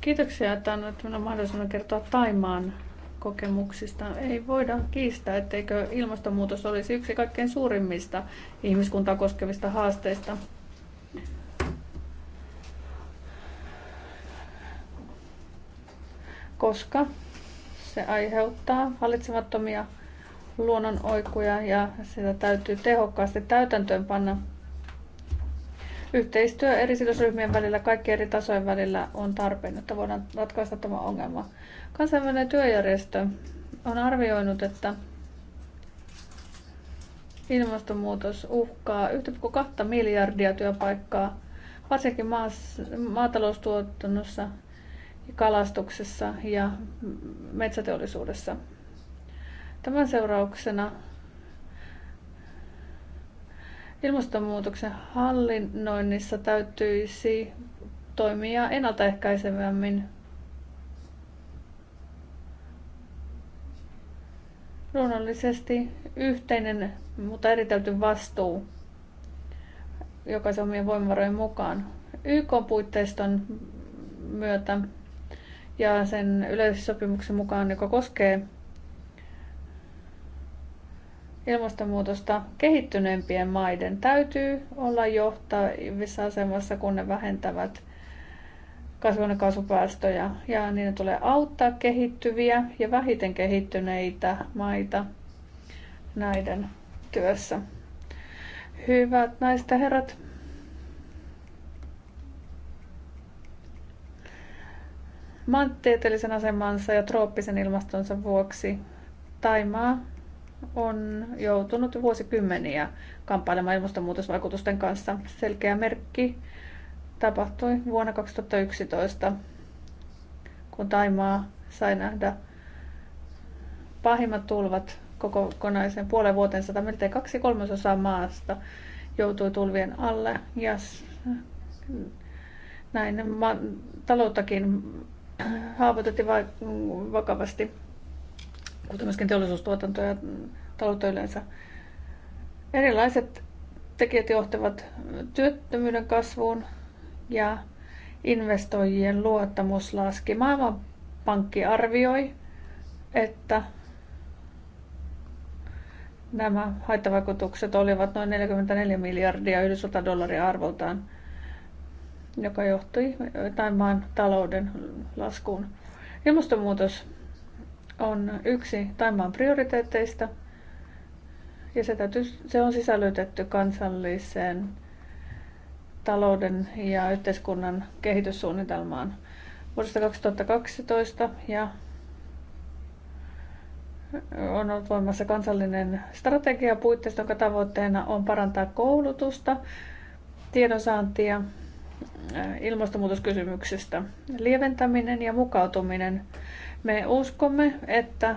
S1: Kiitoksia, että annoit minun mahdollisuuden kertoa Taimaan kokemuksista. Ei voida kiistää, etteikö ilmastonmuutos olisi yksi kaikkein suurimmista ihmiskuntaa koskevista haasteista. koska se aiheuttaa hallitsemattomia luonnonoikuja ja sitä täytyy tehokkaasti täytäntöön panna Yhteistyö eri sidosryhmien välillä, kaikkien eri tasojen välillä on tarpeen, että voidaan ratkaista tämä ongelma. Kansainvälinen työjärjestö on arvioinut, että ilmastonmuutos uhkaa 1,2 miljardia työpaikkaa, varsinkin maataloustuotannossa kalastuksessa ja metsäteollisuudessa. Tämän seurauksena ilmastonmuutoksen hallinnoinnissa täytyisi toimia ennaltaehkäisevämmin. Luonnollisesti yhteinen, mutta eritelty vastuu jokaisen omien voimavarojen mukaan. YK-puitteiston myötä ja sen yleissopimuksen mukaan, joka koskee ilmastonmuutosta, kehittyneempien maiden täytyy olla johtavissa asemassa, kun ne vähentävät kasvihuonekaasupäästöjä ja niiden tulee auttaa kehittyviä ja vähiten kehittyneitä maita näiden työssä. Hyvät naiset ja herrat, maantieteellisen asemansa ja trooppisen ilmastonsa vuoksi Taimaa on joutunut vuosikymmeniä kamppailemaan ilmastonmuutosvaikutusten kanssa. Selkeä merkki tapahtui vuonna 2011, kun Taimaa sai nähdä pahimmat tulvat koko kokonaisen puolen vuoteen sata, miltei kaksi kolmasosaa maasta joutui tulvien alle ja näin ma- talouttakin haavoitettiin vakavasti, kuten myöskin teollisuustuotanto ja taloutta yleensä. Erilaiset tekijät johtavat työttömyyden kasvuun ja investoijien luottamus laski. Maailmanpankki arvioi, että nämä haittavaikutukset olivat noin 44 miljardia Yhdysvaltain dollaria arvoltaan – joka johtui tai maan talouden laskuun. Ilmastonmuutos on yksi Taimaan prioriteetteista ja se, täytyy, se on sisällytetty kansalliseen talouden ja yhteiskunnan kehityssuunnitelmaan vuodesta 2012 ja on ollut voimassa kansallinen strategia puitteista, jonka tavoitteena on parantaa koulutusta, tiedonsaantia Äh, ilmastonmuutoskysymyksestä. Lieventäminen ja mukautuminen. Me uskomme, että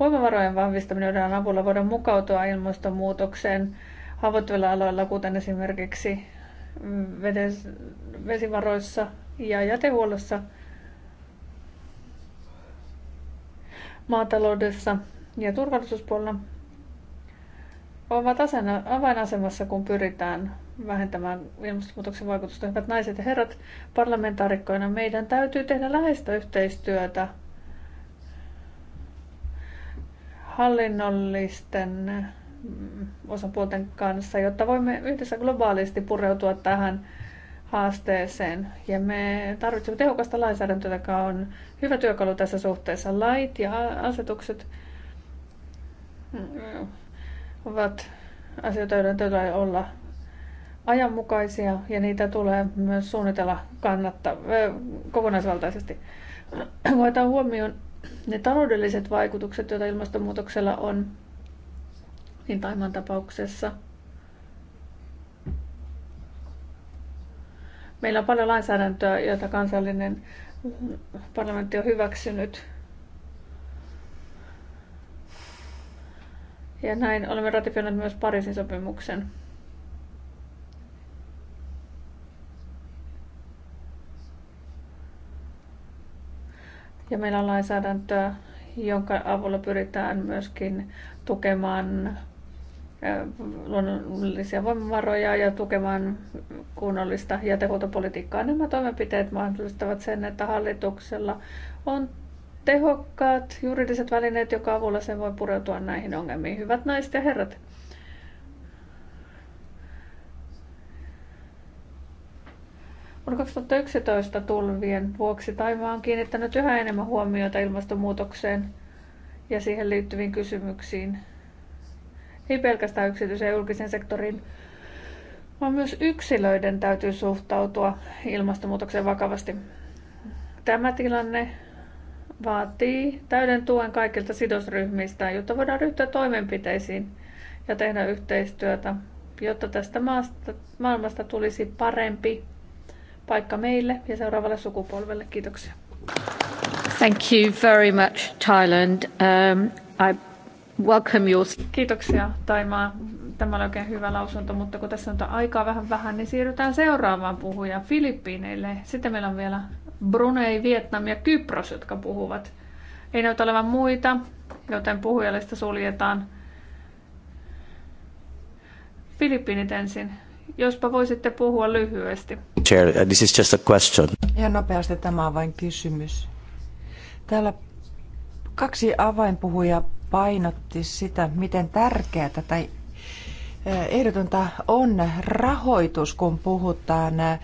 S1: voimavarojen vahvistaminen joiden avulla voidaan mukautua ilmastonmuutokseen haavoittuvilla aloilla, kuten esimerkiksi vesivaroissa ja jätehuollossa, maataloudessa ja turvallisuuspuolella, ovat avainasemassa, kun pyritään vähentämään ilmastonmuutoksen vaikutusta. Hyvät naiset ja herrat, parlamentaarikkoina meidän täytyy tehdä läheistä yhteistyötä hallinnollisten mm, osapuolten kanssa, jotta voimme yhdessä globaalisti pureutua tähän haasteeseen. Ja me tarvitsemme tehokasta lainsäädäntöä, joka on hyvä työkalu tässä suhteessa. Lait ja asetukset mm, ovat asioita, joiden tulee olla ajanmukaisia ja niitä tulee myös suunnitella kannattaa kokonaisvaltaisesti. Voidaan huomioon ne taloudelliset vaikutukset, joita ilmastonmuutoksella on, niin Taiman tapauksessa. Meillä on paljon lainsäädäntöä, jota kansallinen parlamentti on hyväksynyt. Ja näin olemme ratifioineet myös Pariisin sopimuksen. Ja meillä on lainsäädäntöä, jonka avulla pyritään myöskin tukemaan luonnollisia voimavaroja ja tukemaan kunnollista jätehuoltopolitiikkaa. Nämä toimenpiteet mahdollistavat sen, että hallituksella on tehokkaat juridiset välineet, joka avulla se voi pureutua näihin ongelmiin. Hyvät naiset ja herrat, Vuonna 2011 tulvien vuoksi Taimaa on kiinnittänyt yhä enemmän huomiota ilmastonmuutokseen ja siihen liittyviin kysymyksiin. Ei pelkästään yksityisen ja julkisen sektorin, vaan myös yksilöiden täytyy suhtautua ilmastonmuutokseen vakavasti. Tämä tilanne vaatii täyden tuen kaikilta sidosryhmistä, jotta voidaan ryhtyä toimenpiteisiin ja tehdä yhteistyötä, jotta tästä maasta, maailmasta tulisi parempi paikka meille ja seuraavalle sukupolvelle. Kiitoksia. Thank you very much, Thailand.
S2: Um, I
S1: welcome your... Kiitoksia, Taimaa. Tämä oli oikein hyvä lausunto, mutta kun tässä on aikaa vähän vähän, niin siirrytään seuraavaan puhujaan Filippiineille. Sitten meillä on vielä Brunei, Vietnam ja Kypros, jotka puhuvat. Ei näytä olevan muita, joten puhujalista suljetaan. Filippiinit ensin. Jospa voisitte puhua lyhyesti. Chair, uh, this is just a question.
S5: nopeasti tämä on vain kysymys. Täällä kaksi avainpuhuja painotti sitä, miten tärkeää tai eh, ehdotonta on rahoitus, kun puhutaan eh,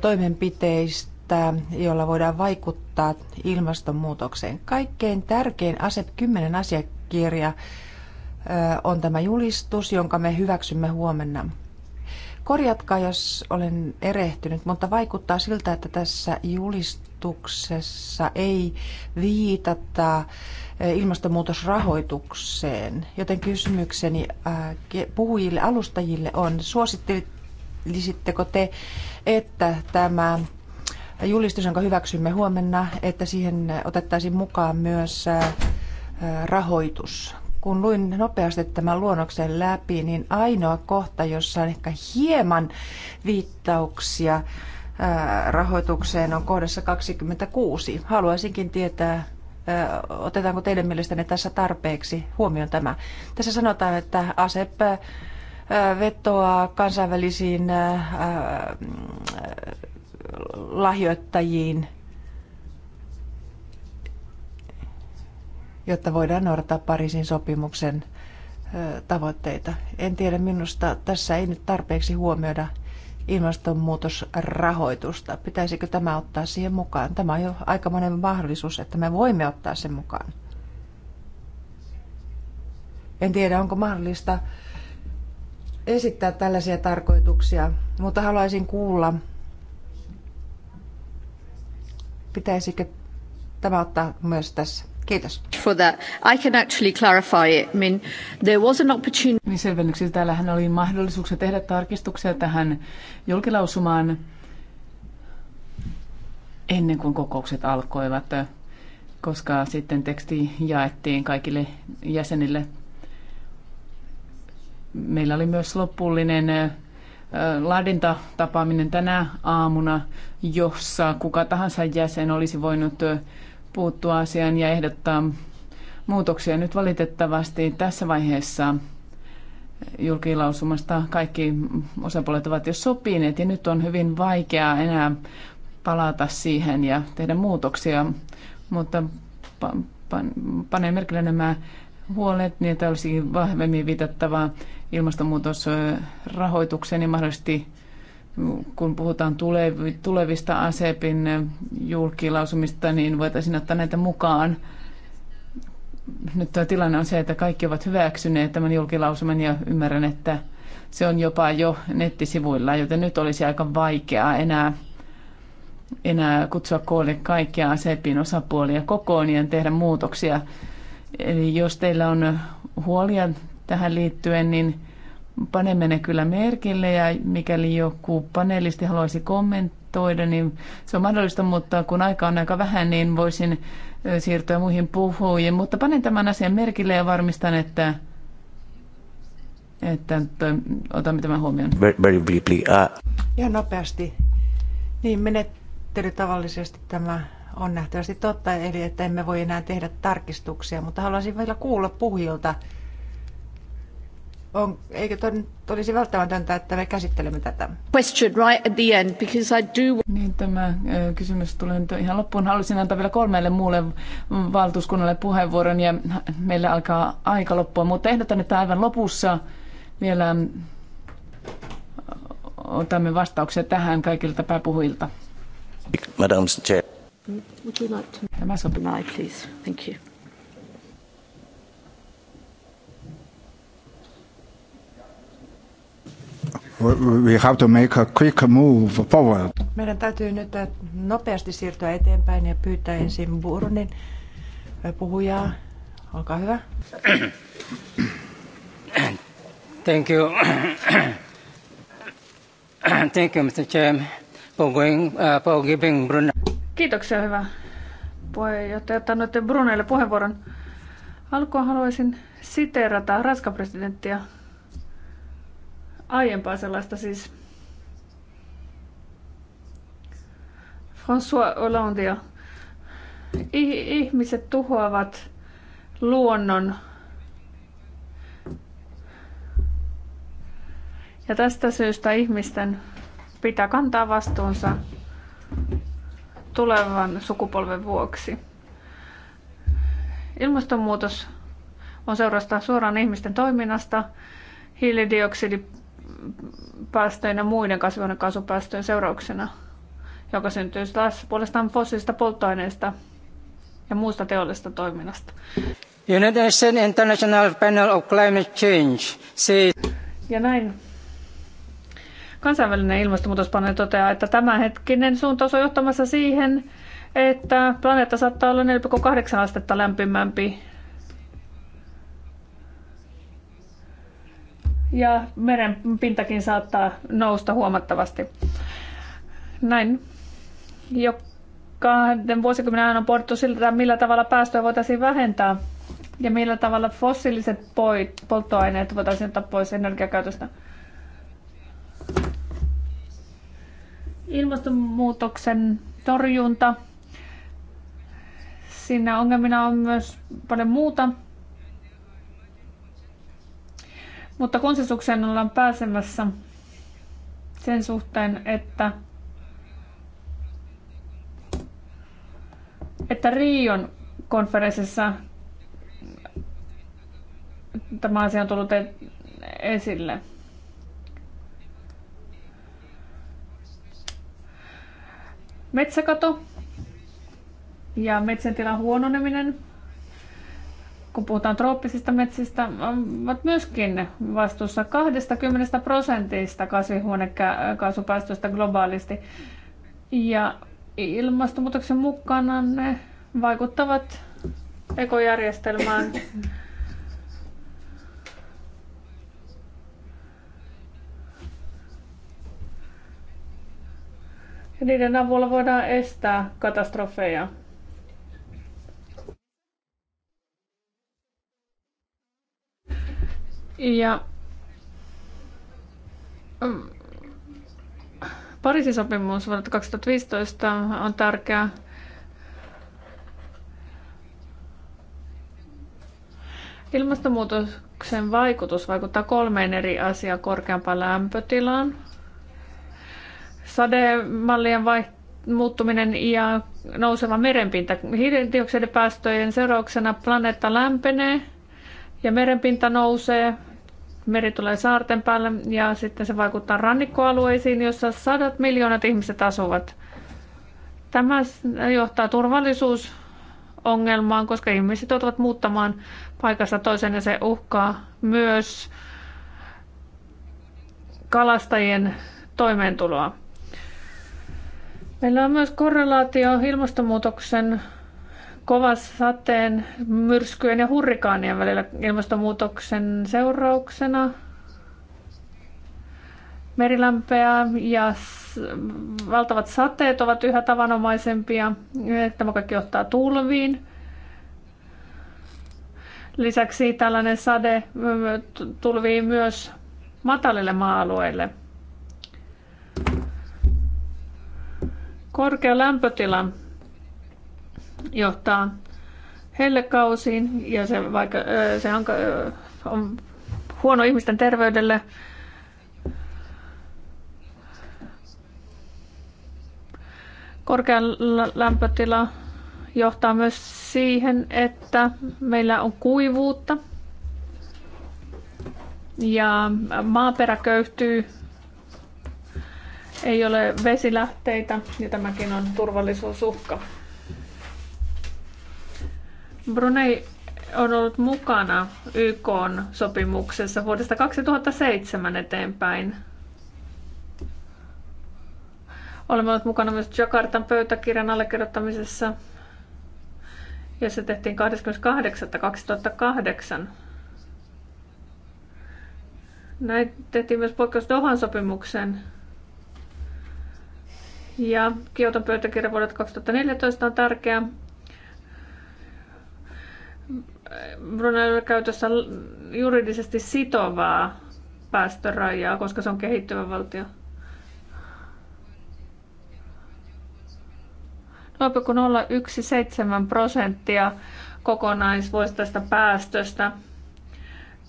S5: toimenpiteistä, jolla voidaan vaikuttaa ilmastonmuutokseen. Kaikkein tärkein ASEP 10 asiakirja eh, on tämä julistus, jonka me hyväksymme huomenna. Korjatkaa, jos olen erehtynyt, mutta vaikuttaa siltä, että tässä julistuksessa ei viitata ilmastonmuutosrahoitukseen. Joten kysymykseni puhujille, alustajille on, suosittelisitteko te, että tämä julistus, jonka hyväksymme huomenna, että siihen otettaisiin mukaan myös rahoitus? kun luin nopeasti tämän luonnoksen läpi, niin ainoa kohta, jossa on ehkä hieman viittauksia rahoitukseen, on kohdassa 26. Haluaisinkin tietää, otetaanko teidän mielestänne tässä tarpeeksi huomioon tämä. Tässä sanotaan, että ASEP vetoaa kansainvälisiin lahjoittajiin jotta voidaan noudattaa Pariisin sopimuksen tavoitteita. En tiedä, minusta tässä ei nyt tarpeeksi huomioida ilmastonmuutosrahoitusta. Pitäisikö tämä ottaa siihen mukaan? Tämä on jo aikamoinen mahdollisuus, että me voimme ottaa sen mukaan. En tiedä, onko mahdollista esittää tällaisia tarkoituksia, mutta haluaisin kuulla, pitäisikö tämä ottaa myös tässä Kiitos. For that. I can actually clarify it. I mean, there was an opportunity... Niin selvennyksiä.
S3: Täällähän oli mahdollisuuksia tehdä tarkistuksia tähän julkilausumaan ennen kuin kokoukset alkoivat, koska sitten teksti jaettiin kaikille jäsenille. Meillä oli myös lopullinen laadintatapaaminen tänä aamuna, jossa kuka tahansa jäsen olisi voinut puuttua asiaan ja ehdottaa muutoksia. Nyt valitettavasti tässä vaiheessa julkilausumasta kaikki osapuolet ovat jo sopineet ja nyt on hyvin vaikeaa enää palata siihen ja tehdä muutoksia, mutta pa- pa- panee merkille nämä huolet, niitä olisi vahvemmin viitattava ilmastonmuutosrahoitukseen ja mahdollisesti kun puhutaan tulevista ASEPin julkilausumista, niin voitaisiin ottaa näitä mukaan. Nyt tuo tilanne on se, että kaikki ovat hyväksyneet tämän julkilausuman ja ymmärrän, että se on jopa jo nettisivuilla, joten nyt olisi aika vaikeaa enää, enää kutsua koolle kaikkia ASEPin osapuolia kokoon ja tehdä muutoksia. Eli jos teillä on huolia tähän liittyen, niin panemme ne kyllä merkille ja mikäli joku paneelisti haluaisi kommentoida, niin se on mahdollista, mutta kun aika on aika vähän, niin voisin siirtyä muihin puhujiin. Mutta panen tämän asian merkille ja varmistan, että, että toi, otamme tämän huomioon. Very, briefly. Uh, ja
S5: Ihan nopeasti. Niin menettely tavallisesti tämä on nähtävästi totta, eli että emme voi enää tehdä tarkistuksia, mutta haluaisin vielä kuulla puhujilta, on, eikö olisi välttämätöntä, että me käsittelemme tätä?
S2: Question right at the end, because I do...
S3: Niin, tämä kysymys tulee nyt ihan loppuun. Haluaisin antaa vielä kolmelle muulle valtuuskunnalle puheenvuoron ja meillä alkaa aika loppua, mutta ehdotan, että aivan lopussa vielä otamme vastauksia tähän kaikilta pääpuhujilta.
S5: Madam Chair.
S3: Would you like to... Tämä sopii. Thank you.
S4: We have to make a quick move forward.
S5: Meidän täytyy nyt äh, nopeasti siirtyä eteenpäin ja pyytää ensin Burunin äh, puhujaa. Olkaa hyvä. Thank you.
S2: Thank you, Mr. Chair, for, going, uh, for giving Brunel.
S1: Kiitoksia, hyvä puheenjohtaja, että annoitte Brunelle puheenvuoron. Alkuun haluaisin siteerata Ranskan presidenttiä aiempaa sellaista siis François Hollandea. Ihmiset tuhoavat luonnon. Ja tästä syystä ihmisten pitää kantaa vastuunsa tulevan sukupolven vuoksi. Ilmastonmuutos on seurasta suoraan ihmisten toiminnasta. Hiilidioksidi päästöjen ja muiden kasvihuonekaasupäästöjen seurauksena, joka syntyy taas puolestaan fossiilista polttoaineista ja muusta teollisesta toiminnasta.
S2: United Nations International Panel of Climate Change See.
S1: Ja näin kansainvälinen ilmastonmuutospaneeli toteaa, että tämänhetkinen suuntaus on johtamassa siihen, että planeetta saattaa olla 4,8 astetta lämpimämpi ja meren pintakin saattaa nousta huomattavasti. Näin. Jo kahden vuosikymmenen ajan on pohdittu siltä, millä tavalla päästöjä voitaisiin vähentää ja millä tavalla fossiiliset polttoaineet voitaisiin ottaa pois energiakäytöstä. Ilmastonmuutoksen torjunta. Siinä ongelmina on myös paljon muuta, Mutta konsensukseen ollaan pääsemässä sen suhteen, että, että Rion konferenssissa tämä asia on tullut e- esille. Metsäkato ja metsän tilan huononeminen kun puhutaan trooppisista metsistä, ovat myöskin vastuussa 20 prosentista kasvihuonekaasupäästöistä globaalisti. Ja ilmastonmuutoksen mukana ne vaikuttavat ekojärjestelmään Ja niiden avulla voidaan estää katastrofeja. Ja mm, Pariisin sopimus vuonna 2015 on tärkeä. Ilmastonmuutoksen vaikutus vaikuttaa kolmeen eri asiaan korkeampaan lämpötilaan. Sademallien vaihto muuttuminen ja nouseva merenpinta. Hiilidioksidipäästöjen seurauksena planeetta lämpenee ja merenpinta nousee meri tulee saarten päälle ja sitten se vaikuttaa rannikkoalueisiin, jossa sadat miljoonat ihmiset asuvat. Tämä johtaa turvallisuusongelmaan, koska ihmiset joutuvat muuttamaan paikasta toiseen ja se uhkaa myös kalastajien toimeentuloa. Meillä on myös korrelaatio ilmastonmuutoksen Kovas sateen, myrskyjen ja hurrikaanien välillä ilmastonmuutoksen seurauksena. Merilämpöä ja valtavat sateet ovat yhä tavanomaisempia. Tämä kaikki johtaa tulviin. Lisäksi tällainen sade tulvii myös matalille maa-alueille. Korkea lämpötila johtaa hellekausiin ja se, vaikka, se on, on huono ihmisten terveydelle. Korkea lämpötila johtaa myös siihen, että meillä on kuivuutta ja maaperä köyhtyy, ei ole vesilähteitä ja tämäkin on turvallisuusuhka. Brunei on ollut mukana YK sopimuksessa vuodesta 2007 eteenpäin. Olemme olleet mukana myös Jakartan pöytäkirjan allekirjoittamisessa ja se tehtiin 28.2008. Näin tehtiin myös poikkeus Dohan sopimukseen. Ja Kioton pöytäkirja vuodelta 2014 on tärkeä. Brunel käytössä juridisesti sitovaa päästörajaa, koska se on kehittyvä valtio. kun 0,17 prosenttia kokonaisvuosittaista päästöstä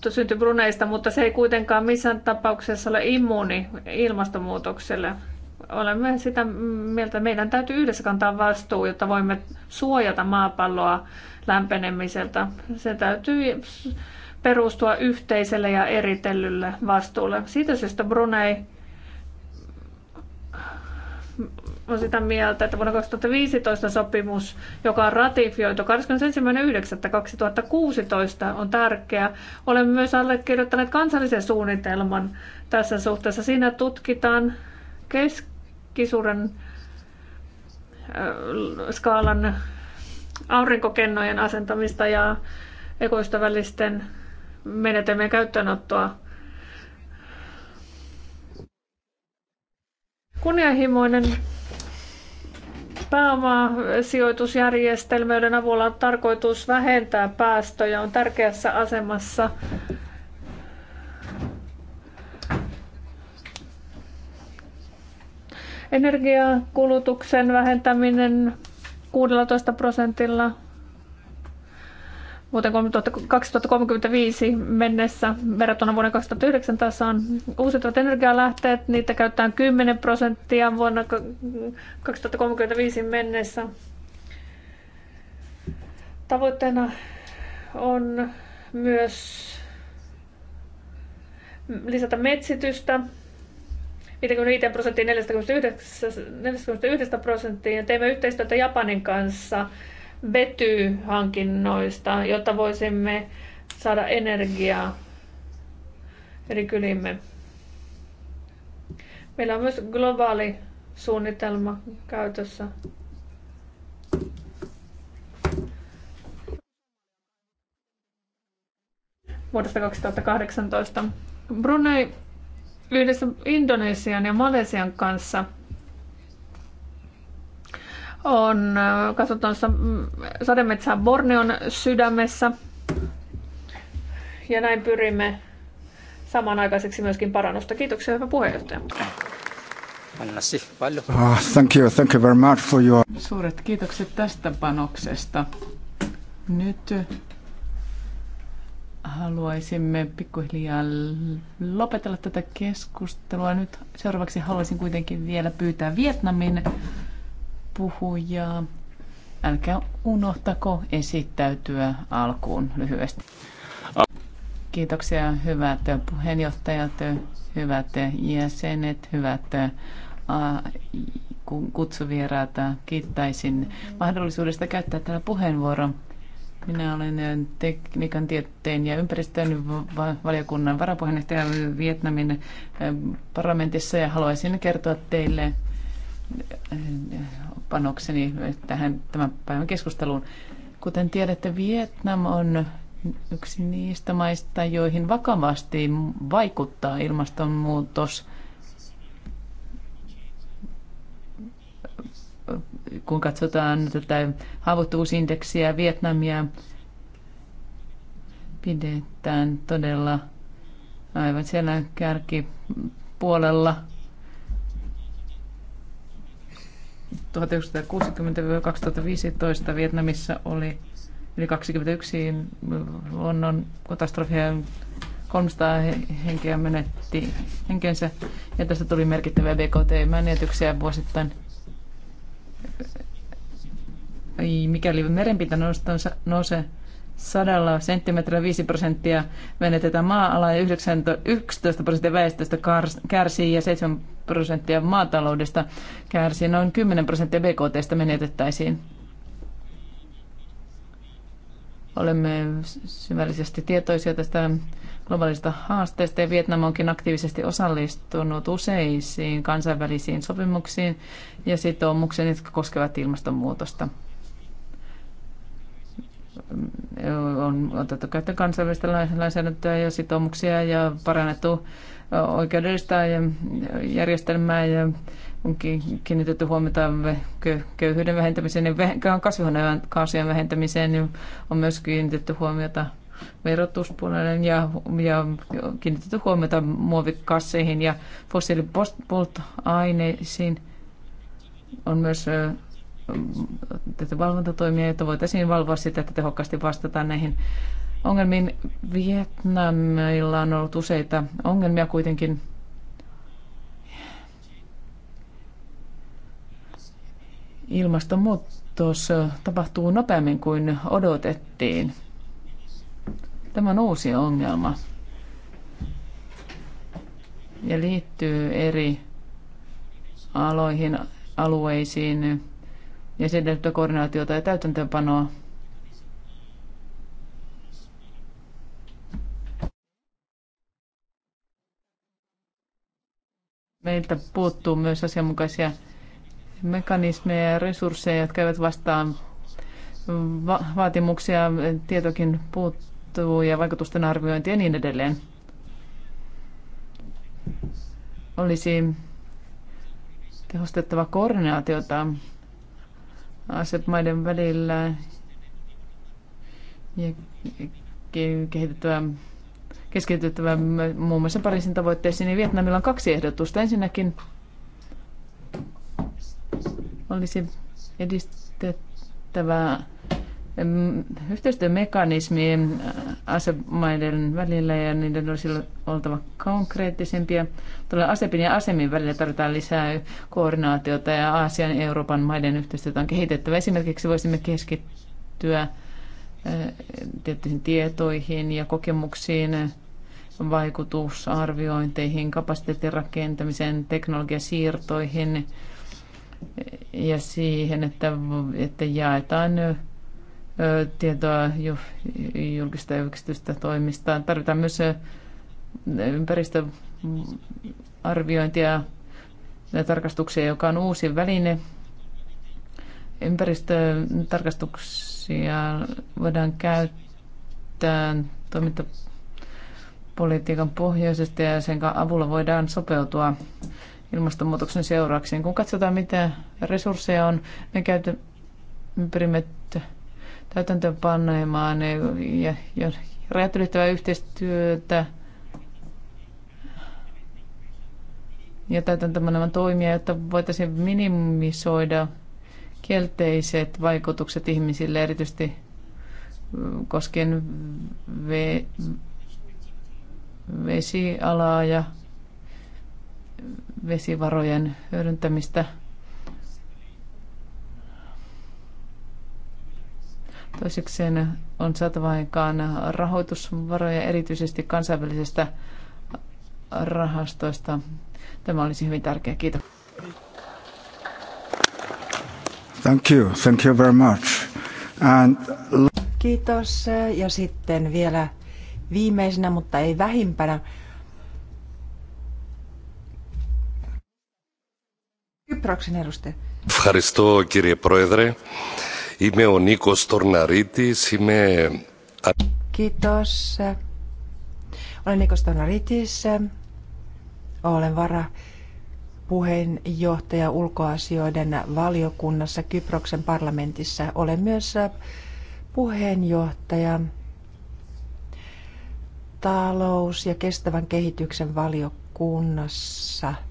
S1: syntyy Bruneista, mutta se ei kuitenkaan missään tapauksessa ole immuuni ilmastonmuutokselle olemme sitä mieltä, että meidän täytyy yhdessä kantaa vastuu, jotta voimme suojata maapalloa lämpenemiseltä. Se täytyy perustua yhteiselle ja eritellylle vastuulle. Siitä syystä Brunei on sitä mieltä, että vuonna 2015 sopimus, joka on ratifioitu 21.9.2016, on tärkeä. Olemme myös allekirjoittaneet kansallisen suunnitelman tässä suhteessa. Siinä tutkitaan kes- kisuren skaalan aurinkokennojen asentamista ja ekoystävällisten menetelmien käyttöönottoa. Kunnianhimoinen pääomasijoitusjärjestelmä, joiden avulla on tarkoitus vähentää päästöjä, on tärkeässä asemassa energiakulutuksen vähentäminen 16 prosentilla vuoteen 2035 mennessä verrattuna vuoden 2009 tasoon. Uusiutuvat energialähteet, niitä käytetään 10 prosenttia vuonna 2035 mennessä. Tavoitteena on myös lisätä metsitystä 55 prosenttiin 41 prosenttiin ja teimme yhteistyötä Japanin kanssa vetyhankinnoista, jotta voisimme saada energiaa eri kylimme. Meillä on myös globaali suunnitelma käytössä. Vuodesta 2018. Brunei yhdessä Indonesian ja Malesian kanssa on kasvattamassa sademetsää Borneon sydämessä. Ja näin pyrimme samanaikaiseksi myöskin parannusta. Kiitoksia, hyvä puheenjohtaja.
S2: Oh,
S4: thank you, thank you very
S3: much for your... Suuret kiitokset tästä panoksesta. Nyt haluaisimme pikkuhiljaa lopetella tätä keskustelua. Nyt seuraavaksi haluaisin kuitenkin vielä pyytää Vietnamin puhujaa. Älkää unohtako esittäytyä alkuun lyhyesti. Kiitoksia hyvät puheenjohtajat, hyvät jäsenet, hyvät kutsuvieraat. Kiittäisin mahdollisuudesta käyttää tämä puheenvuoro. Minä olen äh, tekniikan tieteen ja ympäristön valiokunnan varapuheenjohtaja Vietnamin äh, parlamentissa ja haluaisin kertoa teille äh, panokseni tähän tämän päivän keskusteluun. Kuten tiedätte, Vietnam on yksi niistä maista, joihin vakavasti vaikuttaa ilmastonmuutos kun katsotaan tätä haavoittuvuusindeksiä Vietnamia, pidetään todella aivan siellä kärkipuolella. 1960-2015 Vietnamissa oli yli 21 luonnon katastrofia 300 henkeä menetti henkensä ja tästä tuli merkittäviä BKT-menetyksiä vuosittain mikäli merenpinta nousee sadalla senttimetrillä 5 prosenttia menetetään maa ala ja 11 prosenttia väestöstä kärsii ja 7 prosenttia maataloudesta kärsii. Noin 10 prosenttia BKTstä menetettäisiin. Olemme syvällisesti tietoisia tästä globaalista haasteista ja Vietnam onkin aktiivisesti osallistunut useisiin kansainvälisiin sopimuksiin ja sitoumuksiin, jotka koskevat ilmastonmuutosta. On otettu käyttöön kansainvälistä lainsäädäntöä ja sitoumuksia ja parannettu oikeudellista järjestelmää ja on kiinnitetty huomiota köyhyyden vähentämiseen ja kasvihuonekaasujen vähentämiseen. On myös kiinnitetty huomiota verotuspuolelle ja, ja kiinnitetty huomiota muovikasseihin ja fossiilipolttoaineisiin. On myös tätä valvontatoimia, jotta voitaisiin valvoa sitä, että tehokkaasti vastataan näihin ongelmiin. Vietnamilla on ollut useita ongelmia kuitenkin ilmastonmuutos tapahtuu nopeammin kuin odotettiin. Tämä on uusi ongelma ja liittyy eri aloihin, alueisiin, ja sen koordinaatiota ja täytäntöönpanoa. Meiltä puuttuu myös asianmukaisia mekanismeja ja resursseja, jotka eivät vastaa va- vaatimuksia. Tietokin puuttuu vastuu ja vaikutusten arviointi ja niin edelleen. Olisi tehostettava koordinaatiota asemaiden välillä ja kehitettävä keskityttävä muun muassa Pariisin tavoitteisiin, niin Vietnamilla on kaksi ehdotusta. Ensinnäkin olisi edistettävä yhteistyömekanismi asemaiden välillä ja niiden olisi oltava konkreettisempia. Tulee asepin ja asemin välillä tarvitaan lisää koordinaatiota ja Aasian ja Euroopan maiden yhteistyötä on kehitettävä. Esimerkiksi voisimme keskittyä eh, tiettyihin tietoihin ja kokemuksiin, vaikutusarviointeihin, kapasiteetin rakentamiseen, teknologiasiirtoihin ja siihen, että, että jaetaan tietoa julkista ja yksityistä toimista. Tarvitaan myös ympäristöarviointia ja tarkastuksia, joka on uusi väline. Ympäristötarkastuksia voidaan käyttää toimintapolitiikan pohjoisesti ja sen avulla voidaan sopeutua ilmastonmuutoksen seurauksiin. Kun katsotaan, mitä resursseja on, me käytämme pyrimme täytäntöönpanemaan ja, ja rajat ylittävää yhteistyötä ja täytäntöönpanemaan toimia, jotta voitaisiin minimisoida kielteiset vaikutukset ihmisille, erityisesti mm, koskien ve- vesialaa ja vesivarojen hyödyntämistä – Toisekseen on saatava aikaan rahoitusvaroja erityisesti kansainvälisestä rahastoista. Tämä olisi hyvin tärkeä. Kiitos.
S4: Thank you. Thank you very much. And...
S5: Kiitos. Ja sitten vielä viimeisenä, mutta ei vähimpänä, Kyproksen edustaja.
S1: Ευχαριστώ
S3: κύριε Πρόεδρε. Είμαι ο Νίκος Τορναρίτης, είμαι...
S5: Κοίτος. Olen Nikos Tornaritis. Olen βαρα puheenjohtaja ulkoasioiden valiokunnassa Kyproksen parlamentissa. Olen myös puheenjohtaja talous- ja kestävän kehityksen valiokunnassa –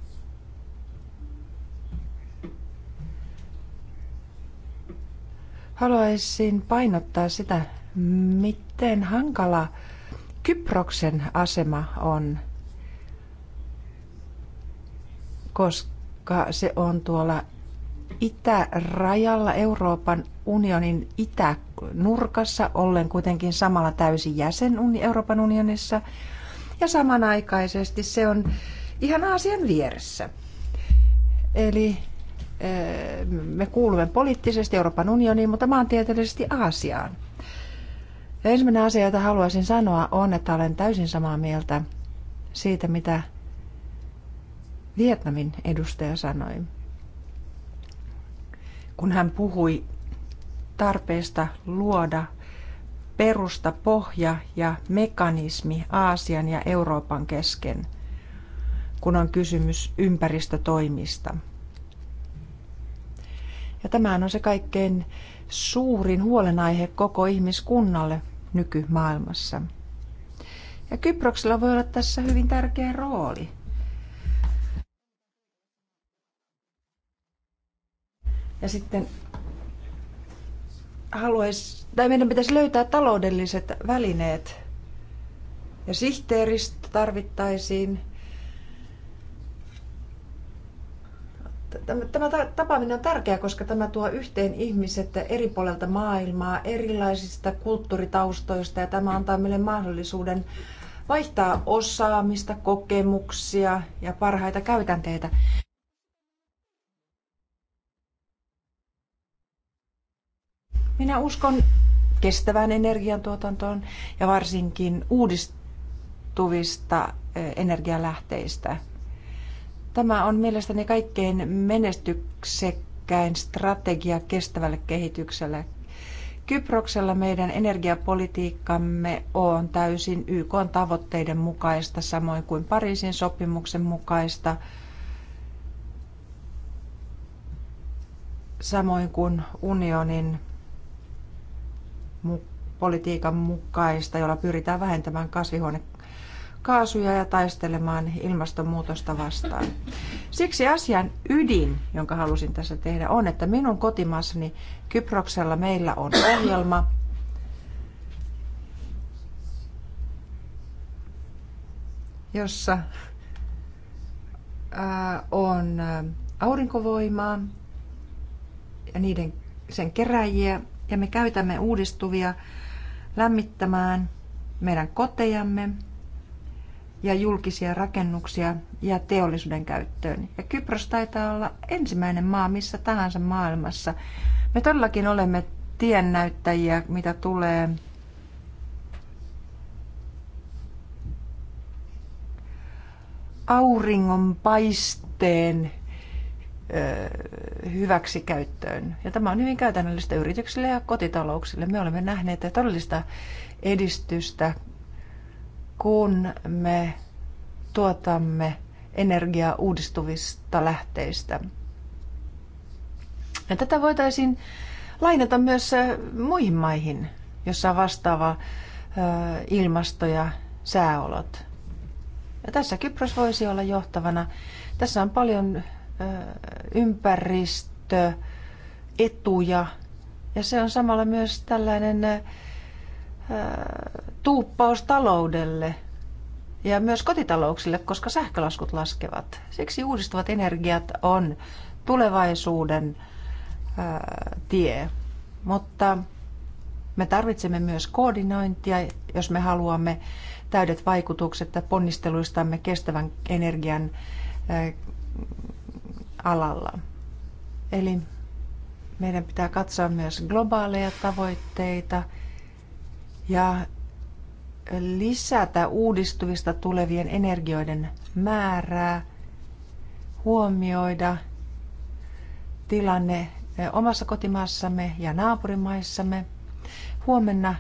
S5: Haluaisin painottaa sitä, miten hankala Kyproksen asema on, koska se on tuolla itärajalla Euroopan unionin itänurkassa, ollen kuitenkin samalla täysin jäsen Euroopan unionissa. Ja samanaikaisesti se on ihan Aasian vieressä. Eli me kuulumme poliittisesti Euroopan unioniin, mutta maantieteellisesti Aasiaan. Ja ensimmäinen asia, jota haluaisin sanoa, on, että olen täysin samaa mieltä siitä, mitä Vietnamin edustaja sanoi, kun hän puhui tarpeesta luoda perusta, pohja ja mekanismi Aasian ja Euroopan kesken, kun on kysymys ympäristötoimista – ja tämähän on se kaikkein suurin huolenaihe koko ihmiskunnalle nykymaailmassa. Ja Kyproksella voi olla tässä hyvin tärkeä rooli. Ja sitten haluais, tai meidän pitäisi löytää taloudelliset välineet. Ja sihteeristä tarvittaisiin tämä, tapaaminen on tärkeä, koska tämä tuo yhteen ihmiset eri puolelta maailmaa, erilaisista kulttuuritaustoista ja tämä antaa meille mahdollisuuden vaihtaa osaamista, kokemuksia ja parhaita käytänteitä. Minä uskon kestävään energiantuotantoon ja varsinkin uudistuvista eh, energialähteistä – Tämä on mielestäni kaikkein menestyksekkäin strategia kestävälle kehitykselle. Kyproksella meidän energiapolitiikkamme on täysin YK tavoitteiden mukaista, samoin kuin Pariisin sopimuksen mukaista, samoin kuin unionin politiikan mukaista, jolla pyritään vähentämään kasvihuone kaasuja ja taistelemaan ilmastonmuutosta vastaan. Siksi asian ydin, jonka halusin tässä tehdä, on, että minun kotimaassani Kyproksella meillä on ohjelma, jossa äh, on äh, aurinkovoimaa ja niiden, sen keräjiä, ja me käytämme uudistuvia lämmittämään meidän kotejamme, ja julkisia rakennuksia ja teollisuuden käyttöön. Ja Kypros taitaa olla ensimmäinen maa missä tahansa maailmassa. Me todellakin olemme tiennäyttäjiä, mitä tulee auringonpaisteen hyväksikäyttöön. Ja tämä on hyvin käytännöllistä yrityksille ja kotitalouksille. Me olemme nähneet todellista edistystä kun me tuotamme energiaa uudistuvista lähteistä. Ja tätä voitaisiin lainata myös äh, muihin maihin, jossa on vastaava äh, ilmasto ja sääolot. Ja tässä Kypros voisi olla johtavana. Tässä on paljon äh, ympäristöetuja ja se on samalla myös tällainen tuuppaus taloudelle ja myös kotitalouksille, koska sähkölaskut laskevat. Siksi uudistuvat energiat on tulevaisuuden tie. Mutta me tarvitsemme myös koordinointia, jos me haluamme täydet vaikutukset ponnisteluistamme kestävän energian alalla. Eli meidän pitää katsoa myös globaaleja tavoitteita – ja lisätä uudistuvista tulevien energioiden määrää, huomioida tilanne eh, omassa kotimaassamme ja naapurimaissamme. Huomenna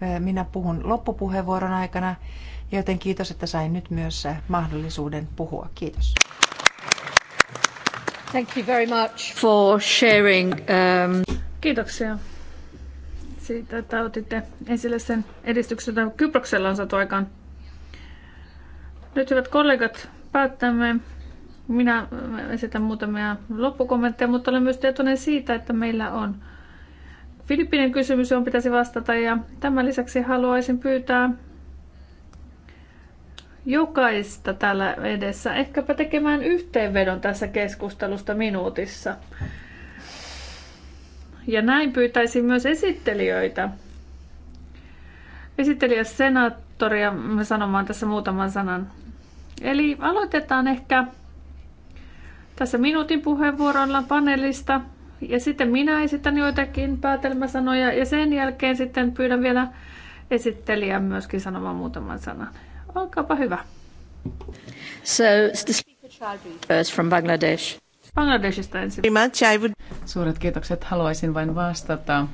S5: eh, minä puhun loppupuheenvuoron aikana, joten kiitos, että sain nyt myös eh, mahdollisuuden puhua. Kiitos.
S1: Thank you very much for sharing. Um... Kiitoksia siitä, että otitte esille sen edistyksen, jota Kyproksella on saatu aikaan. Nyt hyvät kollegat, päättämme. Minä esitän muutamia loppukommentteja, mutta olen myös tietoinen siitä, että meillä on filippinen kysymys, johon pitäisi vastata. Ja tämän lisäksi haluaisin pyytää jokaista täällä edessä ehkäpä tekemään yhteenvedon tässä keskustelusta minuutissa. Ja näin pyytäisin myös esittelijöitä. Esittelijä senaattoria sanomaan tässä muutaman sanan. Eli aloitetaan ehkä tässä minuutin puheenvuorolla panelista. Ja sitten minä esitän joitakin päätelmäsanoja ja sen jälkeen sitten pyydän vielä esittelijän myöskin sanomaan muutaman sanan. Olkaapa hyvä. So, the speaker first from Bangladesh. Bangladesista ensin. Suuret kiitokset.
S3: Haluaisin vain vastata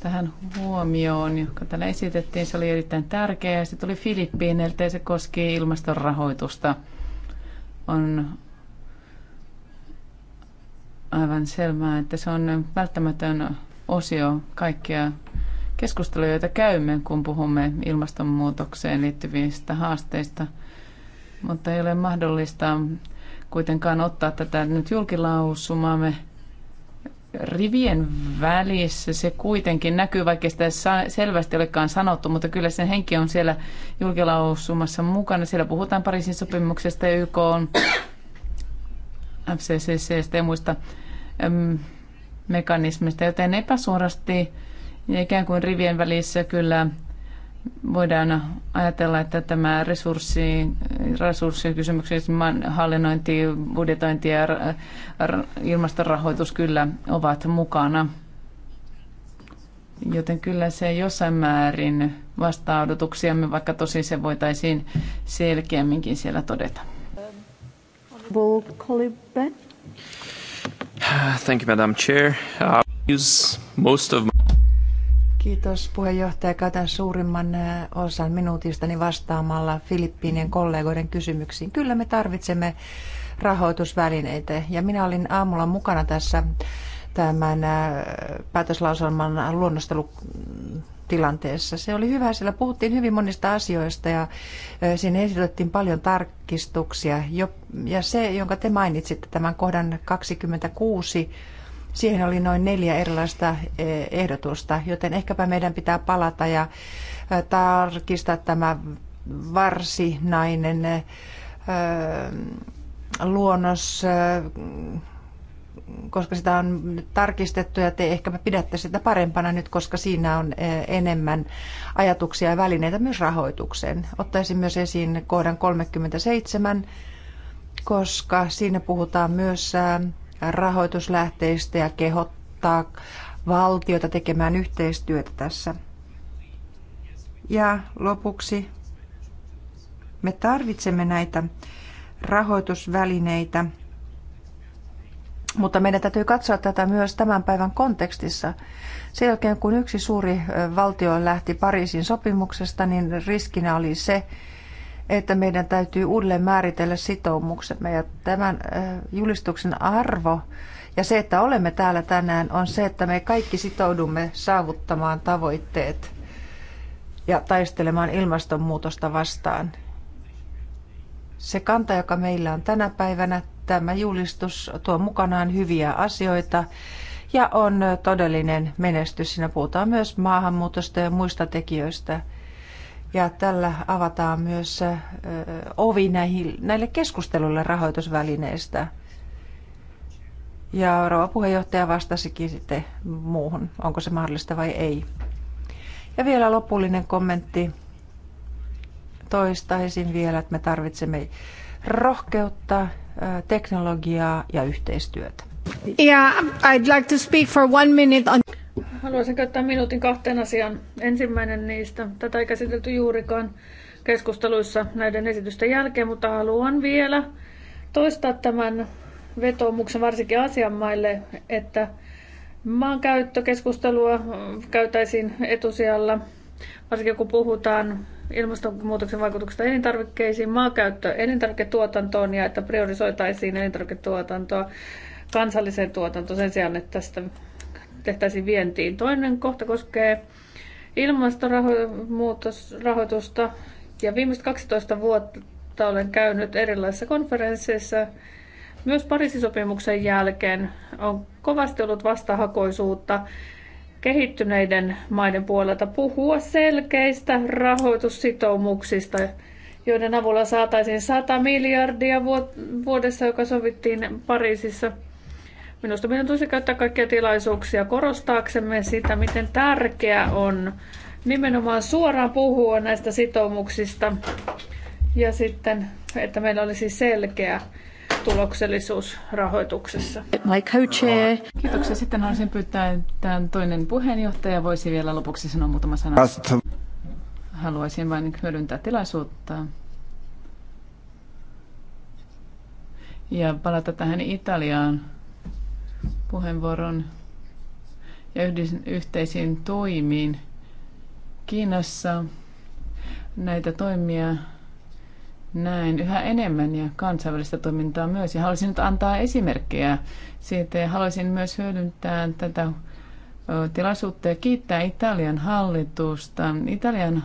S3: tähän huomioon, joka täällä esitettiin. Se oli erittäin tärkeä. Se tuli Filippiineiltä ja se koski ilmaston rahoitusta. On aivan selvää, että se on välttämätön osio kaikkia keskusteluja, joita käymme, kun puhumme ilmastonmuutokseen liittyvistä haasteista. Mutta ei ole mahdollista kuitenkaan ottaa tätä nyt julkilausumaamme rivien välissä se kuitenkin näkyy, vaikka sitä selvästi olekaan sanottu, mutta kyllä sen henki on siellä julkilausumassa mukana. Siellä puhutaan Pariisin sopimuksesta ja YK on FCCC ja muista mekanismista, joten epäsuorasti ja ikään kuin rivien välissä kyllä voidaan ajatella, että tämä resurssi, resurssikysymyksiä, hallinnointi, budjetointi ja ilmastorahoitus kyllä ovat mukana. Joten kyllä se jossain määrin vastaa odotuksiamme, vaikka tosin se voitaisiin selkeämminkin siellä todeta.
S1: Thank you, Madam Chair.
S5: Uh, use most of my Kiitos puheenjohtaja. Käytän suurimman osan minuutistani vastaamalla Filippiinien kollegoiden kysymyksiin. Kyllä me tarvitsemme rahoitusvälineitä ja minä olin aamulla mukana tässä tämän päätöslauselman luonnostelutilanteessa. Se oli hyvä, sillä puhuttiin hyvin monista asioista ja siinä esitettiin paljon tarkistuksia. Ja se, jonka te mainitsitte, tämän kohdan 26 Siihen oli noin neljä erilaista eh, ehdotusta, joten ehkäpä meidän pitää palata ja eh, tarkistaa tämä varsinainen eh, luonnos, koska sitä on tarkistettu ja te ehkäpä pidätte sitä parempana nyt, koska siinä on enemmän ajatuksia ja välineitä myös rahoitukseen. Ottaisin myös esiin kohdan 37, koska siinä puhutaan myös rahoituslähteistä ja kehottaa valtiota tekemään yhteistyötä tässä. Ja lopuksi me tarvitsemme näitä rahoitusvälineitä, mutta meidän täytyy katsoa tätä myös tämän päivän kontekstissa. Sen jälkeen kun yksi suuri valtio lähti Pariisin sopimuksesta, niin riskinä oli se, että meidän täytyy uudelleen määritellä sitoumuksemme. Ja tämän julistuksen arvo ja se, että olemme täällä tänään, on se, että me kaikki sitoudumme saavuttamaan tavoitteet ja taistelemaan ilmastonmuutosta vastaan. Se kanta, joka meillä on tänä päivänä, tämä julistus tuo mukanaan hyviä asioita ja on todellinen menestys. Siinä puhutaan myös maahanmuutosta ja muista tekijöistä – ja tällä avataan myös ovi näihin, näille keskusteluille rahoitusvälineistä. Ja rouva puheenjohtaja vastasikin sitten muuhun, onko se mahdollista vai ei. Ja vielä lopullinen kommentti. Toistaisin vielä, että me tarvitsemme rohkeutta, teknologiaa ja yhteistyötä. Yeah, I'd like to speak for
S2: one minute on...
S1: Haluaisin käyttää minuutin kahteen asiaan. Ensimmäinen niistä, tätä ei käsitelty juurikaan keskusteluissa näiden esitysten jälkeen, mutta haluan vielä toistaa tämän vetoomuksen varsinkin asianmaille, että maankäyttökeskustelua käytäisiin etusijalla, varsinkin kun puhutaan ilmastonmuutoksen vaikutuksesta elintarvikkeisiin, maankäyttö elintarviketuotantoon ja että priorisoitaisiin elintarviketuotantoa kansalliseen tuotantoon sen sijaan, että tästä tehtäisiin vientiin. Toinen kohta koskee ilmastorahoitusta. Ja viimeiset 12 vuotta olen käynyt erilaisissa konferensseissa. Myös Pariisin sopimuksen jälkeen on kovasti ollut vastahakoisuutta kehittyneiden maiden puolelta puhua selkeistä rahoitussitoumuksista, joiden avulla saataisiin 100 miljardia vuodessa, joka sovittiin Pariisissa – Minusta meidän tulisi käyttää kaikkia tilaisuuksia korostaaksemme sitä, miten tärkeää on nimenomaan suoraan puhua näistä sitoumuksista ja sitten, että meillä olisi siis selkeä tuloksellisuus rahoituksessa.
S3: My co-chair. Kiitoksia. Sitten haluaisin pyytää, että toinen puheenjohtaja voisi vielä lopuksi sanoa muutama sana. Haluaisin vain hyödyntää tilaisuutta ja palata tähän Italiaan puheenvuoron ja yhteisiin toimiin. Kiinassa näitä toimia näin yhä enemmän ja kansainvälistä toimintaa myös. Ja haluaisin nyt antaa esimerkkejä siitä ja haluaisin myös hyödyntää tätä tilaisuutta ja kiittää Italian hallitusta. Italian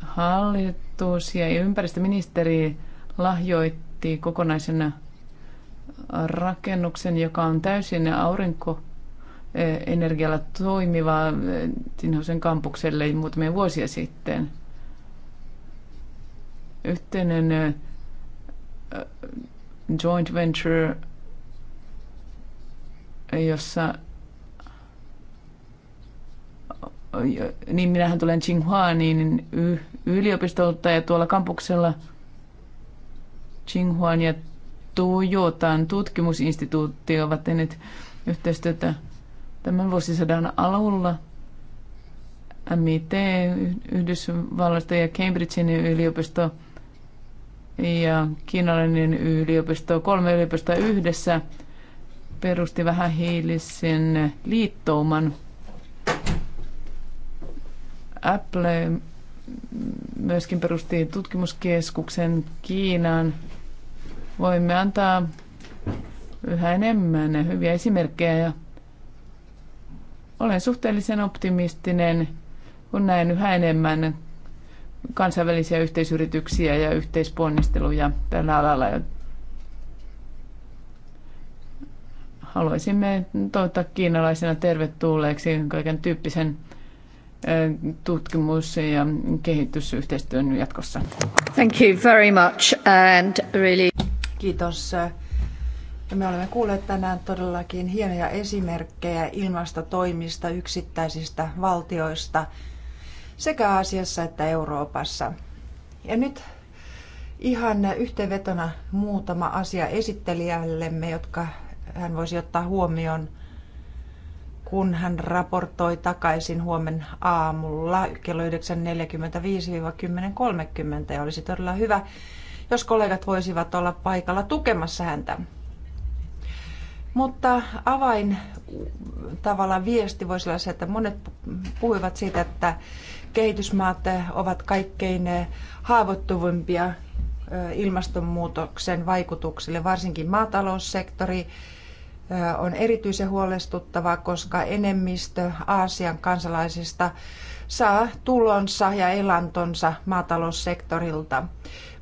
S3: hallitus ja ympäristöministeri lahjoitti kokonaisena rakennuksen, joka on täysin aurinkoenergialla e, toimiva e, Tinhosen kampukselle muutamia vuosia sitten. Yhteinen e, joint venture, jossa niin minähän tulen Tsinghua niin yliopistolta ja tuolla kampuksella Tsinghuan ja Toyotan tutkimusinstituutti ovat tehneet yhteistyötä tämän vuosisadan alulla MIT Yhdysvalloista ja Cambridgein yliopisto ja kiinalainen yliopisto, kolme yliopistoa yhdessä perusti vähän hiilisen liittouman. Apple myöskin perusti tutkimuskeskuksen Kiinaan voimme antaa yhä enemmän hyviä esimerkkejä ja olen suhteellisen optimistinen, kun näen yhä enemmän kansainvälisiä yhteisyrityksiä ja yhteisponnisteluja tällä alalla. Haluaisimme toivottaa kiinalaisena tervetulleeksi kaiken tyyppisen tutkimus- ja kehitysyhteistyön jatkossa.
S5: Thank you very much and really... Kiitos. Me olemme kuulleet tänään todellakin hienoja esimerkkejä ilmastotoimista yksittäisistä valtioista sekä Aasiassa että Euroopassa. Ja nyt ihan yhteenvetona muutama asia esittelijällemme, jotka hän voisi ottaa huomioon, kun hän raportoi takaisin huomen aamulla kello 9.45-10.30. Ja olisi todella hyvä, jos kollegat voisivat olla paikalla tukemassa häntä. Mutta avain tavallaan viesti voisi olla se, että monet puhuivat siitä, että kehitysmaat ovat kaikkein haavoittuvimpia ilmastonmuutoksen vaikutuksille, varsinkin maataloussektori on erityisen huolestuttavaa, koska enemmistö Aasian kansalaisista saa tulonsa ja elantonsa maataloussektorilta.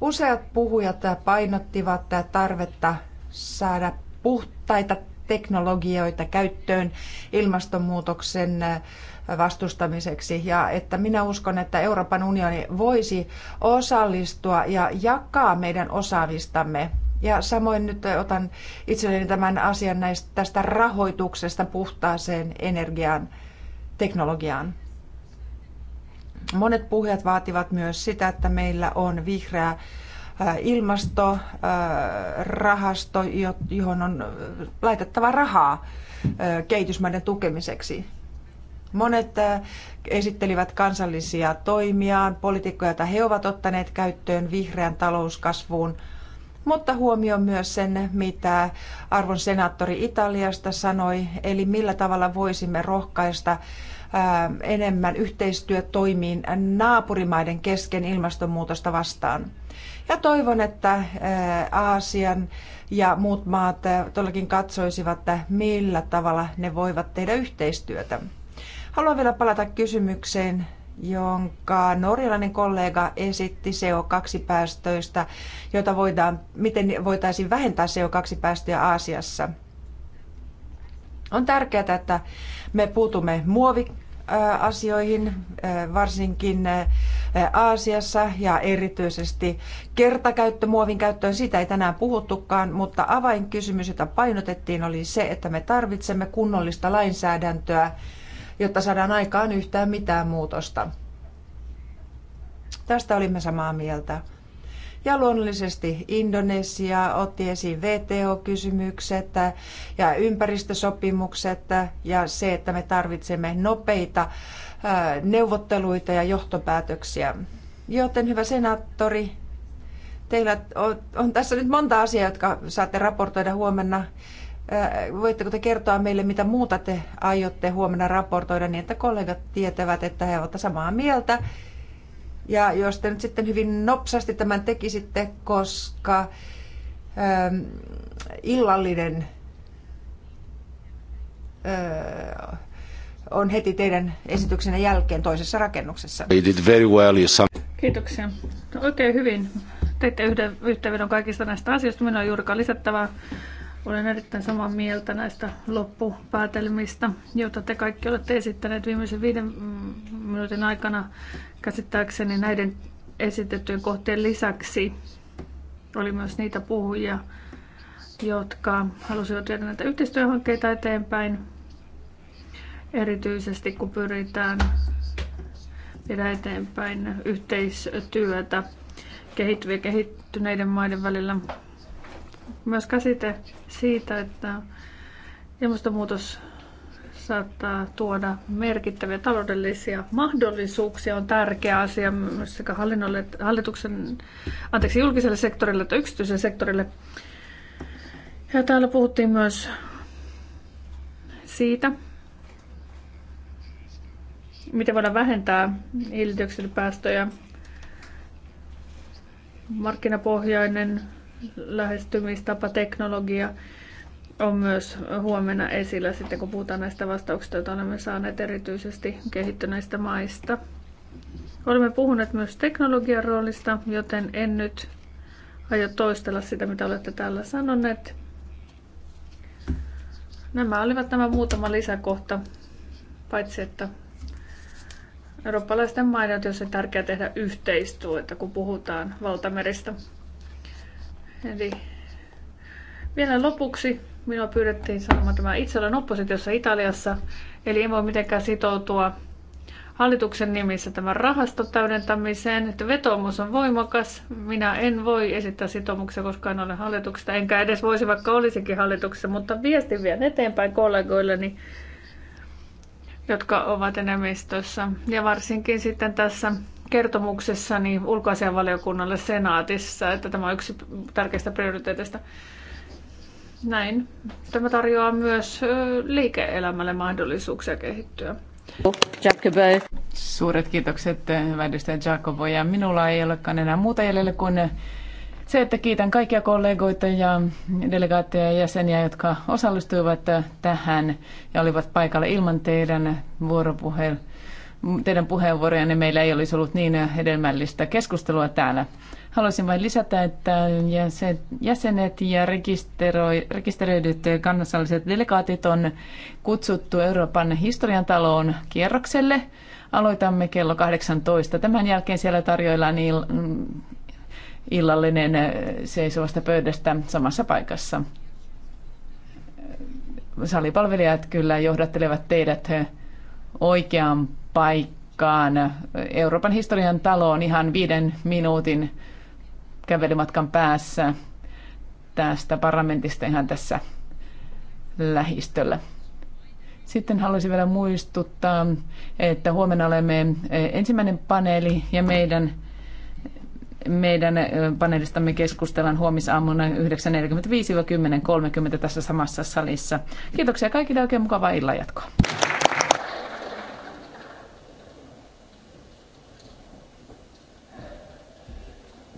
S5: Useat puhujat painottivat tarvetta saada puhtaita teknologioita käyttöön ilmastonmuutoksen vastustamiseksi ja että minä uskon, että Euroopan unioni voisi osallistua ja jakaa meidän osaamistamme. Ja samoin nyt otan itselleni tämän asian näistä, tästä rahoituksesta puhtaaseen energiaan, teknologiaan. Monet puhujat vaativat myös sitä, että meillä on vihreä äh, ilmastorahasto, äh, johon on äh, laitettava rahaa kehitysmaiden tukemiseksi. Monet esittelivät kansallisia toimiaan, poliitikkoja, joita he ovat ottaneet käyttöön vihreän talouskasvuun, mutta huomioon myös sen, mitä arvon senaattori Italiasta sanoi, eli millä tavalla voisimme rohkaista enemmän yhteistyötoimiin naapurimaiden kesken ilmastonmuutosta vastaan. Ja toivon, että Aasian ja muut maat todellakin katsoisivat, että millä tavalla ne voivat tehdä yhteistyötä. Haluan vielä palata kysymykseen, jonka norjalainen kollega esitti CO2-päästöistä, joita voidaan, miten voitaisiin vähentää CO2-päästöjä Aasiassa – on tärkeää, että me puutumme muovi asioihin, äh, varsinkin äh, Aasiassa ja erityisesti kertakäyttömuovin käyttöön. Siitä ei tänään puhuttukaan, mutta avainkysymys, jota painotettiin, oli se, että me tarvitsemme kunnollista lainsäädäntöä, jotta saadaan aikaan yhtään mitään muutosta. Tästä olimme samaa mieltä. Ja luonnollisesti Indonesia otti esiin VTO-kysymykset ja ympäristösopimukset ja se, että me tarvitsemme nopeita neuvotteluita ja johtopäätöksiä. Joten hyvä senaattori, teillä on, tässä nyt monta asiaa, jotka saatte raportoida huomenna. Voitteko te kertoa meille, mitä muuta te aiotte huomenna raportoida niin, että kollegat tietävät, että he ovat samaa mieltä ja jos te nyt sitten hyvin nopsasti tämän tekisitte, koska ähm, illallinen äh, on heti teidän esityksenne jälkeen toisessa rakennuksessa. did very well,
S1: Kiitoksia. No, oikein hyvin. Teitte yhden yhteenvedon kaikista näistä asioista. Minulla on juurikaan lisättävää. Olen erittäin samaa mieltä näistä loppupäätelmistä, joita te kaikki olette esittäneet viimeisen viiden mm, minuutin aikana käsittääkseni näiden esitettyjen kohteen lisäksi. Oli myös niitä puhujia, jotka halusivat viedä näitä yhteistyöhankkeita eteenpäin, erityisesti kun pyritään viedä eteenpäin yhteistyötä kehittyvien kehittyneiden maiden välillä myös käsite siitä, että ilmastonmuutos saattaa tuoda merkittäviä taloudellisia mahdollisuuksia on tärkeä asia myös sekä hallinnolle, hallituksen, anteeksi, julkiselle sektorille että yksityiselle sektorille. Ja täällä puhuttiin myös siitä, miten voidaan vähentää hiilidioksidipäästöjä. Markkinapohjainen lähestymistapa, teknologia on myös huomenna esillä sitten, kun puhutaan näistä vastauksista, joita olemme saaneet erityisesti kehittyneistä maista. Olemme puhuneet myös teknologian roolista, joten en nyt aio toistella sitä, mitä olette täällä sanoneet. Nämä olivat nämä muutama lisäkohta, paitsi että eurooppalaisten maiden on tärkeää tehdä yhteistyötä, kun puhutaan valtameristä. Eli vielä lopuksi minua pyydettiin sanomaan tämä itse olen oppositiossa Italiassa, eli en voi mitenkään sitoutua hallituksen nimissä tämän rahaston täydentämiseen, että vetoomus on voimakas. Minä en voi esittää sitoumuksia, koska en ole hallituksesta, enkä edes voisi, vaikka olisikin hallituksessa, mutta viestin vielä eteenpäin kollegoilleni, jotka ovat enemmistössä. Ja varsinkin sitten tässä kertomuksessani ulkoasianvaliokunnalle senaatissa, että tämä on yksi tärkeistä prioriteeteista. Näin. Tämä tarjoaa myös liike-elämälle mahdollisuuksia kehittyä.
S3: Jacobo. Suuret kiitokset, hyvä edustaja Jacobo. Ja minulla ei olekaan enää muuta jäljellä kuin se, että kiitän kaikkia kollegoita ja delegaatteja ja jäseniä, jotka osallistuivat tähän ja olivat paikalla ilman teidän vuoropuhelua teidän puheenvuorojanne meillä ei olisi ollut niin hedelmällistä keskustelua täällä. Haluaisin vain lisätä, että jäsenet ja rekisteröidyt kansalliset delegaatit on kutsuttu Euroopan historian taloon kierrokselle. Aloitamme kello 18. Tämän jälkeen siellä tarjoillaan illallinen seisovasta pöydästä samassa paikassa. Salipalvelijat kyllä johdattelevat teidät oikeaan paikkaan, Euroopan historian taloon ihan viiden minuutin kävelymatkan päässä tästä parlamentista ihan tässä lähistöllä. Sitten haluaisin vielä muistuttaa, että huomenna olemme ensimmäinen paneeli ja meidän, meidän paneelistamme keskustellaan huomisaamuna 9.45-10.30 tässä samassa salissa. Kiitoksia kaikille oikein mukavaa illanjatkoa.